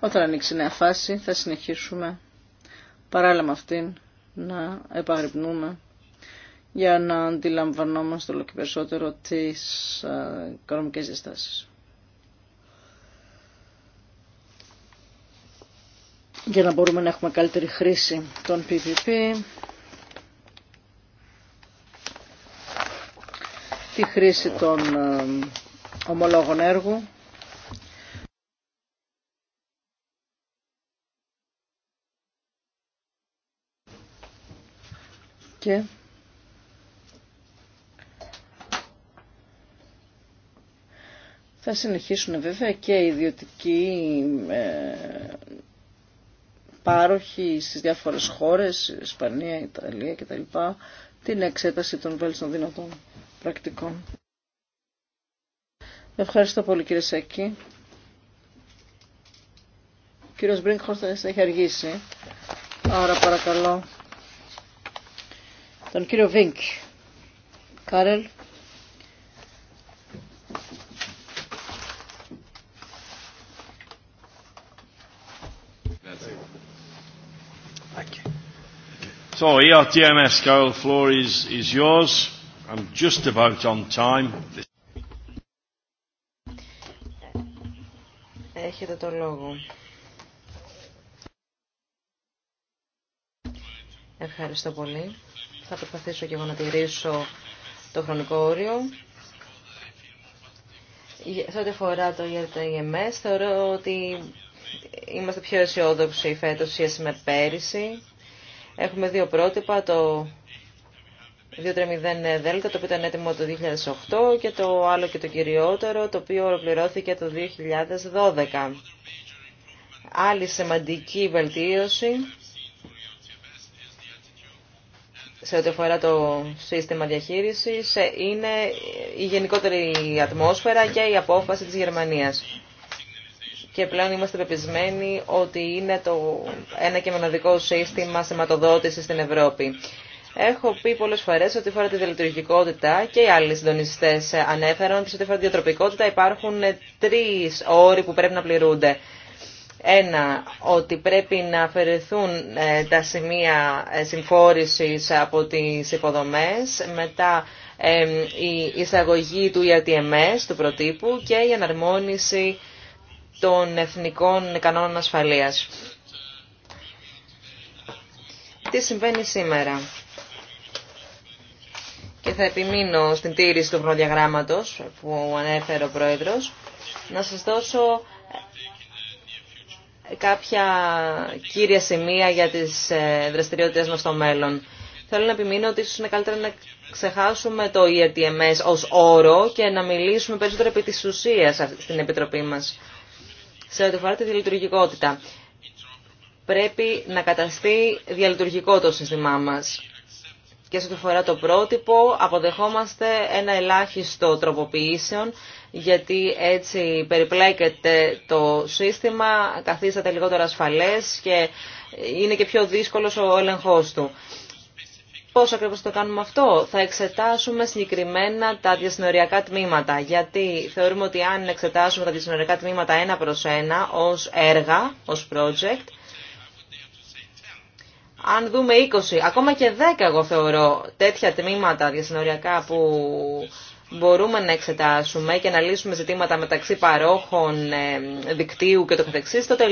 Όταν ανοίξει νέα φάση θα συνεχίσουμε παράλληλα με αυτήν να επαγρυπνούμε για να αντιλαμβανόμαστε όλο και περισσότερο τις οικονομικές διαστάσεις. Για να μπορούμε να έχουμε καλύτερη χρήση των PPP, τη χρήση των ομολόγων έργου, Και θα συνεχίσουν βέβαια και οι ιδιωτικοί ε, πάροχοι στις διάφορες χώρες, Ισπανία, Ιταλία κτλ. την εξέταση των βέλτιστων δυνατών πρακτικών. Ευχαριστώ πολύ κύριε Σέκη. Ο κύριος θα έχει αργήσει. Άρα παρακαλώ τον κύριο Βίνκ. Κάρελ. So, ERTMS, Carol, floor is, is yours. I'm just about on time. Έχετε το λόγο. Ευχαριστώ πολύ. Θα προσπαθήσω και εγώ να τηρήσω το χρονικό όριο. Σε ό,τι αφορά το EMS, θεωρώ ότι είμαστε πιο αισιόδοξοι φέτος σχέση με πέρυσι. Έχουμε δύο πρότυπα, το 230 Δέλτα, το οποίο ήταν έτοιμο το 2008 και το άλλο και το κυριότερο, το οποίο ολοκληρώθηκε το 2012. Άλλη σημαντική βελτίωση σε ό,τι αφορά το σύστημα διαχείρισης ε, είναι η γενικότερη ατμόσφαιρα και η απόφαση της Γερμανίας. Και πλέον είμαστε πεπισμένοι ότι είναι το ένα και μοναδικό σύστημα σηματοδότησης στην Ευρώπη. Έχω πει πολλέ φορέ ότι φορά τη διαλειτουργικότητα και οι άλλοι συντονιστέ ανέφεραν ότι σε ό,τι αφορά τη διατροπικότητα υπάρχουν τρει όροι που πρέπει να πληρούνται. Ένα, ότι πρέπει να αφαιρεθούν ε, τα σημεία ε, συμφόρησης από τις υποδομές, μετά ε, η εισαγωγή του ΙΑΤΜΕΣ, e του προτύπου και η αναρμόνιση των εθνικών κανόνων ασφαλείας. Τι συμβαίνει σήμερα. Και θα επιμείνω στην τήρηση του χρονοδιαγράμματος που ανέφερε ο Πρόεδρος. Να σας δώσω κάποια κύρια σημεία για τις ε, δραστηριότητες μας στο μέλλον. Θέλω να επιμείνω ότι ίσως είναι καλύτερα να ξεχάσουμε το ERTMS ως όρο και να μιλήσουμε περισσότερο επί της ουσίας στην Επιτροπή μας. Σε ό,τι αφορά τη διαλειτουργικότητα. Πρέπει να καταστεί διαλειτουργικό το σύστημά μας. Και σε ό,τι αφορά το πρότυπο, αποδεχόμαστε ένα ελάχιστο τροποποιήσεων γιατί έτσι περιπλέκεται το σύστημα, καθίσταται λιγότερο ασφαλές και είναι και πιο δύσκολος ο έλεγχός του. Πώς ακριβώς το κάνουμε αυτό. Θα εξετάσουμε συγκεκριμένα τα διασυνοριακά τμήματα, γιατί θεωρούμε ότι αν εξετάσουμε τα διασυνοριακά τμήματα ένα προς ένα ως έργα, ως project, αν δούμε 20, ακόμα και 10 εγώ θεωρώ τέτοια τμήματα διασυνοριακά που μπορούμε να εξετάσουμε και να λύσουμε ζητήματα μεταξύ παρόχων, ε, δικτύου και το καθεξής, τότε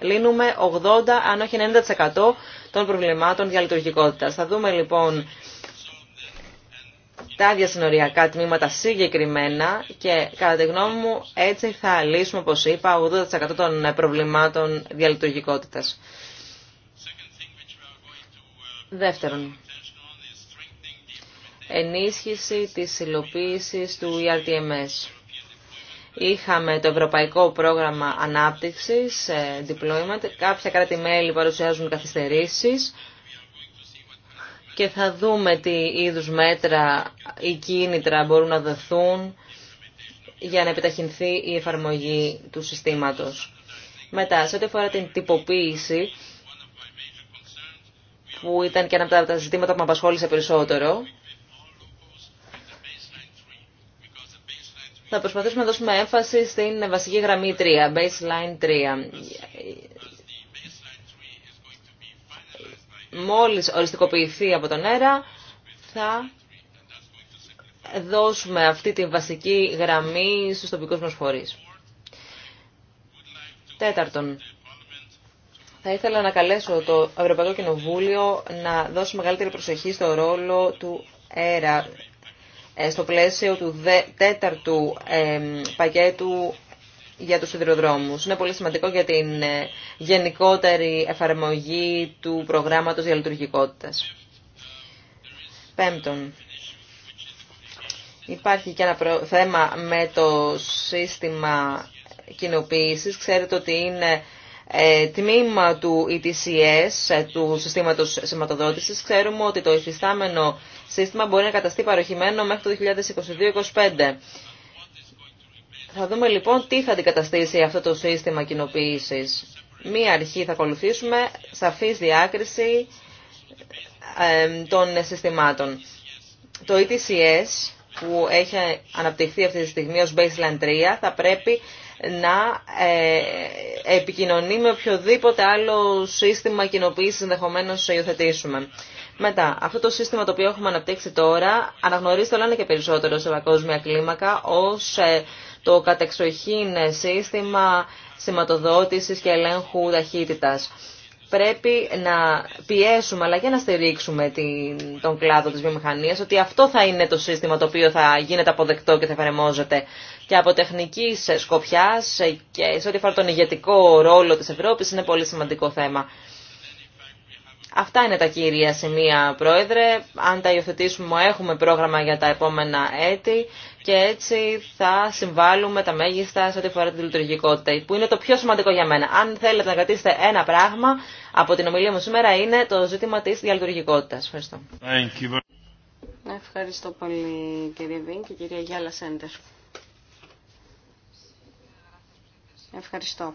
λύνουμε, 80 αν όχι 90% των προβλημάτων διαλειτουργικότητας. Θα δούμε λοιπόν τα διασυνοριακά τμήματα συγκεκριμένα και κατά τη γνώμη μου έτσι θα λύσουμε, όπως είπα, 80% των προβλημάτων διαλειτουργικότητας. Δεύτερον, ενίσχυση της υλοποίησης του ERTMS. Είχαμε το Ευρωπαϊκό Πρόγραμμα Ανάπτυξης, ε, Deployment. Κάποια κράτη-μέλη παρουσιάζουν καθυστερήσεις και θα δούμε τι είδους μέτρα ή κίνητρα μπορούν να δοθούν για να επιταχυνθεί η εφαρμογή του συστήματος. Μετά, σε ό,τι αφορά την τυποποίηση, που ήταν και ένα από τα ζητήματα που με απασχόλησε περισσότερο, θα προσπαθήσουμε να δώσουμε έμφαση στην βασική γραμμή 3, baseline 3. Μόλις οριστικοποιηθεί από τον ΕΡΑ, θα δώσουμε αυτή τη βασική γραμμή στους τοπικούς μας φορείς. Τέταρτον, θα ήθελα να καλέσω το Ευρωπαϊκό Κοινοβούλιο να δώσει μεγαλύτερη προσοχή στο ρόλο του ΕΡΑ ε, στο πλαίσιο του τέταρτου πακέτου για τους σιδηροδρόμους. Είναι πολύ σημαντικό για την ε, γενικότερη εφαρμογή του προγράμματος λειτουργικότητας. Πέμπτον, υπάρχει και ένα θέμα με το σύστημα κοινοποίησης. Ξέρετε ότι είναι ε, τμήμα του ETCS, του συστήματος σηματοδότησης. Ξέρουμε ότι το υφιστάμενο σύστημα μπορεί να καταστεί παροχημένο μέχρι το 2022-2025. Θα δούμε λοιπόν τι θα αντικαταστήσει αυτό το σύστημα κοινοποίηση. Μία αρχή θα ακολουθήσουμε, σαφής διάκριση των συστημάτων. Το ETCS που έχει αναπτυχθεί αυτή τη στιγμή ως Baseline 3 θα πρέπει να ε, επικοινωνεί με οποιοδήποτε άλλο σύστημα κοινοποίησης ενδεχομένως υιοθετήσουμε. Μετά, αυτό το σύστημα το οποίο έχουμε αναπτύξει τώρα αναγνωρίζεται όλα και περισσότερο σε παγκόσμια κλίμακα ως ε, το κατεξοχήν ε, σύστημα σηματοδότησης και ελέγχου ταχύτητας. Πρέπει να πιέσουμε αλλά και να στηρίξουμε την, τον κλάδο της βιομηχανίας ότι αυτό θα είναι το σύστημα το οποίο θα γίνεται αποδεκτό και θα εφαρμόζεται και από τεχνική ε, σκοπιά και σε ό,τι αφορά τον ηγετικό ρόλο της Ευρώπης είναι πολύ σημαντικό θέμα. Αυτά είναι τα κύρια σημεία, Πρόεδρε. Αν τα υιοθετήσουμε, έχουμε πρόγραμμα για τα επόμενα έτη και έτσι θα συμβάλλουμε τα μέγιστα σε ό,τι αφορά τη λειτουργικότητα, που είναι το πιο σημαντικό για μένα. Αν θέλετε να κρατήσετε ένα πράγμα από την ομιλία μου σήμερα, είναι το ζήτημα της διαλειτουργικότητα. Ευχαριστώ. Ευχαριστώ πολύ, κύριε Βίν και κυρία Γιάλα Σέντερ. Ευχαριστώ.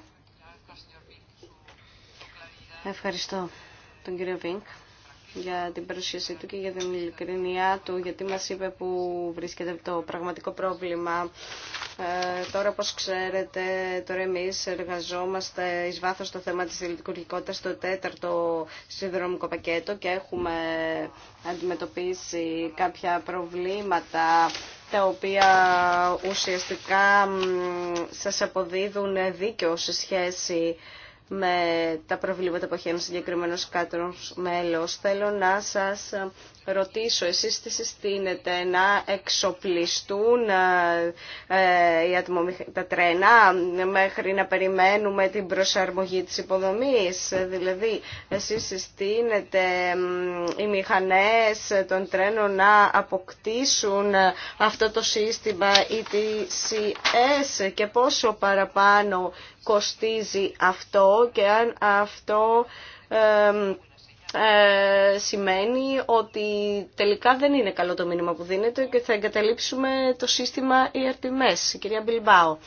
Ευχαριστώ τον κύριο Βίνκ για την παρουσίασή του και για την ειλικρινιά του, γιατί μας είπε που βρίσκεται το πραγματικό πρόβλημα. Ε, τώρα, όπως ξέρετε, τώρα εμείς εργαζόμαστε εις βάθος το θέμα της λειτουργικότητας στο τέταρτο συνδρομικό πακέτο και έχουμε αντιμετωπίσει κάποια προβλήματα τα οποία ουσιαστικά σας αποδίδουν δίκαιο σε σχέση με τα προβλήματα που έχει ένα συγκεκριμένο κάτω μέλο. Θέλω να σας ρωτήσω εσείς τι συστήνετε να εξοπλιστούν ε, ε, τα τρένα μέχρι να περιμένουμε την προσαρμογή της υποδομής. Δηλαδή εσείς συστήνετε οι μηχανές των τρένων να αποκτήσουν αυτό το σύστημα ETCS και πόσο παραπάνω κοστίζει αυτό και αν αυτό ε, ε, σημαίνει ότι τελικά δεν είναι καλό το μήνυμα που δίνεται και θα εγκαταλείψουμε το σύστημα ERTMS. Η κυρία Μπιλμπάο,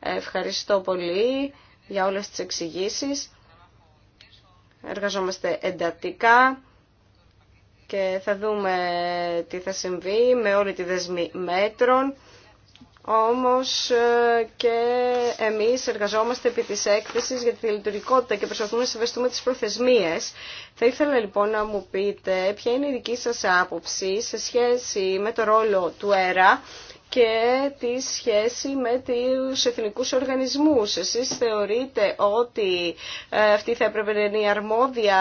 ευχαριστώ πολύ για όλες τις εξηγήσεις. Εργαζόμαστε εντατικά και θα δούμε τι θα συμβεί με όλη τη δεσμή μέτρων. Όμως ε, και εμείς εργαζόμαστε επί της έκθεσης για τη λειτουργικότητα και προσπαθούμε να συμβεστούμε τις προθεσμίες. Θα ήθελα λοιπόν να μου πείτε ποια είναι η δική σας άποψη σε σχέση με το ρόλο του ΕΡΑ και τη σχέση με τους εθνικούς οργανισμούς. Εσείς θεωρείτε ότι ε, αυτή θα έπρεπε να είναι η αρμόδια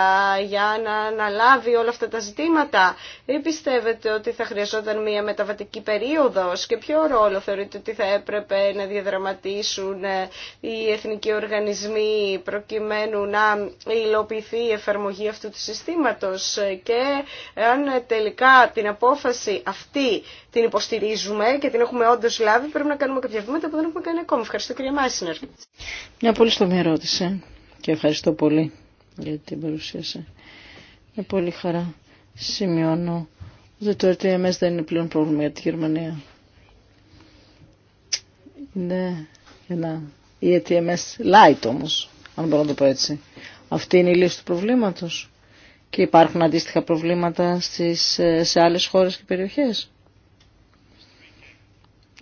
για να αναλάβει όλα αυτά τα ζητήματα ή πιστεύετε ότι θα χρειαζόταν μια μεταβατική περίοδος και ποιο ρόλο θεωρείτε ότι θα έπρεπε να διαδραματίσουν ε, οι εθνικοί οργανισμοί προκειμένου να υλοποιηθεί η εφαρμογή αυτού του συστήματος και αν τελικά την απόφαση αυτή την υποστηρίζουμε και την έχουμε όντω λάβει, πρέπει να κάνουμε κάποια βήματα που δεν έχουμε κάνει ακόμα. Ευχαριστώ κυρία Μάσινερ. Μια πολύ στομή ερώτηση και ευχαριστώ πολύ για την παρουσίαση. σας. Με πολύ χαρά σημειώνω ότι το RTMS δεν είναι πλέον πρόβλημα για τη Γερμανία. Είναι ένα ETMS light όμως, αν μπορώ να το πω έτσι. Αυτή είναι η λύση του προβλήματος. Και υπάρχουν αντίστοιχα προβλήματα στις, σε άλλες χώρες και περιοχές.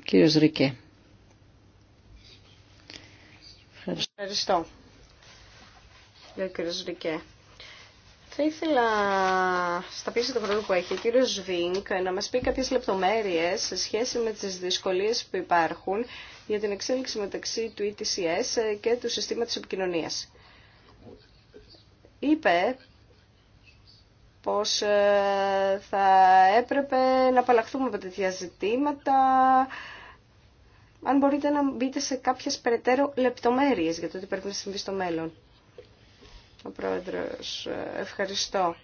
Κύριος Ρικέ. Ευχαριστώ. Ευχαριστώ. Λέω Ρικέ. Θα ήθελα στα πίσω του χρόνου που έχει ο κύριο Βίνκ να μας πει κάποιες λεπτομέρειες σε σχέση με τις δυσκολίες που υπάρχουν για την εξέλιξη μεταξύ του ETCS και του συστήματος επικοινωνίας. Είπε πως ε, θα έπρεπε να απαλλαχθούμε από τέτοια ζητήματα, αν μπορείτε να μπείτε σε κάποιε περαιτέρω λεπτομέρειε για το τι πρέπει να συμβεί στο μέλλον. Ο πρόεδρο. Ε, ευχαριστώ.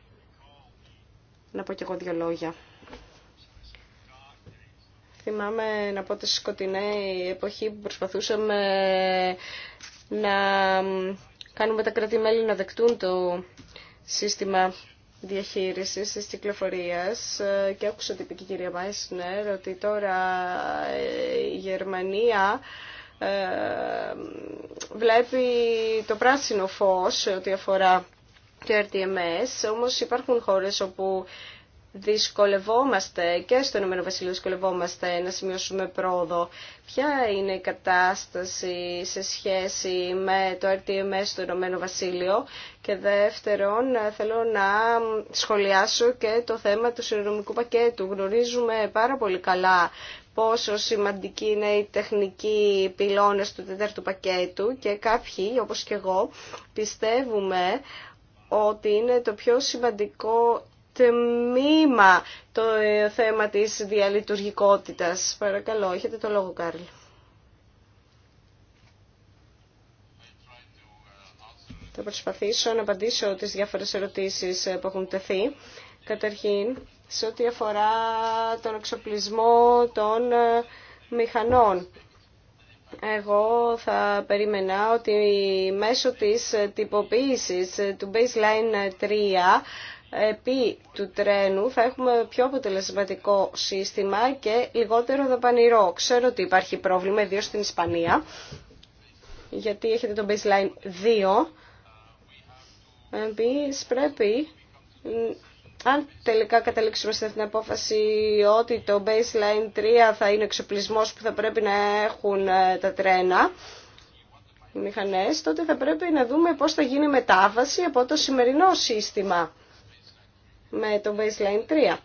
Να πω κι εγώ δύο λόγια. Θυμάμαι να πω τη σκοτεινή εποχή που προσπαθούσαμε να κάνουμε τα κράτη-μέλη να δεκτούν το σύστημα διαχείριση τη κυκλοφορία ε, και άκουσα ότι και η κυρία Μάισνερ ότι τώρα ε, η Γερμανία ε, βλέπει το πράσινο φως ότι αφορά το RTMS, όμως υπάρχουν χώρες όπου δυσκολευόμαστε και στο Ηνωμένο Βασίλειο δυσκολευόμαστε να σημειώσουμε πρόοδο. Ποια είναι η κατάσταση σε σχέση με το RTMS στο Ηνωμένο Βασίλειο και δεύτερον θέλω να σχολιάσω και το θέμα του συνδρομικού πακέτου. Γνωρίζουμε πάρα πολύ καλά πόσο σημαντική είναι η τεχνική πυλώνες του τέταρτου πακέτου και κάποιοι, όπως και εγώ, πιστεύουμε ότι είναι το πιο σημαντικό τμήμα το ε, θέμα της διαλειτουργικότητας. Παρακαλώ, έχετε το λόγο Κάρλ. Θα προσπαθήσω να απαντήσω τις διάφορες ερωτήσεις ε, που έχουν τεθεί. Καταρχήν, σε ό,τι αφορά τον εξοπλισμό των ε, μηχανών. Εγώ θα περίμενα ότι μέσω της τυποποίησης του baseline 3 επί του τρένου θα έχουμε πιο αποτελεσματικό σύστημα και λιγότερο δαπανηρό. Ξέρω ότι υπάρχει πρόβλημα, ιδίω στην Ισπανία, γιατί έχετε το baseline 2. επί πρέπει, αν τελικά καταλήξουμε σε αυτήν την απόφαση ότι το baseline 3 θα είναι εξοπλισμό που θα πρέπει να έχουν ε, τα τρένα, οι μηχανές, τότε θα πρέπει να δούμε πώς θα γίνει η μετάβαση από το σημερινό σύστημα με το baseline 3.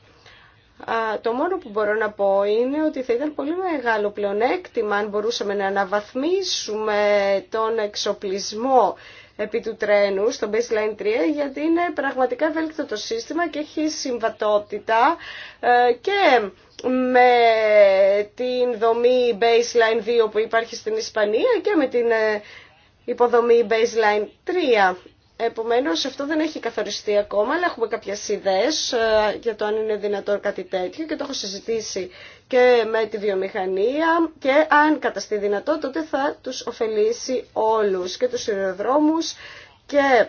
Το μόνο που μπορώ να πω είναι ότι θα ήταν πολύ μεγάλο πλεονέκτημα αν μπορούσαμε να αναβαθμίσουμε τον εξοπλισμό επί του τρένου στο baseline 3 γιατί είναι πραγματικά ευέλικτο το σύστημα και έχει συμβατότητα ε, και με την δομή baseline 2 που υπάρχει στην Ισπανία και με την ε, υποδομή baseline 3. Επομένως αυτό δεν έχει καθοριστεί ακόμα, αλλά έχουμε κάποιες ιδέες ε, για το αν είναι δυνατόν κάτι τέτοιο και το έχω συζητήσει και με τη βιομηχανία και αν καταστεί δυνατό τότε θα τους ωφελήσει όλους και τους σιδηροδρόμου και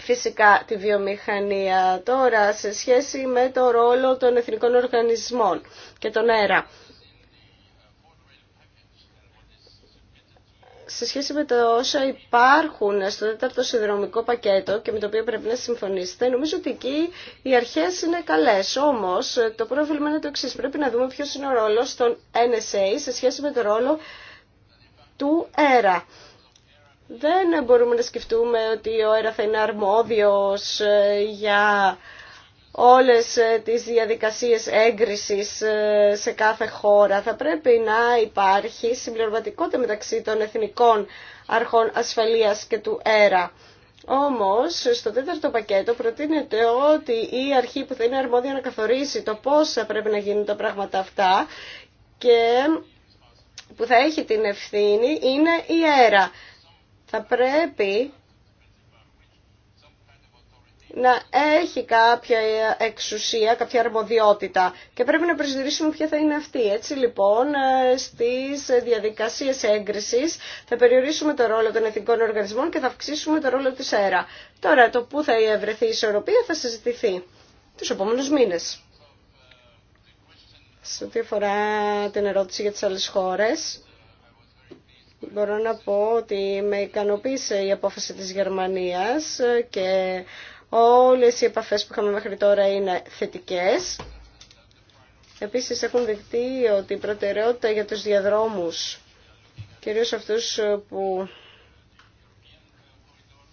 φυσικά τη βιομηχανία τώρα σε σχέση με το ρόλο των εθνικών οργανισμών και τον αέρα. σε σχέση με τα όσα υπάρχουν στο τέταρτο συνδρομικό πακέτο και με το οποίο πρέπει να συμφωνήσετε, νομίζω ότι εκεί οι αρχές είναι καλές. Όμως το πρόβλημα είναι το εξή. Πρέπει να δούμε ποιο είναι ο ρόλο των NSA σε σχέση με το ρόλο του ΕΡΑ. Δεν μπορούμε να σκεφτούμε ότι ο ΕΡΑ θα είναι αρμόδιος ε, για όλες ε, τις διαδικασίες έγκρισης ε, σε κάθε χώρα. Θα πρέπει να υπάρχει συμπληρωματικότητα μεταξύ των εθνικών αρχών ασφαλείας και του ΕΡΑ. Όμως, στο τέταρτο πακέτο προτείνεται ότι η αρχή που θα είναι αρμόδια να καθορίσει το πώς θα πρέπει να γίνουν τα πράγματα αυτά και που θα έχει την ευθύνη είναι η ΕΡΑ. Θα πρέπει να έχει κάποια εξουσία, κάποια αρμοδιότητα και πρέπει να προσδιορίσουμε ποια θα είναι αυτή. Έτσι λοιπόν ε, στις διαδικασίες έγκρισης θα περιορίσουμε το ρόλο των εθνικών οργανισμών και θα αυξήσουμε το ρόλο της ΕΡΑ. Τώρα το πού θα ευρεθεί η ισορροπία θα συζητηθεί τους επόμενους μήνες. Σε ό,τι αφορά την ερώτηση για τις άλλες χώρες, μπορώ να πω ότι με ικανοποίησε η απόφαση της Γερμανίας ε, και Όλες οι επαφές που είχαμε μέχρι τώρα είναι θετικές. Επίσης έχουν δεχτεί ότι η προτεραιότητα για τους διαδρόμους, κυρίως αυτούς που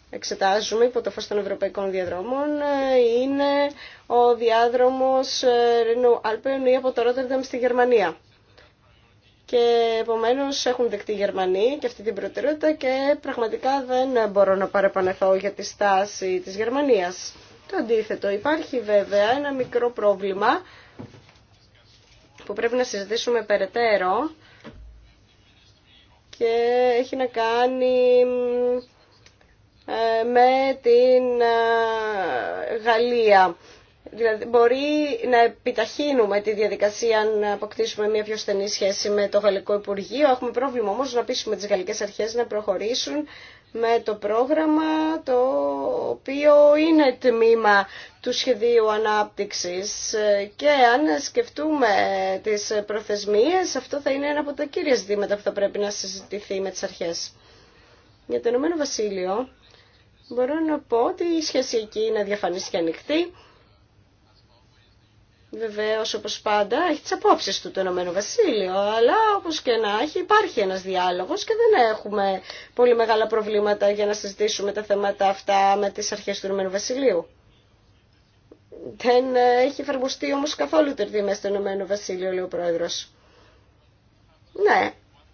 εξετάζουμε υπό το φως των ευρωπαϊκών διαδρόμων, είναι ο διάδρομος Ρενού Άλπεν ή από το Ρότερνταμ στη Γερμανία και επομένω έχουν δεκτεί οι Γερμανοί και αυτή την προτεραιότητα και πραγματικά δεν μπορώ να παρεπανεθώ για τη στάση της Γερμανίας. Το αντίθετο, υπάρχει βέβαια ένα μικρό πρόβλημα που πρέπει να συζητήσουμε περαιτέρω και έχει να κάνει ε, με την ε, Γαλλία. Δηλαδή μπορεί να επιταχύνουμε τη διαδικασία αν αποκτήσουμε μια πιο στενή σχέση με το Γαλλικό Υπουργείο. Έχουμε πρόβλημα όμως να πείσουμε τις γαλλικές αρχές να προχωρήσουν με το πρόγραμμα το οποίο είναι τμήμα του σχεδίου ανάπτυξης και αν σκεφτούμε τις προθεσμίες αυτό θα είναι ένα από τα κύρια ζητήματα που θα πρέπει να συζητηθεί με τις αρχές. Για το Ηνωμένο Βασίλειο μπορώ να πω ότι η σχέση εκεί είναι διαφανής και ανοιχτή. Βεβαίως, όπως πάντα, έχει τι απόψει του το Ηνωμένο Βασίλειο, αλλά όπως και να έχει υπάρχει ένας διάλογος και δεν έχουμε πολύ μεγάλα προβλήματα για να συζητήσουμε τα θέματα αυτά με τις αρχές του Ηνωμένου Βασιλείου. Δεν ε, έχει εφαρμοστεί όμως καθόλου τερδί μέσα στο Ηνωμένο Βασίλειο, λέει ο Πρόεδρος. Ναι,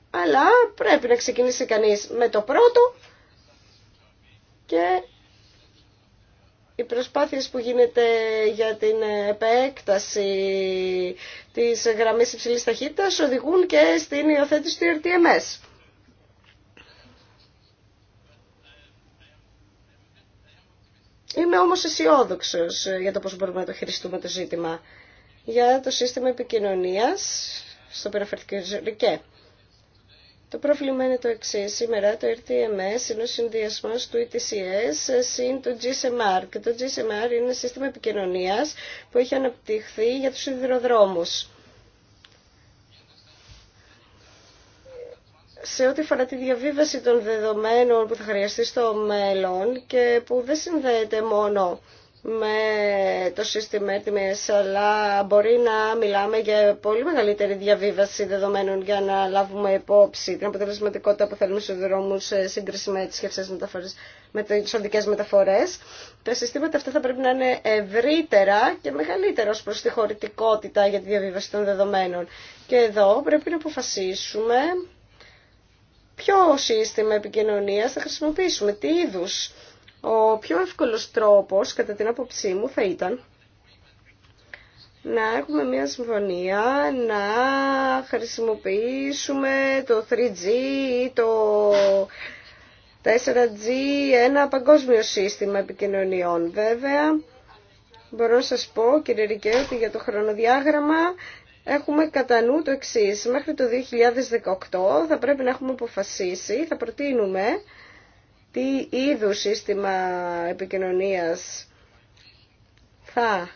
αλλά πρέπει να ξεκινήσει κανείς με το πρώτο και οι προσπάθειες που γίνεται για την επέκταση της γραμμής υψηλής ταχύτητας οδηγούν και στην υιοθέτηση του e RTMS. Είμαι όμως αισιόδοξο για το πώς μπορούμε να το χειριστούμε το ζήτημα για το σύστημα επικοινωνίας στο περιφερειακό Ρικέ. Το πρόβλημα είναι το εξή. Σήμερα το RTMS είναι ο συνδυασμό του ETCS συν το GSMR. Και το GSMR είναι σύστημα επικοινωνία που έχει αναπτυχθεί για του σιδηροδρόμου. σε ό,τι αφορά τη διαβίβαση των δεδομένων που θα χρειαστεί στο μέλλον και που δεν συνδέεται μόνο με το σύστημα έτοιμες, αλλά μπορεί να μιλάμε για πολύ μεγαλύτερη διαβίβαση δεδομένων για να λάβουμε υπόψη την αποτελεσματικότητα που θέλουμε στους δρόμους σε σύγκριση με τις σχετικές μεταφορές, με τις οδικές μεταφορές. Τα συστήματα αυτά θα πρέπει να είναι ευρύτερα και μεγαλύτερα ως προς τη χωρητικότητα για τη διαβίβαση των δεδομένων. Και εδώ πρέπει να αποφασίσουμε ποιο σύστημα επικοινωνίας θα χρησιμοποιήσουμε, τι είδους ο πιο εύκολος τρόπος, κατά την άποψή μου, θα ήταν να έχουμε μια συμφωνία, να χρησιμοποιήσουμε το 3G ή το 4G, ένα παγκόσμιο σύστημα επικοινωνιών. Βέβαια, μπορώ να σας πω, κύριε Ρικέ, ότι για το χρονοδιάγραμμα έχουμε κατά νου το εξής. Μέχρι το 2018 θα πρέπει να έχουμε αποφασίσει, θα προτείνουμε τι είδους σύστημα επικοινωνίας θα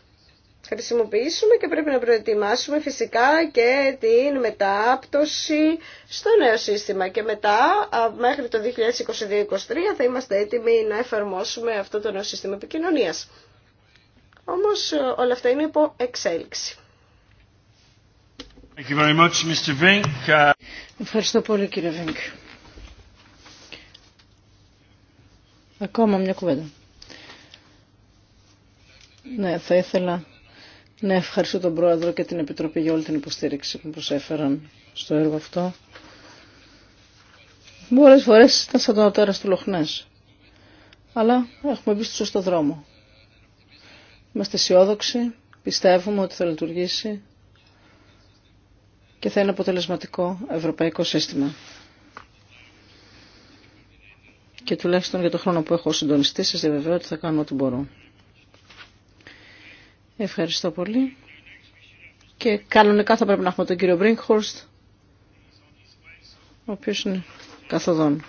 χρησιμοποιήσουμε και πρέπει να προετοιμάσουμε φυσικά και την μετάπτωση στο νέο σύστημα και μετά μέχρι το 2022-2023 θα είμαστε έτοιμοι να εφαρμόσουμε αυτό το νέο σύστημα επικοινωνίας. Όμως ε, όλα αυτά είναι υπό εξέλιξη. Thank you very much, Mr. Vink. Ευχαριστώ πολύ κύριε Βίνκ. Ακόμα μια κουβέντα. Ναι, θα ήθελα να ευχαριστώ τον Πρόεδρο και την Επιτροπή για όλη την υποστήριξη που προσέφεραν στο έργο αυτό. Πολλές φορές ήταν σαν τον ατέρα του λοχνέ, Αλλά έχουμε μπει στο σωστό δρόμο. Είμαστε αισιόδοξοι, πιστεύουμε ότι θα λειτουργήσει και θα είναι αποτελεσματικό ευρωπαϊκό σύστημα και τουλάχιστον για το χρόνο που έχω συντονιστεί σας διαβεβαιώ ότι θα κάνω ό,τι μπορώ. Ευχαριστώ πολύ. Και κανονικά θα πρέπει να έχουμε τον κύριο Μπριγχόρστ ο οποίος είναι καθοδόν.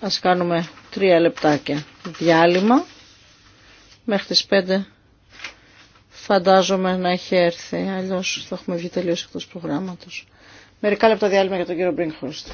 Ας κάνουμε τρία λεπτάκια διάλειμμα. Μέχρι τις πέντε φαντάζομαι να έχει έρθει, αλλιώς θα έχουμε βγει τελείως εκτός προγράμματος. Μερικά λεπτά διάλειμμα για τον κύριο Μπριγχόρστ.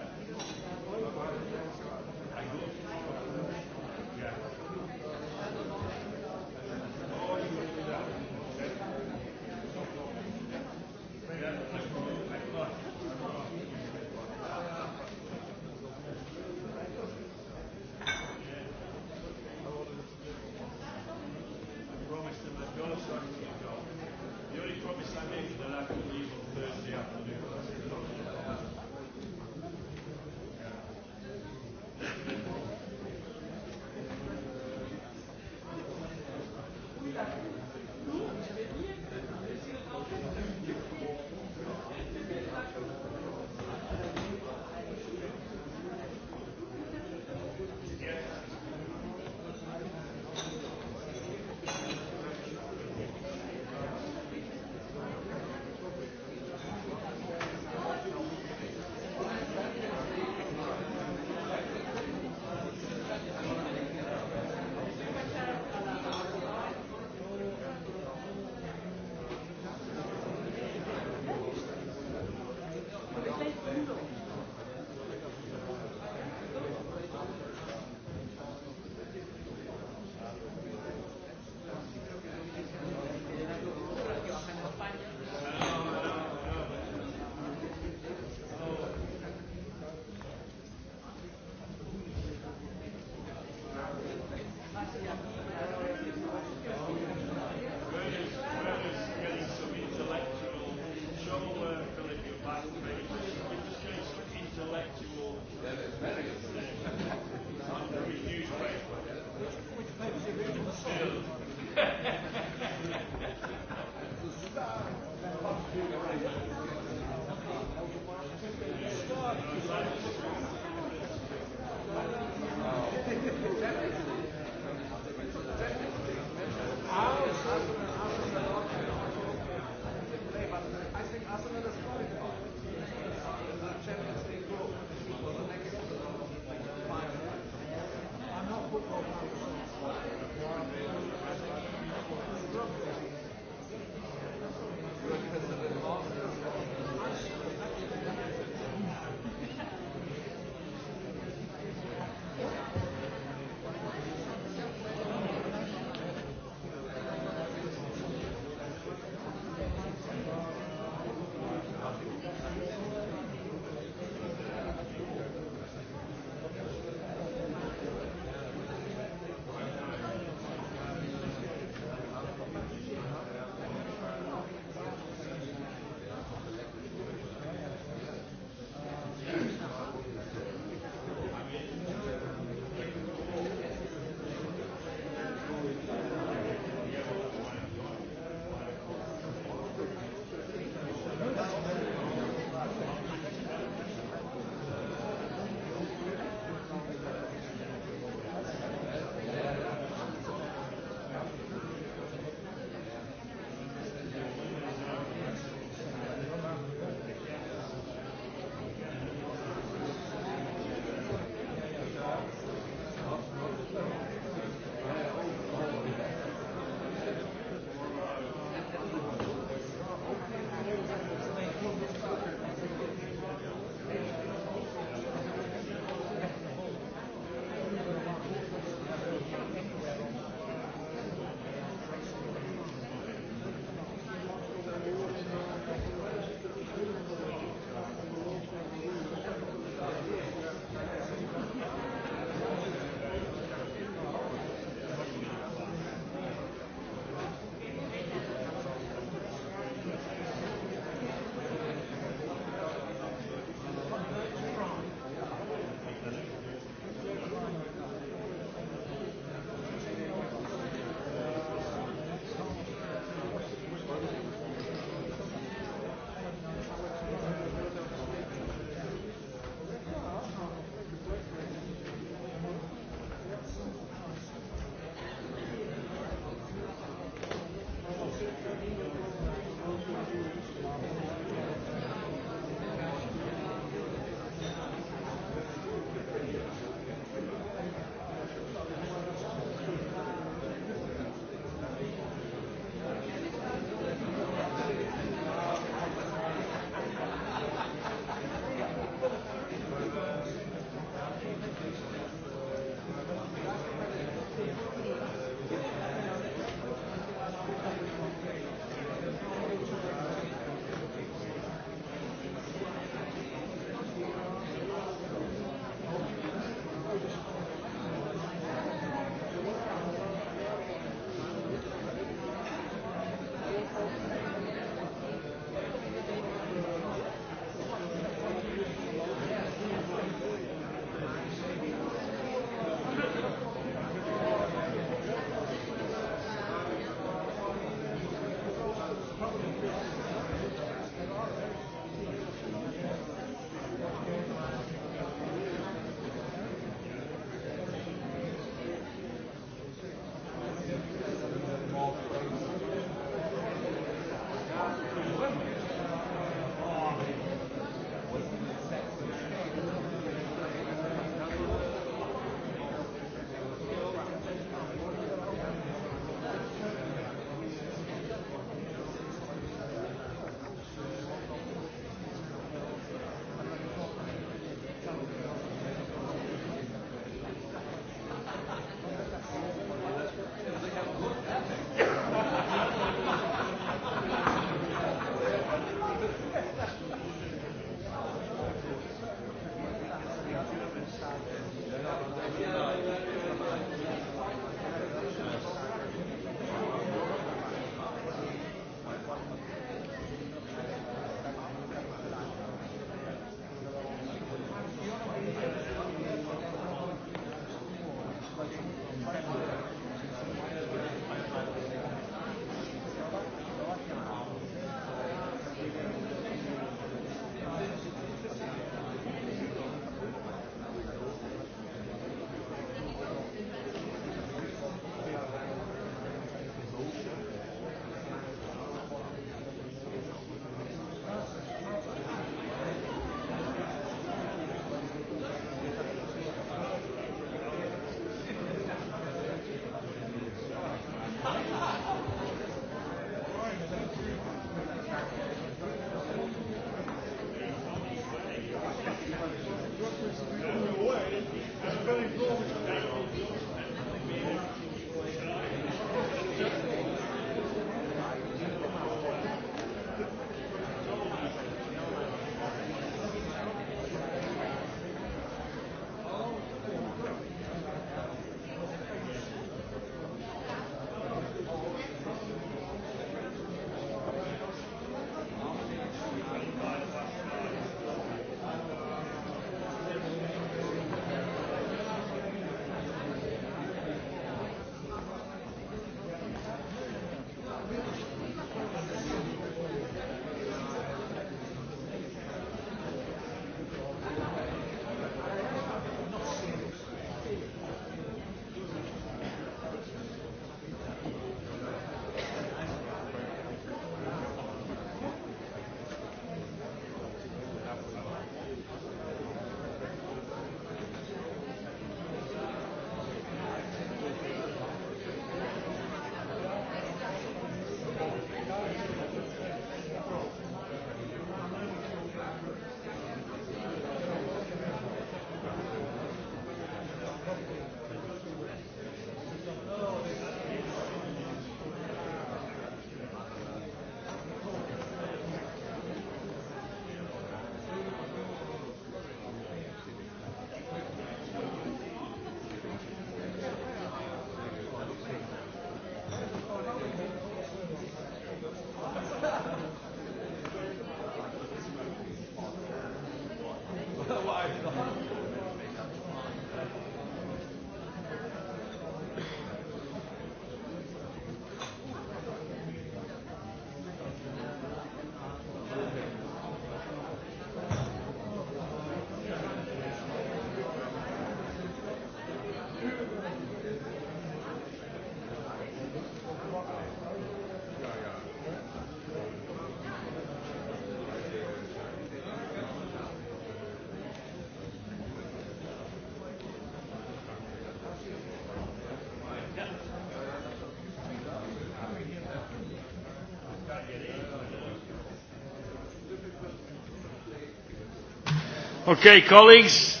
Okay, colleagues.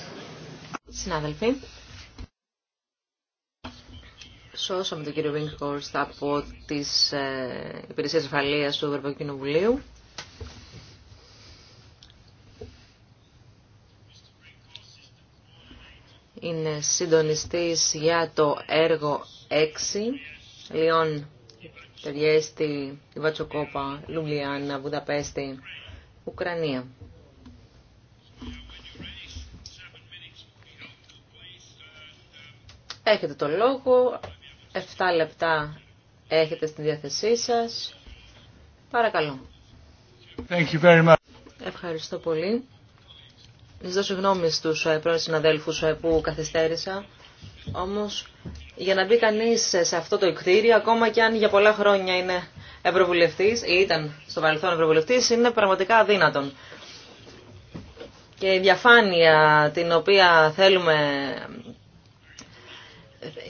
Συνάδελφοι, σώσαμε τον κύριο Βίνκορστ από τις ε, υπηρεσίες ασφαλείας του Ευρωπαϊκού Κοινοβουλίου. Είναι συντονιστής για το έργο 6, Λιόν, Τεριέστη, Βατσοκόπα, Λουμπλιάννα, Βουδαπέστη, Ουκρανία. Έχετε το λόγο. 7 λεπτά έχετε στη διάθεσή σας. Παρακαλώ. Thank you very much. Ευχαριστώ πολύ. Ζητώ συγγνώμη στους ε, πρώην συναδέλφους ε, που καθυστέρησα. Όμως, για να μπει κανείς σε αυτό το εκτήριο, ακόμα και αν για πολλά χρόνια είναι ευρωβουλευτής ή ήταν στο παρελθόν ευρωβουλευτής, είναι πραγματικά αδύνατον. Και η διαφάνεια την οποία θέλουμε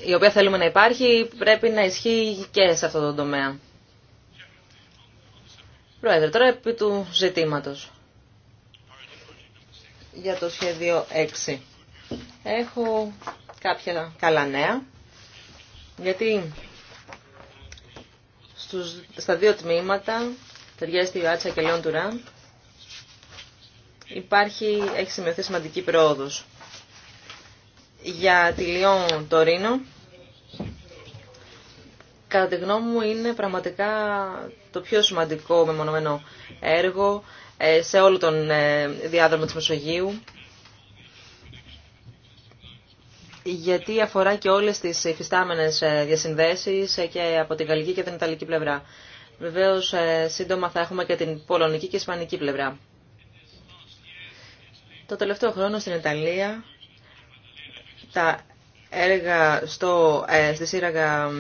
η οποία θέλουμε να υπάρχει πρέπει να ισχύει και σε αυτό το τομέα. Πρόεδρε, τώρα επί του ζητήματος για το σχέδιο 6. Έχω κάποια καλά νέα, γιατί στους, στα δύο τμήματα, τεριέστη Τιουάτσα και Λιών Τουράν, υπάρχει, έχει σημειωθεί σημαντική πρόοδος για τη Λιόν Τωρίνο κατά τη γνώμη μου είναι πραγματικά το πιο σημαντικό μεμονωμένο έργο ε, σε όλο τον ε, διάδρομο της Μεσογείου γιατί αφορά και όλες τις υφιστάμενες ε, διασυνδέσεις και από την γαλλική και την ιταλική πλευρά. Βεβαίως σύντομα θα έχουμε και την πολωνική και ισπανική πλευρά. Το τελευταίο χρόνο στην Ιταλία τα έργα στο, ε, στη σύραγα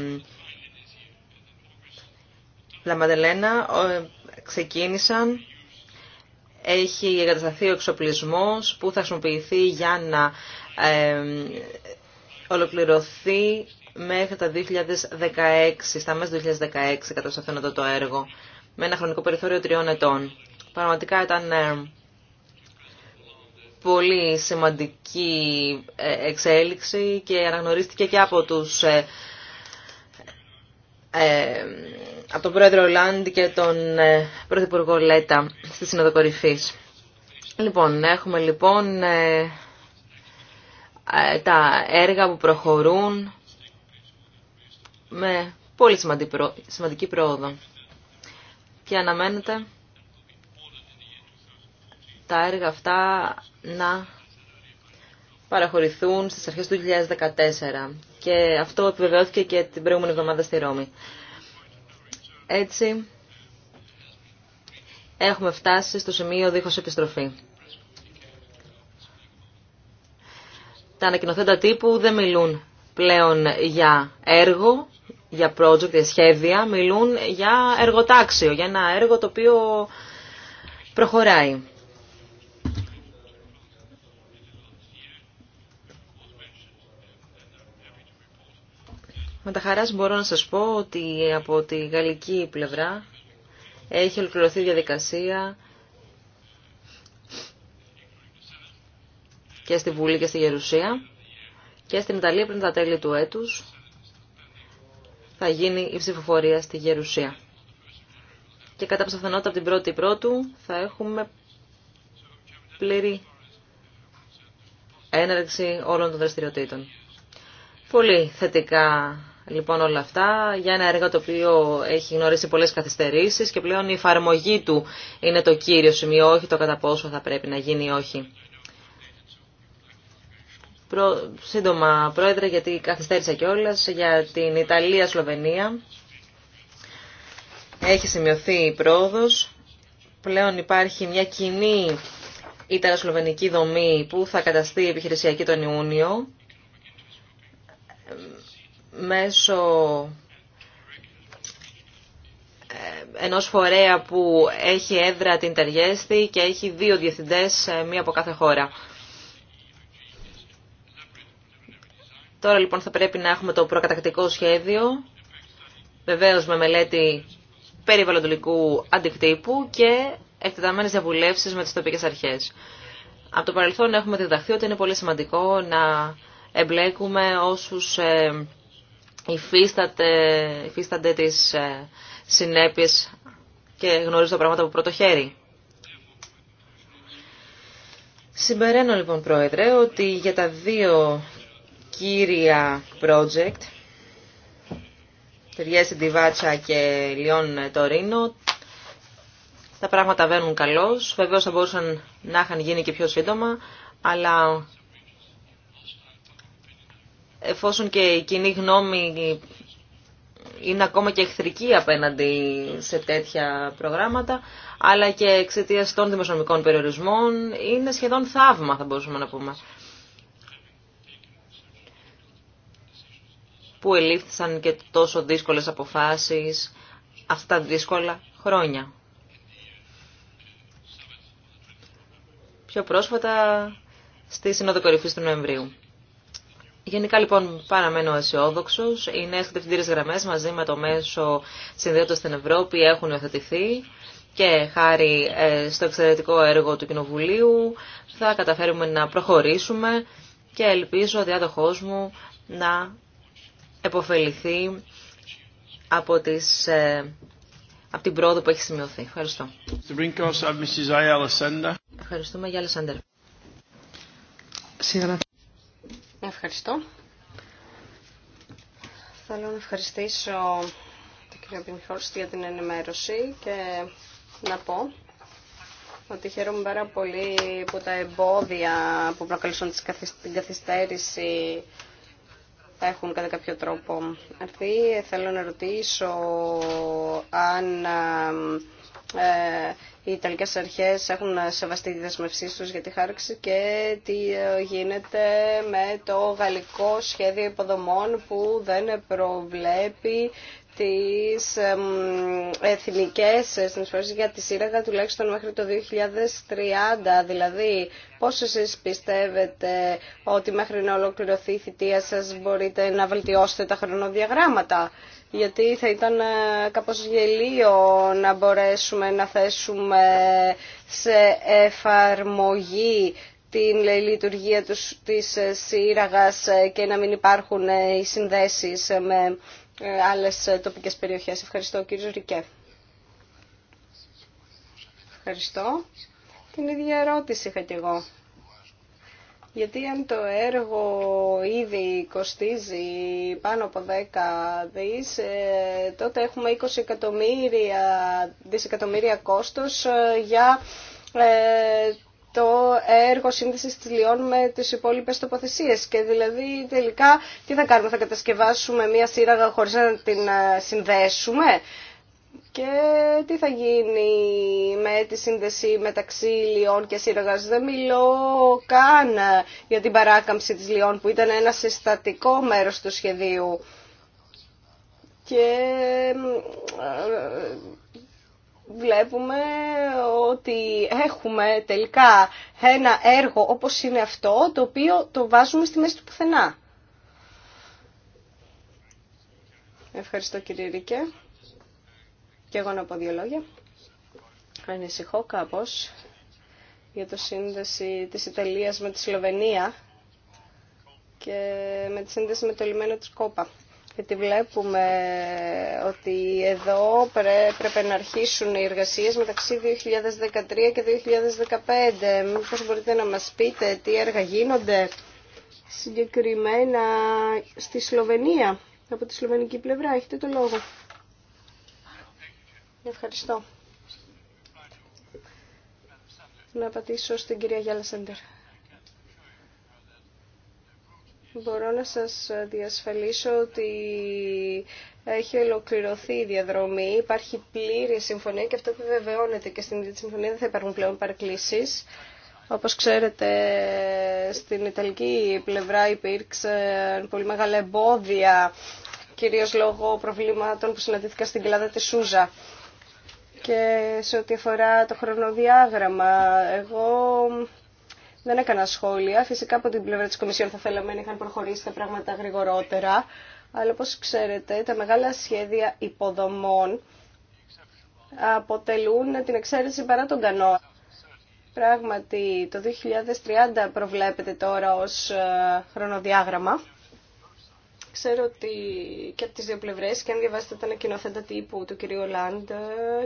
Λαμαντελένα ξεκίνησαν. Έχει εγκατασταθεί ο εξοπλισμός που θα χρησιμοποιηθεί για να ε, ολοκληρωθεί μέχρι τα 2016, στα μέσα του 2016 κατασταθένατο το έργο, με ένα χρονικό περιθώριο τριών ετών. Πραγματικά ήταν ε, πολύ σημαντική ε, εξέλιξη και αναγνωρίστηκε και από τους ε, ε, από τον πρόεδρο Λάντι και τον πρωθυπουργό Λέτα στη συνοδοκορυφή. Λοιπόν, έχουμε λοιπόν τα έργα που προχωρούν με πολύ σημαντική πρόοδο και αναμένεται τα έργα αυτά να παραχωρηθούν στις αρχές του 2014. Και αυτό επιβεβαιώθηκε και την προηγούμενη εβδομάδα στη Ρώμη. Έτσι, έχουμε φτάσει στο σημείο δίχως επιστροφή. Τα ανακοινωθέντα τύπου δεν μιλούν πλέον για έργο, για project, για σχέδια, μιλούν για εργοτάξιο, για ένα έργο το οποίο προχωράει. Με τα χαράς μπορώ να σας πω ότι από τη γαλλική πλευρά έχει ολοκληρωθεί η διαδικασία και στη Βουλή και στη Γερουσία και στην Ιταλία πριν τα τέλη του έτους θα γίνει η ψηφοφορία στη Γερουσία. Και κατά πιθανότητα από την πρώτη πρώτου θα έχουμε πλήρη έναρξη όλων των δραστηριοτήτων. Πολύ θετικά λοιπόν όλα αυτά για ένα έργο το οποίο έχει γνωρίσει πολλές καθυστερήσεις και πλέον η εφαρμογή του είναι το κύριο σημείο, όχι το κατά πόσο θα πρέπει να γίνει όχι. Προ... Σύντομα, Πρόεδρε, γιατί καθυστέρησα κιόλα για την Ιταλία-Σλοβενία. Έχει σημειωθεί η πρόοδος. Πλέον υπάρχει μια κοινή Ιταλοσλοβενική δομή που θα καταστεί επιχειρησιακή τον Ιούνιο μέσω ε, ενός φορέα που έχει έδρα την Τεργέστη και έχει δύο διευθυντές, ε, μία από κάθε χώρα. Τώρα λοιπόν θα πρέπει να έχουμε το προκατακτικό σχέδιο, βεβαίως με μελέτη περιβαλλοντολικού αντικτύπου και εκτεταμένες διαβουλεύσεις με τις τοπικές αρχές. Από το παρελθόν έχουμε διδαχθεί ότι είναι πολύ σημαντικό να εμπλέκουμε όσους ε, υφίσταται, υφίστανται τις ε, συνέπειες και γνωρίζω τα πράγματα από πρώτο χέρι. Συμπεραίνω λοιπόν Πρόεδρε ότι για τα δύο κύρια project Τριέσι Ντιβάτσα και Λιών ε, Τωρίνο τα πράγματα βαίνουν καλώς. Βεβαίως θα μπορούσαν να είχαν γίνει και πιο σύντομα αλλά εφόσον και η κοινή γνώμη είναι ακόμα και εχθρική απέναντι σε τέτοια προγράμματα, αλλά και εξαιτία των δημοσιονομικών περιορισμών είναι σχεδόν θαύμα, θα μπορούσαμε να πούμε. Που ελήφθησαν και τόσο δύσκολες αποφάσεις αυτά τα δύσκολα χρόνια. Πιο πρόσφατα στη Σύνοδο Κορυφής του Νοεμβρίου. Γενικά λοιπόν παραμένω αισιόδοξο. Οι νέε κατευθυντήρε γραμμέ μαζί με το μέσο συνδέοντα στην Ευρώπη έχουν υιοθετηθεί και χάρη ε, στο εξαιρετικό έργο του Κοινοβουλίου θα καταφέρουμε να προχωρήσουμε και ελπίζω ο διάδοχός μου να επωφεληθεί από, τις, ε, από την πρόοδο που έχει σημειωθεί. Ευχαριστώ. Ευχαριστούμε για Αλεσάντερ. Ευχαριστώ. Θέλω να ευχαριστήσω τον κύριο Πινχόρστη για την ενημέρωση και να πω ότι χαίρομαι πάρα πολύ που τα εμπόδια που προκαλούσαν την καθυστέρηση έχουν κατά κάποιο τρόπο έρθει. Θέλω να ρωτήσω αν ε, οι Ιταλικές αρχές έχουν σεβαστεί τη δεσμευσή τους για τη χάρξη και τι ε, γίνεται με το γαλλικό σχέδιο υποδομών που δεν προβλέπει τις εθνικές συνεισφορές για τη σύραγα τουλάχιστον μέχρι το 2030. Δηλαδή, πόσο εσείς πιστεύετε ότι μέχρι να ολοκληρωθεί η θητεία σας μπορείτε να βελτιώσετε τα χρονοδιαγράμματα γιατί θα ήταν ε, κάπως γελίο να μπορέσουμε να θέσουμε σε εφαρμογή την λειτουργία τους, της ε, σύραγας ε, και να μην υπάρχουν οι συνδέσεις με άλλες τοπικές περιοχές. Ευχαριστώ κύριε Ρικέ. Ευχαριστώ. Την ίδια ερώτηση είχα και εγώ. Γιατί αν το έργο ήδη κοστίζει πάνω από 10 δις, ε, τότε έχουμε 20 εκατομμύρια, δισεκατομμύρια κόστος ε, για ε, το έργο σύνδεση τη Λιών με τι υπόλοιπε τοποθεσίε. Και δηλαδή τελικά τι θα κάνουμε, θα κατασκευάσουμε μία σύραγα χωρί να την συνδέσουμε. Και τι θα γίνει με τη σύνδεση μεταξύ Λιών και Σύραγας. Δεν μιλώ καν για την παράκαμψη της Λιών που ήταν ένα συστατικό μέρος του σχεδίου. Και ε, βλέπουμε ότι έχουμε τελικά ένα έργο όπως είναι αυτό το οποίο το βάζουμε στη μέση του πουθενά. Ευχαριστώ κύριε Ρίκε. Και εγώ να πω δύο λόγια. Ανησυχώ κάπως για το σύνδεση της Ιταλίας με τη Σλοβενία και με τη σύνδεση με το λιμένο της Κόπα. Γιατί βλέπουμε ότι εδώ πρέπει να αρχίσουν οι εργασίες μεταξύ 2013 και 2015. Μήπως μπορείτε να μας πείτε τι έργα γίνονται συγκεκριμένα στη Σλοβενία, από τη σλοβενική πλευρά. Έχετε το λόγο. Ευχαριστώ. Να πατήσω στην κυρία Γιάλα Σέντερ. Μπορώ να σας διασφαλίσω ότι έχει ολοκληρωθεί η διαδρομή, υπάρχει πλήρη συμφωνία και αυτό επιβεβαιώνεται και στην ίδια συμφωνία δεν θα υπάρχουν πλέον παρκλήσεις. Όπως ξέρετε, στην Ιταλική πλευρά υπήρξαν πολύ μεγάλα εμπόδια, κυρίως λόγω προβλήματων που συναντήθηκα στην κλάδα της Σούζα. Και σε ό,τι αφορά το χρονοδιάγραμμα, εγώ δεν έκανα σχόλια. Φυσικά από την πλευρά της Κομισιόν θα θέλαμε να είχαν προχωρήσει τα πράγματα γρηγορότερα. Αλλά όπως ξέρετε, τα μεγάλα σχέδια υποδομών αποτελούν την εξαίρεση παρά τον κανόνα. Πράγματι, το 2030 προβλέπεται τώρα ως ε, χρονοδιάγραμμα. Ξέρω ότι και από τις δύο πλευρές, και αν διαβάσετε τα ανακοινωθέντα τύπου του κυρίου Λάντ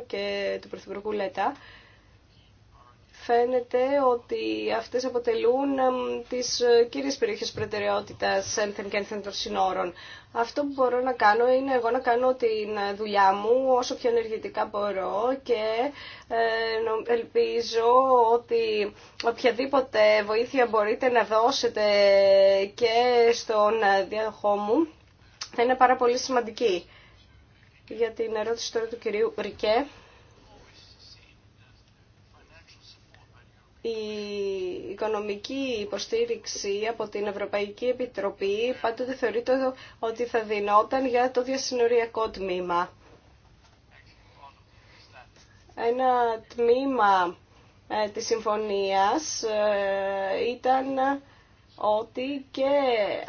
και του Πρωθυπουργού Λέτα, φαίνεται ότι αυτές αποτελούν τις ε, κύριες περιοχές προτεραιότητας ένθεν και ένθεν των συνόρων. Αυτό που μπορώ να κάνω είναι εγώ να κάνω την δουλειά μου όσο πιο ενεργητικά μπορώ και ε, ελπίζω ότι οποιαδήποτε βοήθεια μπορείτε να δώσετε και στον ε, διαδοχό μου θα είναι πάρα πολύ σημαντική. Για την ερώτηση τώρα του κυρίου Ρικέ, η οικονομική υποστήριξη από την Ευρωπαϊκή Επιτροπή πάντοτε θεωρείται ότι θα δινόταν για το διασυνοριακό τμήμα. Ένα τμήμα ε, της συμφωνίας ε, ήταν ότι και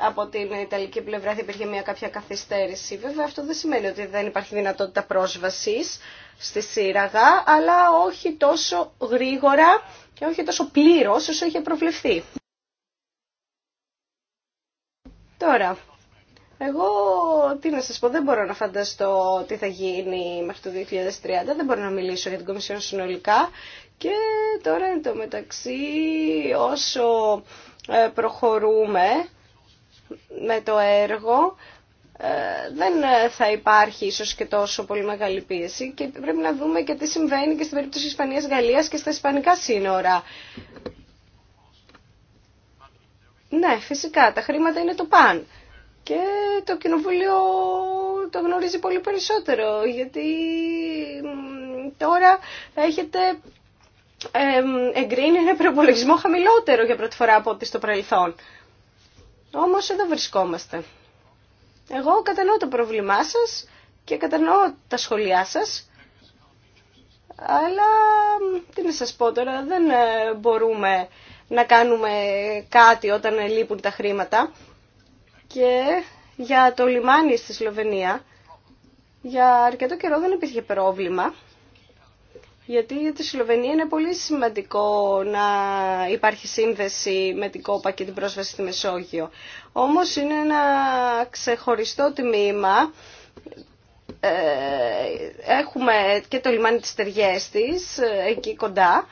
από την Ιταλική πλευρά θα υπήρχε μια κάποια καθυστέρηση. Βέβαια αυτό δεν σημαίνει ότι δεν υπάρχει δυνατότητα πρόσβασης στη Σύραγα, αλλά όχι τόσο γρήγορα και όχι τόσο πλήρω όσο είχε προβλεφθεί. Τώρα, εγώ τι να σας πω, δεν μπορώ να φανταστώ τι θα γίνει μέχρι το 2030, δεν μπορώ να μιλήσω για την Κομισιόν συνολικά και τώρα εν τω μεταξύ όσο ε, προχωρούμε με το έργο ε, δεν ε, θα υπάρχει ίσως και τόσο πολύ μεγάλη πίεση και πρέπει να δούμε και τι συμβαίνει και στην περίπτωση Ισπανίας Γαλλίας και στα Ισπανικά σύνορα. Ναι, φυσικά, τα χρήματα είναι το παν. Και το κοινοβούλιο το γνωρίζει πολύ περισσότερο, γιατί τώρα έχετε εγκρίνει ένα προπολογισμό χαμηλότερο για πρώτη φορά από ό,τι στο παρελθόν. Όμως εδώ βρισκόμαστε. Εγώ κατανοώ το πρόβλημά σας και κατανοώ τα σχόλιά σας, αλλά τι να σας πω τώρα, δεν ε, μπορούμε να κάνουμε κάτι όταν λείπουν τα χρήματα. Και για το λιμάνι στη Σλοβενία, για αρκετό καιρό δεν υπήρχε πρόβλημα γιατί για τη Σλοβενία είναι πολύ σημαντικό να υπάρχει σύνδεση με την κόπα και την πρόσβαση στη Μεσόγειο. Όμως είναι ένα ξεχωριστό τμήμα ε, έχουμε και το λιμάνι της Τεριέστης ε, εκεί κοντά.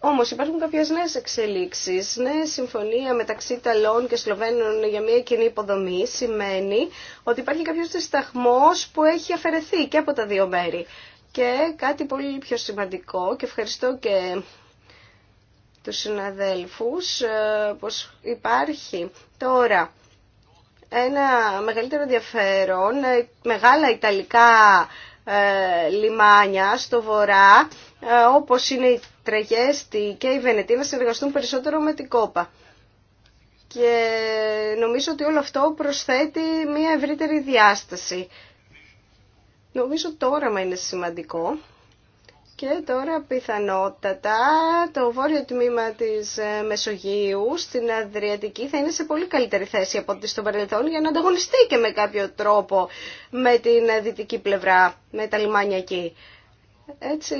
Όμως υπάρχουν κάποιες νέες εξελίξεις. νέα συμφωνία μεταξύ Ιταλών και Σλοβαίνων για μια κοινή υποδομή σημαίνει ότι υπάρχει κάποιος δισταγμός που έχει αφαιρεθεί και από τα δύο μέρη. Και κάτι πολύ πιο σημαντικό και ευχαριστώ και τους συναδέλφους ε, πως υπάρχει τώρα ένα μεγαλύτερο ενδιαφέρον, ε, μεγάλα ιταλικά ε, λιμάνια στο βορρά, όπως είναι η Τραγέστη και η Βενετή, να συνεργαστούν περισσότερο με την κόπα. Και νομίζω ότι όλο αυτό προσθέτει μια ευρύτερη διάσταση Νομίζω το όραμα είναι σημαντικό και τώρα πιθανότατα το βόρειο τμήμα της ε, Μεσογείου στην Αδριατική θα είναι σε πολύ καλύτερη θέση από ό,τι στο παρελθόν για να ανταγωνιστεί και με κάποιο τρόπο με την ε, δυτική πλευρά, με τα λιμάνια εκεί. Έτσι,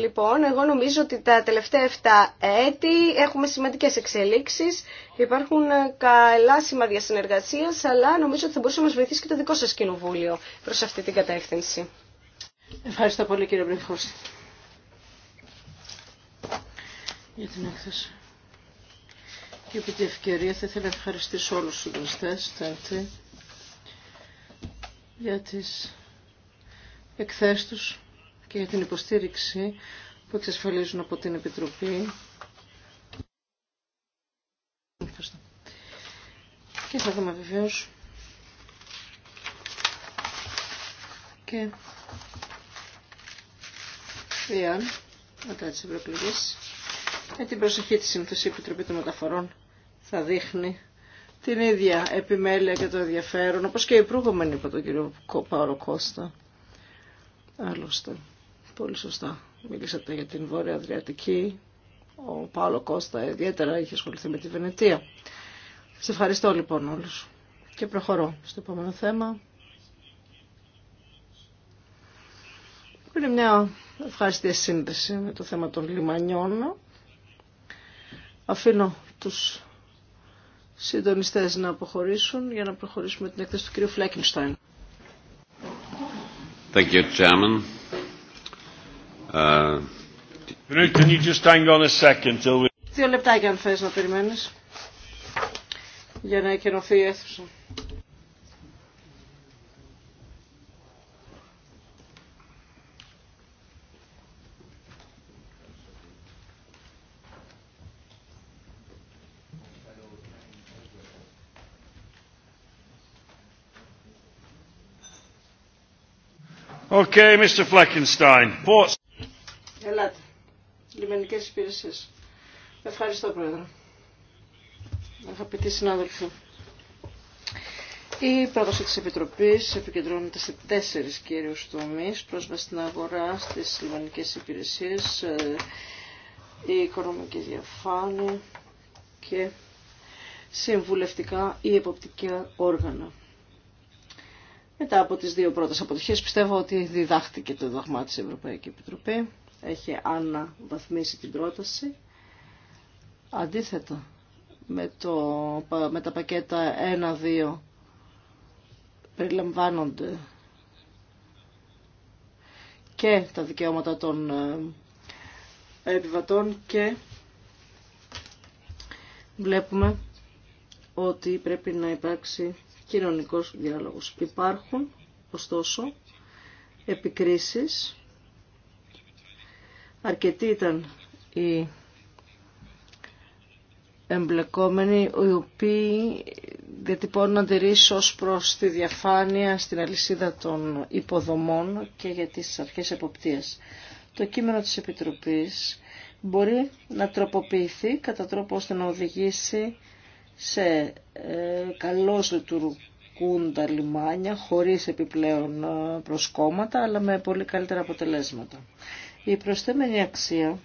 λοιπόν, εγώ νομίζω ότι τα τελευταία 7 έτη έχουμε σημαντικές εξελίξεις, υπάρχουν ε, καλά σημάδια συνεργασίας, αλλά νομίζω ότι θα μπορούσε να μας βοηθήσει και το δικό σας κοινοβούλιο προς αυτή την κατεύθυνση. Ευχαριστώ πολύ κύριε Μπριχώση. για την έκθεση. Και επί τη ευκαιρία θα ήθελα να ευχαριστήσω όλους τους για τις εκθέσεις και για την υποστήριξη που εξασφαλίζουν από την Επιτροπή. Και θα δούμε βεβαίω. και εάν μετά τις Αυτή με την προσοχή της Συνθεσή Επιτροπή των Μεταφορών θα δείχνει την ίδια επιμέλεια και το ενδιαφέρον, όπως και η προηγούμενη, από τον κύριο Παύλο Κώστα. Άλλωστε. Πολύ σωστά. Μιλήσατε για την Βόρεια Αδριατική. Ο Παύλο Κώστα ιδιαίτερα είχε ασχοληθεί με τη Βενετία. Σε ευχαριστώ λοιπόν όλους. Και προχωρώ στο επόμενο θέμα. Είναι μια ευχάριστη σύνδεση με το θέμα των λιμανιών. Αφήνω τους συντονιστές να αποχωρήσουν για να προχωρήσουμε την έκθεση του κ. Φλέκινστάιν. Thank you, Chairman. Can you just hang on a second till we... Δύο λεπτάκια αν θες να περιμένεις για να εκενωθεί η αίθουσα. Okay, Mr. Fleckenstein. Ports Ελάτε. Λιμενικές υπηρεσίε. Ευχαριστώ, Πρόεδρε. Αγαπητοί συνάδελφοι. Η πρόταση τη Επιτροπή επικεντρώνεται σε τέσσερι κύριου τομεί Πρόσβαση στην αγορά, στις λιμενικέ υπηρεσίες, ε, η οικονομική διαφάνεια και συμβουλευτικά ή εποπτικά όργανα. Μετά από τις δύο πρώτες αποτυχίες πιστεύω ότι διδάχτηκε το δοχμά της Ευρωπαϊκή Επιτροπή έχει αναβαθμίσει την πρόταση. Αντίθετα, με, το, με τα πακέτα 1-2 περιλαμβάνονται και τα δικαιώματα των ε, επιβατών και βλέπουμε ότι πρέπει να υπάρξει κοινωνικός διάλογος. Υπάρχουν, ωστόσο, επικρίσεις Αρκετοί ήταν οι εμπλεκόμενοι, οι οποίοι διατυπώνουν αντιρρήσει ω προς τη διαφάνεια στην αλυσίδα των υποδομών και για τις αρχές εποπτείας. Το κείμενο της Επιτροπής μπορεί να τροποποιηθεί κατά τρόπο ώστε να οδηγήσει σε ε, καλώς τα λιμάνια χωρίς επιπλέον ε, προσκόμματα αλλά με πολύ καλύτερα αποτελέσματα. Η προσθέμενη αξία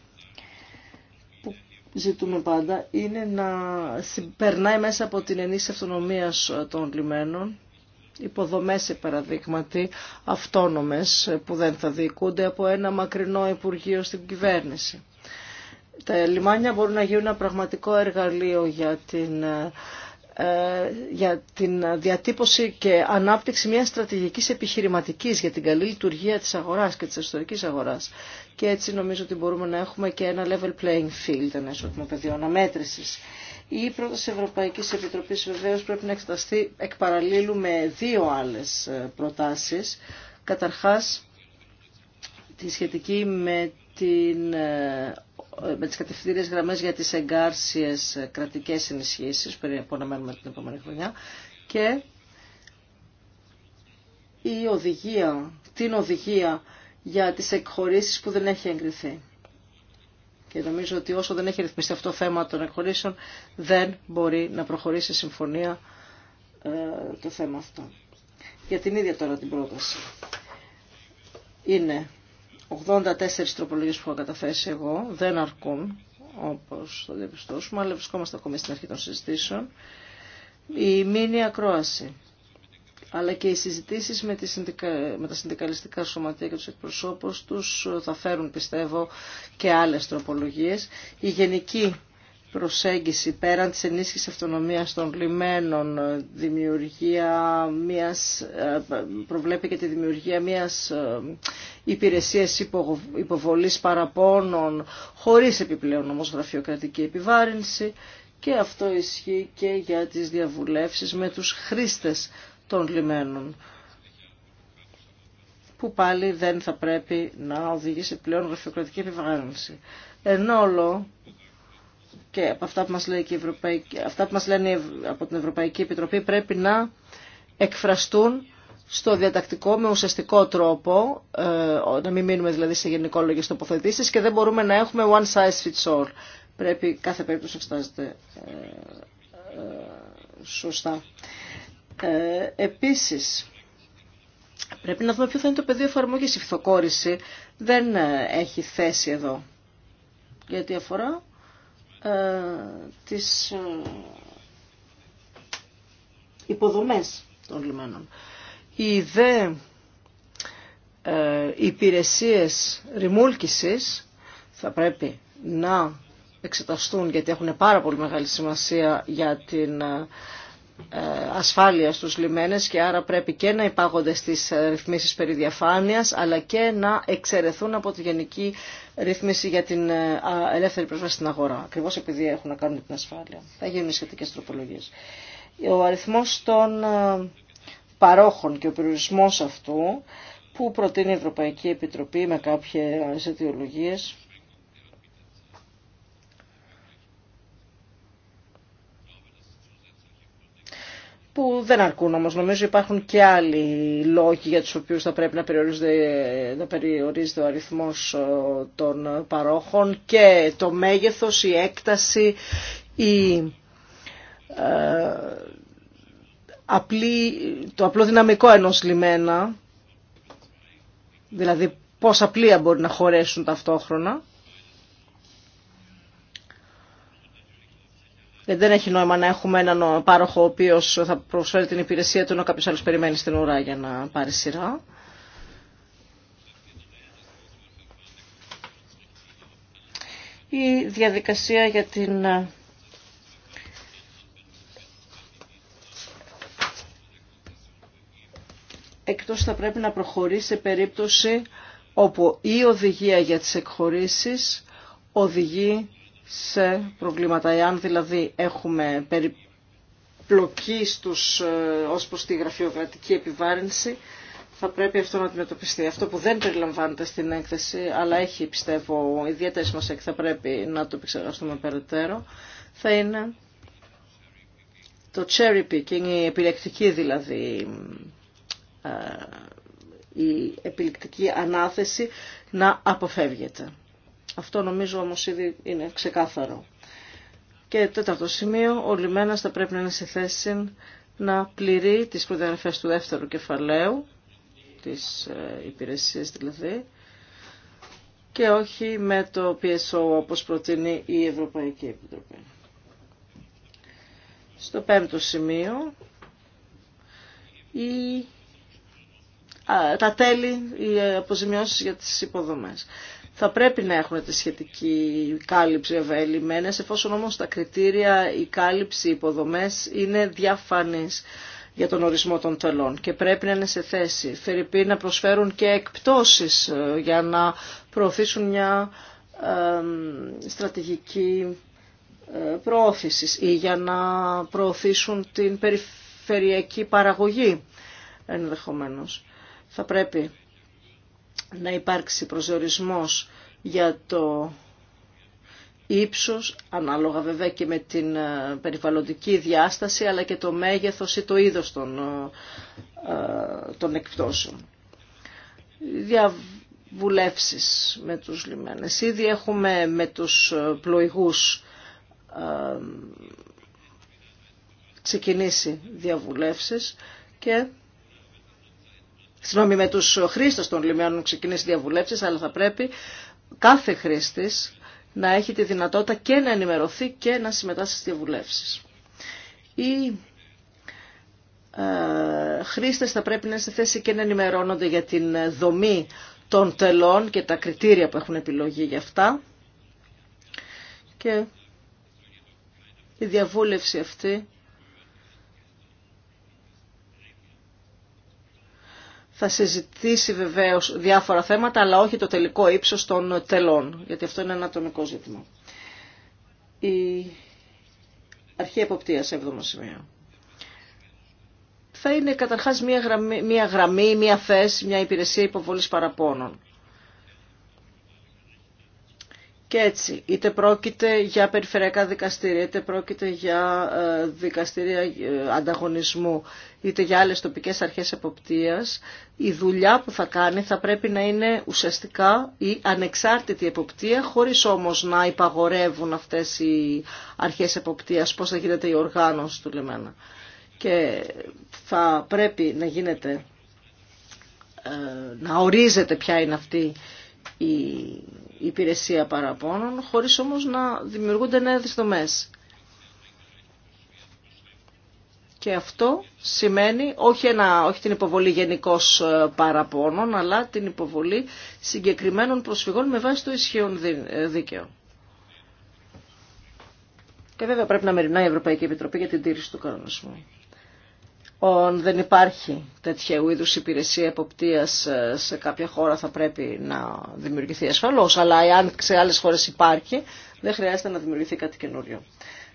που ζητούμε πάντα είναι να περνάει μέσα από την ενίσχυση αυτονομίας ε, των λιμένων υποδομές παραδείγματι αυτόνομες ε, που δεν θα διοικούνται από ένα μακρινό Υπουργείο στην κυβέρνηση. Τα λιμάνια μπορούν να γίνουν ένα πραγματικό εργαλείο για την ε, ε, για την διατύπωση και ανάπτυξη μιας στρατηγικής επιχειρηματικής για την καλή λειτουργία της αγοράς και της εσωτερικής αγοράς. Και έτσι νομίζω ότι μπορούμε να έχουμε και ένα level playing field, ένα ισότιμο πεδίο αναμέτρησης. Η πρόταση Ευρωπαϊκής Επιτροπής βεβαίως πρέπει να εξεταστεί εκ παραλλήλου με δύο άλλες ε, προτάσεις. Καταρχάς, τη σχετική με την ε, με τις κατευθυντήριες γραμμές για τις εγκάρσιες κρατικές ενισχύσεις που αναμένουμε την επόμενη χρονιά και η οδηγία, την οδηγία για τις εκχωρήσεις που δεν έχει εγκριθεί. Και νομίζω ότι όσο δεν έχει ρυθμιστεί αυτό το θέμα των εκχωρήσεων δεν μπορεί να προχωρήσει συμφωνία ε, το θέμα αυτό. Για την ίδια τώρα την πρόταση. Είναι 84 τροπολογίες που έχω καταθέσει εγώ δεν αρκούν, όπως θα διαπιστώσουμε, αλλά βρισκόμαστε ακόμη στην αρχή των συζητήσεων. Η μήνυα ακρόαση, αλλά και οι συζητήσεις με, με τα συνδικαλιστικά σωματεία και τους εκπροσώπους τους θα φέρουν, πιστεύω, και άλλες τροπολογίες. Η γενική προσέγγιση πέραν της ενίσχυσης αυτονομίας των λιμένων ε, δημιουργία μιας, ε, προβλέπει και τη δημιουργία μιας ε, υπηρεσίας υποβολής παραπώνων χωρίς επιπλέον όμως γραφειοκρατική επιβάρυνση και αυτό ισχύει και για τις διαβουλεύσεις με τους χρήστες των λιμένων που πάλι δεν θα πρέπει να οδηγήσει πλέον γραφειοκρατική επιβάρυνση. Ενώ και από αυτά που μας, λένε από την Ευρωπαϊκή Επιτροπή πρέπει να εκφραστούν στο διατακτικό με ουσιαστικό τρόπο, ε, να μην μείνουμε δηλαδή σε γενικόλογες τοποθετήσει, και δεν μπορούμε να έχουμε one size fits all. Πρέπει κάθε περίπτωση να εξετάζεται ε, ε, σωστά. Ε, επίσης, πρέπει να δούμε ποιο θα είναι το πεδίο εφαρμογής. Η φθοκόρηση δεν έχει θέση εδώ. Γιατί αφορά ε, τις ε, υποδομές των λιμένων. Οι δε ε, υπηρεσίες ρημούλκησης θα πρέπει να εξεταστούν γιατί έχουν πάρα πολύ μεγάλη σημασία για την ε, ασφάλεια στους λιμένες και άρα πρέπει και να υπάγονται στις ρυθμίσεις περί αλλά και να εξαιρεθούν από τη γενική ρύθμιση για την ε, ελεύθερη πρόσβαση στην αγορά ακριβώς επειδή έχουν να κάνουν την ασφάλεια. Θα γίνουν σχετικές τροπολογίες. Ο αριθμός των ε, παρόχων και ο περιορισμός αυτού που προτείνει η Ευρωπαϊκή Επιτροπή με κάποιες αιτιολογίες που δεν αρκούν όμως. Νομίζω υπάρχουν και άλλοι λόγοι για τους οποίους θα πρέπει να περιορίζεται, ο αριθμός των παρόχων και το μέγεθος, η έκταση, η, ε, απλή, το απλό δυναμικό ενός λιμένα, δηλαδή πόσα πλοία μπορεί να χωρέσουν ταυτόχρονα. Ε, δεν έχει νόημα να έχουμε έναν πάροχο ο οποίο θα προσφέρει την υπηρεσία του ενώ κάποιο άλλο περιμένει στην ώρα για να πάρει σειρά. Η διαδικασία για την ε, εκτός θα πρέπει να προχωρήσει σε περίπτωση όπου η οδηγία για τις εκχωρήσεις οδηγεί σε προβλήματα. Εάν δηλαδή έχουμε περιπλοκή στους, ε, ως προς τη γραφειοκρατική επιβάρυνση, θα πρέπει αυτό να αντιμετωπιστεί. Αυτό που δεν περιλαμβάνεται στην έκθεση, αλλά έχει πιστεύω ιδιαίτερη σημασία και θα πρέπει να το επεξεργαστούμε περαιτέρω, θα είναι το cherry picking, η επιλεκτική δηλαδή, ε, η επιλεκτική ανάθεση να αποφεύγεται. Αυτό νομίζω όμως ήδη είναι ξεκάθαρο. Και τέταρτο σημείο, ο λιμένας θα πρέπει να είναι σε θέση να πληρεί τις προδιαγραφές του δεύτερου κεφαλαίου, τις ε, υπηρεσίες δηλαδή, και όχι με το PSO όπως προτείνει η Ευρωπαϊκή Επιτροπή. Στο πέμπτο σημείο, η, τα τέλη, οι αποζημιώσεις για τις υποδομές θα πρέπει να έχουν τη σχετική κάλυψη ευελιμένε, εφόσον όμως τα κριτήρια, η κάλυψη, οι υποδομές είναι διαφανείς για τον ορισμό των τελών και πρέπει να είναι σε θέση. Θερυπή να προσφέρουν και εκπτώσεις ε, για να προωθήσουν μια στρατηγική ε, προώθηση ή για να προωθήσουν την περιφερειακή παραγωγή ενδεχομένως. Θα πρέπει να υπάρξει προσδιορισμός για το ύψος, ανάλογα βέβαια και με την ε, περιβαλλοντική διάσταση, αλλά και το μέγεθος ή το είδος των, ε, ε, των εκπτώσεων. Διαβουλεύσεις με τους λιμένες. Ήδη έχουμε με τους πλοηγούς ξεκινήσει διαβουλεύσεις και συγγνώμη, με τους χρήστες των λιμιών ξεκινήσει διαβουλεύσεις, αλλά θα πρέπει κάθε χρήστης να έχει τη δυνατότητα και να ενημερωθεί και να συμμετάσχει στις διαβουλεύσεις. Οι ε, χρήστες θα πρέπει να είναι σε θέση και να ενημερώνονται για την δομή των τελών και τα κριτήρια που έχουν επιλογή για αυτά. Και η διαβούλευση αυτή θα συζητήσει βεβαίως διάφορα θέματα, αλλά όχι το τελικό ύψο των τελών, γιατί αυτό είναι ένα ατομικό ζήτημα. Η αρχή εποπτείας, 7ο Θα είναι καταρχά μια γραμμή, μια, θέση, μια υπηρεσία υποβολή παραπώνων. Και έτσι, είτε πρόκειται για περιφερειακά δικαστήρια, είτε πρόκειται για ε, δικαστήρια ε, ανταγωνισμού, είτε για άλλες τοπικές αρχές εποπτείας, η δουλειά που θα κάνει θα πρέπει να είναι ουσιαστικά η ανεξάρτητη εποπτεία, χωρίς όμως να υπαγορεύουν αυτές οι αρχές εποπτείας, πώς θα γίνεται η οργάνωση του λεμένα. Και θα πρέπει να γίνεται, ε, να ορίζεται ποια είναι αυτή η υπηρεσία παραπώνων, χωρίς όμως να δημιουργούνται νέες δομές. Και αυτό σημαίνει όχι, όχι την υποβολή γενικώ ε, παραπώνων, αλλά την υποβολή συγκεκριμένων προσφυγών με βάση το ισχύον ε, δίκαιο. Και βέβαια πρέπει να μεριμνάει η Ευρωπαϊκή Επιτροπή για την τήρηση του κανονισμού δεν υπάρχει τέτοια είδου υπηρεσία εποπτεία ε, σε κάποια χώρα θα πρέπει να δημιουργηθεί ασφαλώ. αλλά εάν σε άλλες χώρε υπάρχει δεν χρειάζεται να δημιουργηθεί κάτι καινούριο.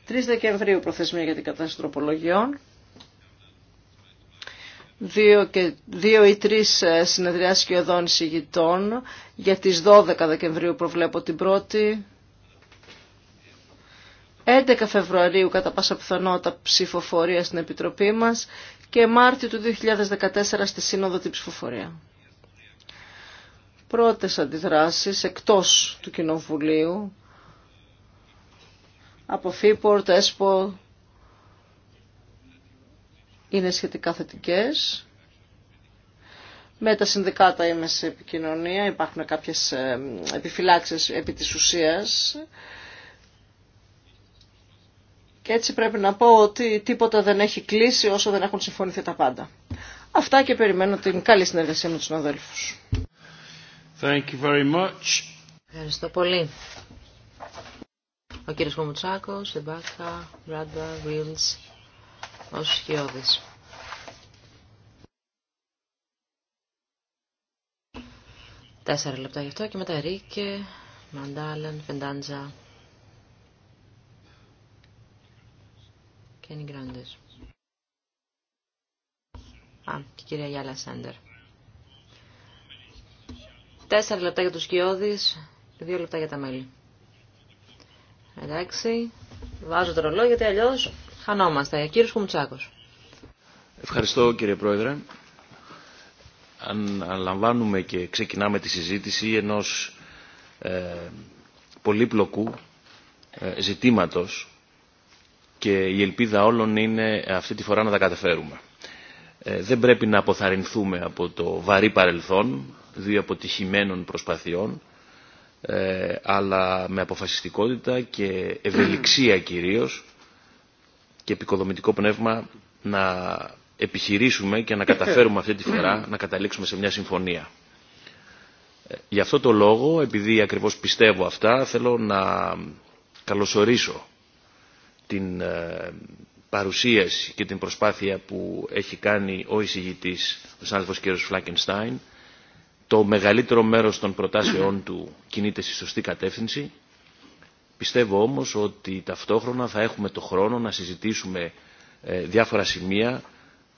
3 Δεκεμβρίου προθεσμία για την κατάσταση τροπολογιών. Δύο, και, 2 ή 3 ε, συνεδριάσεις και οδών Για τις 12 Δεκεμβρίου προβλέπω την πρώτη 11 Φεβρουαρίου κατά πάσα πιθανότητα ψηφοφορία στην Επιτροπή μας και Μάρτιο του 2014 στη Σύνοδο την ψηφοφορία. Πρώτες αντιδράσεις εκτός του Κοινοβουλίου από ΦΥΠΟΡΤ, ΕΣΠΟ είναι σχετικά θετικές. Με τα συνδικάτα είμαι σε επικοινωνία, υπάρχουν κάποιες ε, επιφυλάξεις επί της ουσίας. Και έτσι πρέπει να πω ότι τίποτα δεν έχει κλείσει όσο δεν έχουν συμφωνηθεί τα πάντα. Αυτά και περιμένω την καλή συνεργασία με τους συναδέλφους. Thank you very much. Ευχαριστώ πολύ. Ο κύριος Κομουτσάκος, Σεμπάκα, Ράντα, Ρίλς, ο Σχιώδης. Τέσσερα λεπτά γι' αυτό και μετά Ρίκε, Μαντάλεν, Φεντάντζα, Α, και η κυρία Γιάλα Τέσσερα λεπτά για τους κοιόδης, δύο λεπτά για τα μέλη. Εντάξει, βάζω το ρολό γιατί αλλιώς χανόμαστε. Κύριος Κουμτσάκος. Ευχαριστώ κύριε Πρόεδρε. Αναλαμβάνουμε και ξεκινάμε τη συζήτηση ενός ε, πολύπλοκου ε, ζητήματος και η ελπίδα όλων είναι ε, αυτή τη φορά να τα καταφέρουμε. Ε, δεν πρέπει να αποθαρρυνθούμε από το βαρύ παρελθόν, δύο αποτυχημένων προσπαθειών, ε, αλλά με αποφασιστικότητα και ευελιξία κυρίως και επικοδομητικό πνεύμα να επιχειρήσουμε και να καταφέρουμε αυτή τη φορά να καταλήξουμε σε μια συμφωνία. Γι' αυτό το λόγο, επειδή ακριβώς πιστεύω αυτά, θέλω να καλωσορίσω την ε, παρουσίαση και την προσπάθεια που έχει κάνει ο εισηγητής, ο συνάδελφος κ. Φλάκενστάιν. Το μεγαλύτερο μέρος των προτάσεών του κινείται στη σωστή κατεύθυνση. Πιστεύω όμως ότι ταυτόχρονα θα έχουμε το χρόνο να συζητήσουμε ε, διάφορα σημεία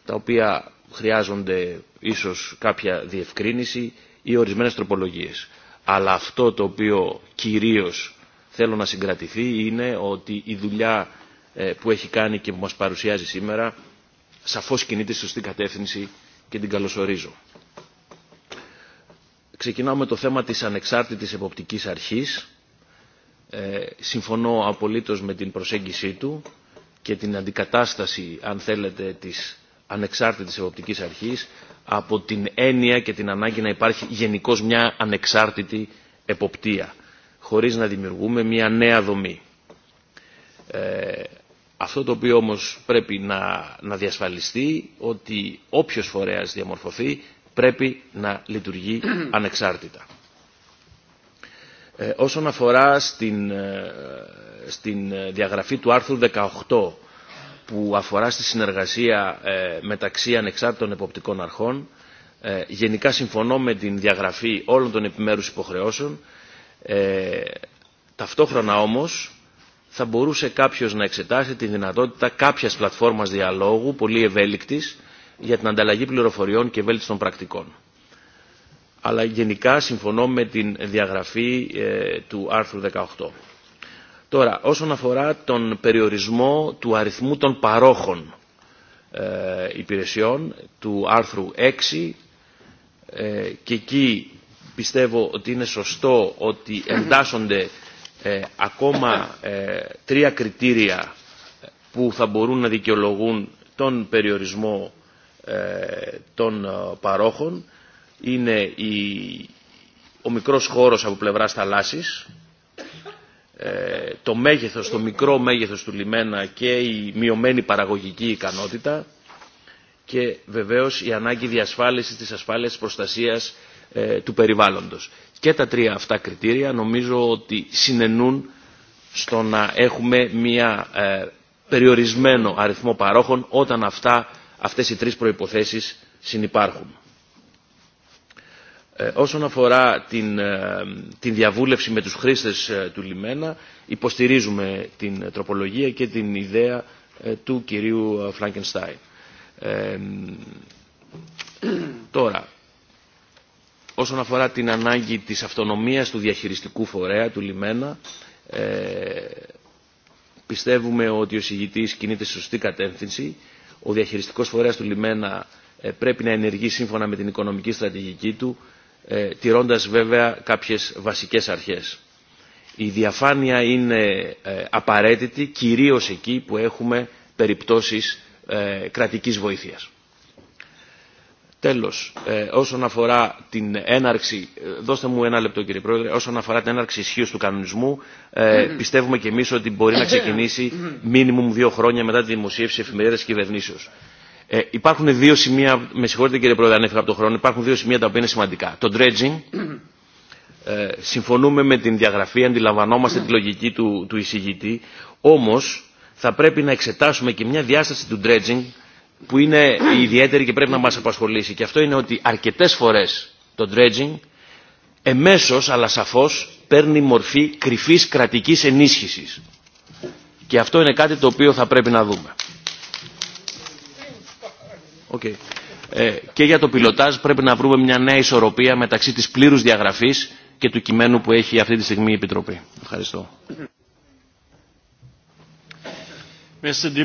τα οποία χρειάζονται ίσως κάποια διευκρίνηση ή ορισμένες τροπολογίες. Αλλά αυτό το οποίο κυρίως θέλω να συγκρατηθεί είναι ότι η δουλειά ε, που έχει κάνει και που μας παρουσιάζει σήμερα σαφώς κινείται στη σωστή κατεύθυνση και την καλωσορίζω. Ξεκινάω με το θέμα της ανεξάρτητης εποπτικής αρχής. Ε, συμφωνώ απολύτως με την προσέγγιση του και την αντικατάσταση, αν θέλετε, της ανεξάρτητης εποπτικής αρχής από την έννοια και την ανάγκη να υπάρχει γενικώ μια ανεξάρτητη εποπτεία, χωρίς να δημιουργούμε μια νέα δομή. Ε, αυτό το οποίο όμως πρέπει να, να διασφαλιστεί ότι όποιος φορέας διαμορφωθεί πρέπει να λειτουργεί ανεξάρτητα. Ε, όσον αφορά ε, στην, διαγραφή του άρθρου 18 που αφορά στη συνεργασία ε, μεταξύ ανεξάρτητων εποπτικών αρχών γενικά συμφωνώ με την διαγραφή όλων των επιμέρους υποχρεώσεων ταυτόχρονα όμως θα μπορούσε κάποιος να εξετάσει τη δυνατότητα κάποιας πλατφόρμας διαλόγου, πολύ ευέλικτης, για την ανταλλαγή πληροφοριών και των πρακτικών. Αλλά γενικά συμφωνώ με την διαγραφή ε, του άρθρου 18. Τώρα, όσον αφορά τον περιορισμό του αριθμού των παρόχων ε, υπηρεσιών του άρθρου 6 ε, και εκεί πιστεύω ότι είναι σωστό ότι εντάσσονται ε, ακόμα ε, τρία κριτήρια ε, που θα μπορούν να δικαιολογούν τον περιορισμό των παρόχων είναι η, ο μικρός χώρος από πλευράς θαλάσσης, το μέγεθος, το μικρό μέγεθος του λιμένα και η μειωμένη παραγωγική ικανότητα και βεβαίως η ανάγκη διασφάλισης της ασφάλειας προστασίας του περιβάλλοντος και τα τρία αυτά κριτήρια νομίζω ότι συνενούν στο να έχουμε μια ε, περιορισμένο αριθμό παρόχων όταν αυτά, αυτές οι τρεις προϋποθέσεις συνυπάρχουν. Ε, όσον αφορά την, ε, την διαβούλευση με τους χρήστες ε, του Λιμένα, υποστηρίζουμε την τροπολογία και την ιδέα του κυρίου Φλάνκενστάιν. Τώρα, όσον αφορά την ανάγκη της αυτονομίας του διαχειριστικού φορέα, του λιμένα, ε, πιστεύουμε ότι ο συγητής κινείται σε σωστή κατεύθυνση. Ο διαχειριστικός φορέας του λιμένα ε, πρέπει να ενεργεί σύμφωνα με την οικονομική στρατηγική του, ε, τηρώντας βέβαια κάποιες βασικές αρχές. Η διαφάνεια είναι απαραίτητη κυρίως εκεί που έχουμε περιπτώσεις κρατικής βοήθειας. Τέλος, ε, όσον αφορά την έναρξη, ε, δώστε μου ένα λεπτό κύριε Πρόεδρε, όσον αφορά την έναρξη ισχύω του κανονισμού, ε, πιστεύουμε και εμείς ότι μπορεί να ξεκινήσει μίνιμουμ δύο χρόνια μετά τη δημοσίευση εφημερίδας και κυβερνήσεως. υπάρχουν δύο σημεία, με συγχωρείτε κύριε Πρόεδρε αν έφυγα από τον χρόνο, υπάρχουν δύο σημεία τα οποία είναι σημαντικά. Το dredging, ε, συμφωνούμε με την διαγραφή, αντιλαμβανόμαστε τη λογική του, του εισηγητή, όμως θα πρέπει να εξετάσουμε και μια διάσταση του dredging που είναι ιδιαίτερη και πρέπει να μας απασχολήσει. Και αυτό είναι ότι αρκετές φορές το dredging εμέσως αλλά σαφώς παίρνει μορφή κρυφής κρατικής ενίσχυσης. Και αυτό είναι κάτι το οποίο θα πρέπει να δούμε. Okay. Ε, και για το πιλοτάζ πρέπει να βρούμε μια νέα ισορροπία μεταξύ της πλήρους διαγραφής και του κειμένου που έχει αυτή τη στιγμή η Επιτροπή. Ευχαριστώ. Κύριε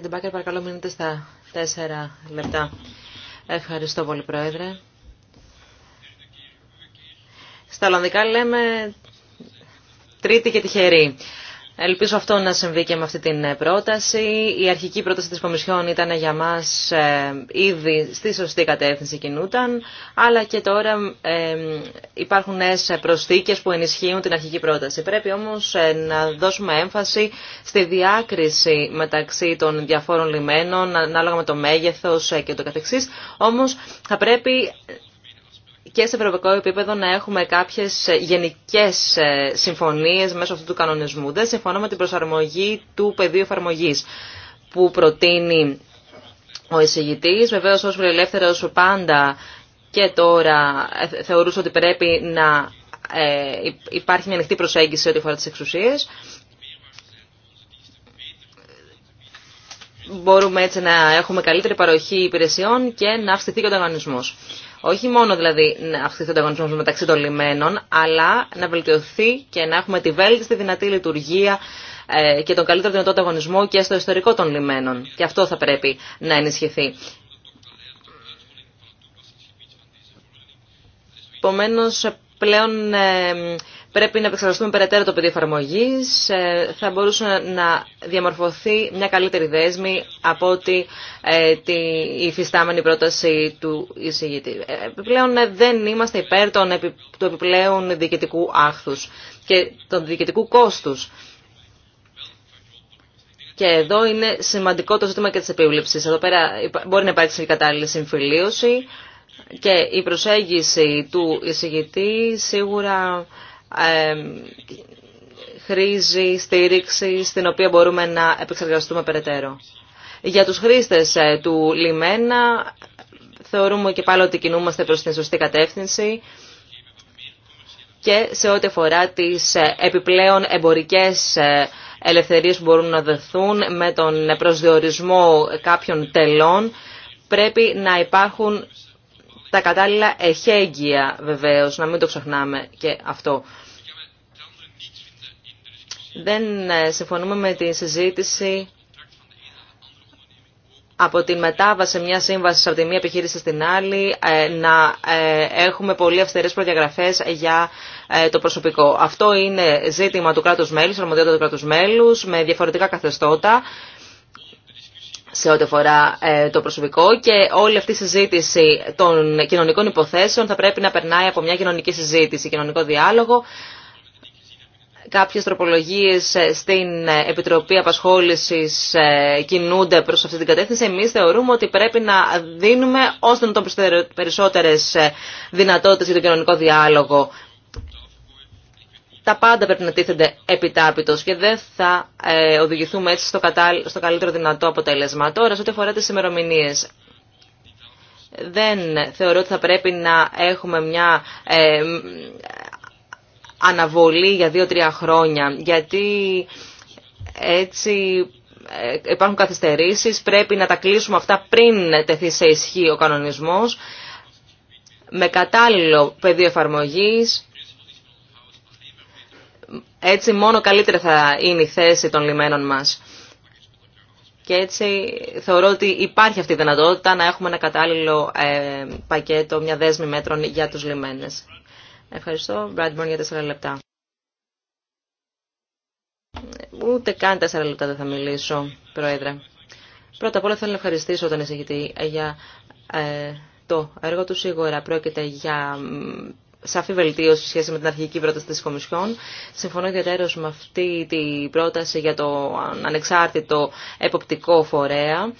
Ντεμπάκερ, παρακαλώ μείνετε στα τέσσερα λεπτά. Ευχαριστώ πολύ, Πρόεδρε. Στα Ολλανδικά λέμε τρίτη και τυχερή. Ελπίζω αυτό να συμβεί και με αυτή την ε, πρόταση. Η αρχική πρόταση της Κομισιόν ήταν για μας ε, ήδη στη σωστή κατεύθυνση κινούταν, αλλά και τώρα ε, υπάρχουν νέες προσθήκες που ενισχύουν την αρχική πρόταση. Πρέπει όμως να δώσουμε έμφαση στη διάκριση μεταξύ των διαφόρων λιμένων, ανάλογα με το μέγεθος και το καθεξής. Όμως θα πρέπει και σε ευρωπαϊκό επίπεδο να έχουμε κάποιες γενικές ε, συμφωνίες μέσω αυτού του κανονισμού. Δεν συμφωνώ με την προσαρμογή του πεδίου εφαρμογή που προτείνει ο εισηγητής. Βεβαίως ω όσο πάντα και τώρα θεωρούσα ότι πρέπει να ε, υπάρχει μια ανοιχτή προσέγγιση ό,τι αφορά τι εξουσίε. Μπορούμε έτσι να έχουμε καλύτερη παροχή υπηρεσιών και να αυξηθεί και ο ανταγωνισμό. Όχι μόνο δηλαδή να αυξηθεί ο ανταγωνισμό μεταξύ των λιμένων, αλλά να βελτιωθεί και να έχουμε τη βέλτιστη δυνατή λειτουργία ε, και τον καλύτερο δυνατό ανταγωνισμό και στο ιστορικό των λιμένων. Και αυτό θα πρέπει να ενισχυθεί. Επομένω, πλέον ε, Πρέπει να επεξεργαστούμε περαιτέρω το πεδίο εφαρμογή. Ε, θα μπορούσε να διαμορφωθεί μια καλύτερη δέσμη από ότι ε, η υφιστάμενη πρόταση του εισηγητή. Ε, επιπλέον δεν είμαστε υπέρ των, του επιπλέον διοικητικού άχθου και των διοικητικού κόστου. Και εδώ είναι σημαντικό το ζήτημα και της επίβλεψη. Εδώ πέρα μπορεί να υπάρξει κατάλληλη συμφιλίωση και η προσέγγιση του εισηγητή σίγουρα χρήση, στήριξη στην οποία μπορούμε να επεξεργαστούμε περαιτέρω. Για τους χρήστες ε, του λιμένα θεωρούμε και πάλι ότι κινούμαστε προς την σωστή κατεύθυνση και σε ό,τι αφορά τις ε, επιπλέον εμπορικές ε, ελευθερίες που μπορούν να δεθούν με τον προσδιορισμό κάποιων τελών πρέπει να υπάρχουν τα κατάλληλα εχέγγυα βεβαίως, να μην το ξεχνάμε και αυτό. Δεν ε, συμφωνούμε με τη συζήτηση από τη μετάβαση μια σύμβαση από τη μία επιχείρηση στην άλλη ε, να ε, έχουμε πολύ αυστηρές προδιαγραφές για το προσωπικό. Αυτό είναι ζήτημα του κράτους μέλους, αρμοδιότητα του κράτους μέλους, με διαφορετικά καθεστώτα σε ό,τι αφορά ε, το προσωπικό και όλη αυτή η συζήτηση των κοινωνικών υποθέσεων θα πρέπει να περνάει από μια κοινωνική συζήτηση, κοινωνικό διάλογο. Κάποιες τροπολογίες ε, στην Επιτροπή Απασχόλησης ε, κινούνται προς αυτή την κατεύθυνση. Εμείς θεωρούμε ότι πρέπει να δίνουμε ώστε να τον περισσότερες δυνατότητες για τον κοινωνικό διάλογο τα πάντα πρέπει να τίθενται επιτάπητο και δεν θα ε, οδηγηθούμε έτσι στο, στο καλύτερο δυνατό αποτέλεσμα. Τώρα, σε ό,τι αφορά τι ημερομηνίε. Δεν θεωρώ ότι θα πρέπει να έχουμε μια ε, αναβολή για δύο-τρία χρόνια, γιατί έτσι ε, υπάρχουν καθυστερήσεις, πρέπει να τα κλείσουμε αυτά πριν τεθεί σε ισχύ ο κανονισμός, με κατάλληλο πεδίο εφαρμογής, έτσι μόνο καλύτερα θα είναι η θέση των λιμένων μας. Και έτσι θεωρώ ότι υπάρχει αυτή η δυνατότητα να έχουμε ένα κατάλληλο ε, πακέτο, μια δέσμη μέτρων για τους λιμένες. Ευχαριστώ, Bradburn, για τέσσερα λεπτά. Ούτε καν τέσσερα λεπτά δεν θα μιλήσω, Πρόεδρε. Πρώτα απ' όλα θέλω να ευχαριστήσω τον εισηγητή για ε, το έργο του σίγουρα πρόκειται για σαφή βελτίωση σε σχέση με την αρχική πρόταση της Κομισιόν. Συμφωνώ ιδιαίτερως με αυτή την πρόταση για το ανεξάρτητο εποπτικό φορέα.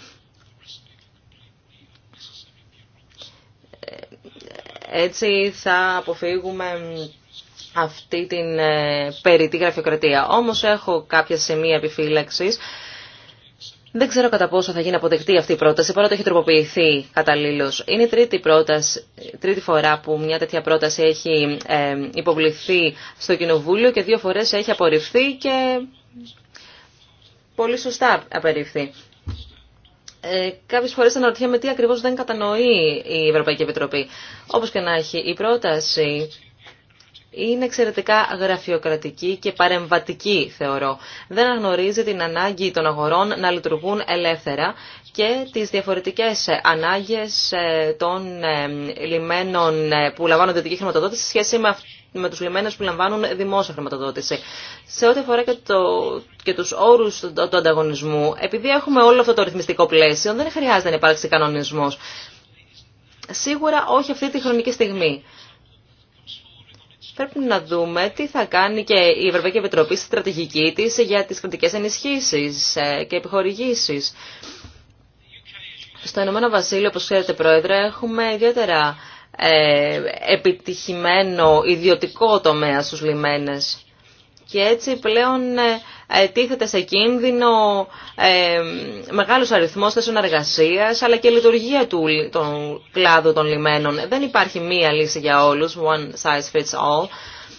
Έτσι θα αποφύγουμε αυτή την ε, περίτη γραφειοκρατία. Όμως έχω κάποια σημεία επιφύλαξης δεν ξέρω κατά πόσο θα γίνει αποδεκτή αυτή η πρόταση, παρότι έχει τροποποιηθεί καταλήλω. Είναι η τρίτη, πρόταση, τρίτη φορά που μια τέτοια πρόταση έχει ε, υποβληθεί στο Κοινοβούλιο και δύο φορές έχει απορριφθεί και πολύ σωστά απορριφθεί. Ε, Κάποιε φορέ αναρωτιέμαι τι ακριβώ δεν κατανοεί η Ευρωπαϊκή Επιτροπή. Όπω και να έχει, η πρόταση είναι εξαιρετικά γραφειοκρατική και παρεμβατική, θεωρώ. Δεν αναγνωρίζει την ανάγκη των αγορών να λειτουργούν ελεύθερα και τις διαφορετικές ανάγκες ε, των ε, λιμένων ε, που λαμβάνουν δυτική χρηματοδότηση σε σχέση με με τους λιμένες που λαμβάνουν δημόσια χρηματοδότηση. Σε ό,τι αφορά και, το, και τους όρους του, ανταγωνισμού, επειδή έχουμε όλο αυτό το ρυθμιστικό πλαίσιο, δεν χρειάζεται να υπάρξει κανονισμός. Σίγουρα όχι αυτή τη χρονική στιγμή πρέπει να δούμε τι θα κάνει και η Ευρωπαϊκή Επιτροπή στη στρατηγική της για τις κρατικές ενισχύσεις ε, και επιχορηγήσεις. Στο Ηνωμένο Βασίλειο, όπως ξέρετε Πρόεδρε, έχουμε ιδιαίτερα ε, επιτυχημένο ιδιωτικό τομέα στους λιμένες και έτσι πλέον ε, ε, τίθεται σε κίνδυνο ε, μεγάλος αριθμός θέσεων εργασία, αλλά και λειτουργία του των κλάδου των λιμένων. Δεν υπάρχει μία λύση για όλους, one size fits all.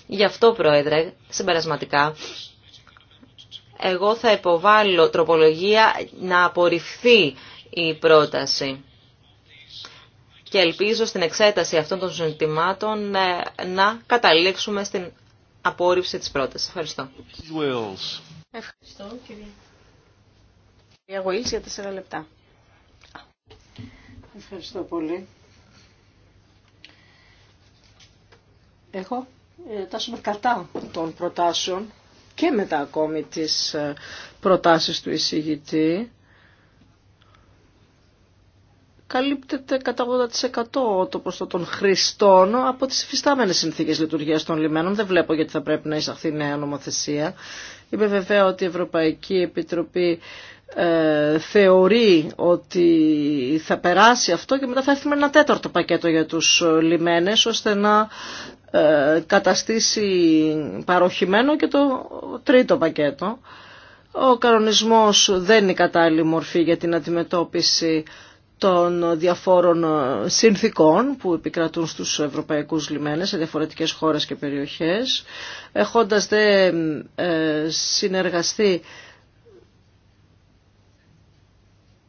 Γι' αυτό, Πρόεδρε, συμπερασματικά, εγώ θα υποβάλω τροπολογία να απορριφθεί η πρόταση. Και ελπίζω στην εξέταση αυτών των συντημάτων ε, να καταλήξουμε στην απόρριψε τις πρότασης. Ευχαριστώ. Ευχαριστώ κυρία. Η για τέσσερα λεπτά. Ευχαριστώ πολύ. Εγώ τάσουμε κατά των προτάσεων και μετά ακόμη τις ε, προτάσεις του εισηγητή καλύπτεται κατά 80% το ποσό των χρηστών από τις υφιστάμενες συνθήκες λειτουργίας των λιμένων. Δεν βλέπω γιατί θα πρέπει να εισαχθεί νέα νομοθεσία. Είμαι βέβαια ότι η Ευρωπαϊκή Επιτροπή ε, θεωρεί ότι θα περάσει αυτό και μετά θα έρθουμε ένα τέταρτο πακέτο για τους λιμένες ώστε να ε, καταστήσει παροχημένο και το τρίτο πακέτο. Ο κανονισμός δεν είναι η κατάλληλη μορφή για την αντιμετώπιση των διαφόρων ε, συνθήκων που επικρατούν στους ευρωπαϊκούς λιμένες σε διαφορετικές χώρες και περιοχές, έχοντας δε ε, συνεργαστεί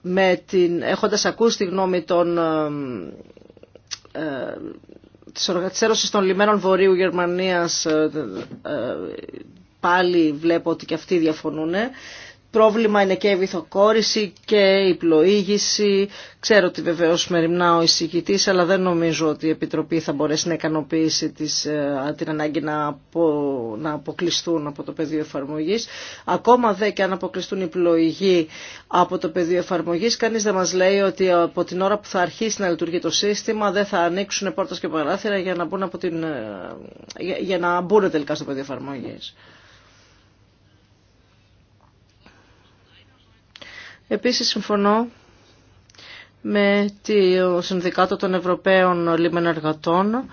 με την, έχοντας ακούσει τη γνώμη των, ε, ε της των Λιμένων Βορείου Γερμανίας, πάλι βλέπω ότι και αυτοί διαφωνούν, πρόβλημα είναι και η βυθοκόρηση και η πλοήγηση. Ξέρω ότι βεβαίως μεριμνά ο εισηγητή, αλλά δεν νομίζω ότι η Επιτροπή θα μπορέσει να ικανοποιήσει τις, ε, την ανάγκη να, να αποκλειστούν από το πεδίο εφαρμογή. Ακόμα δε και αν αποκλειστούν οι πλοηγοί από το πεδίο εφαρμογή, κανεί δεν μα λέει ότι από την ώρα που θα αρχίσει να λειτουργεί το σύστημα δεν θα ανοίξουν πόρτα και παράθυρα για να μπουν, από την, ε, για, για να μπουν τελικά στο πεδίο εφαρμογή. Επίσης συμφωνώ με το Συνδικάτο των Ευρωπαίων Λίμεν Εργατών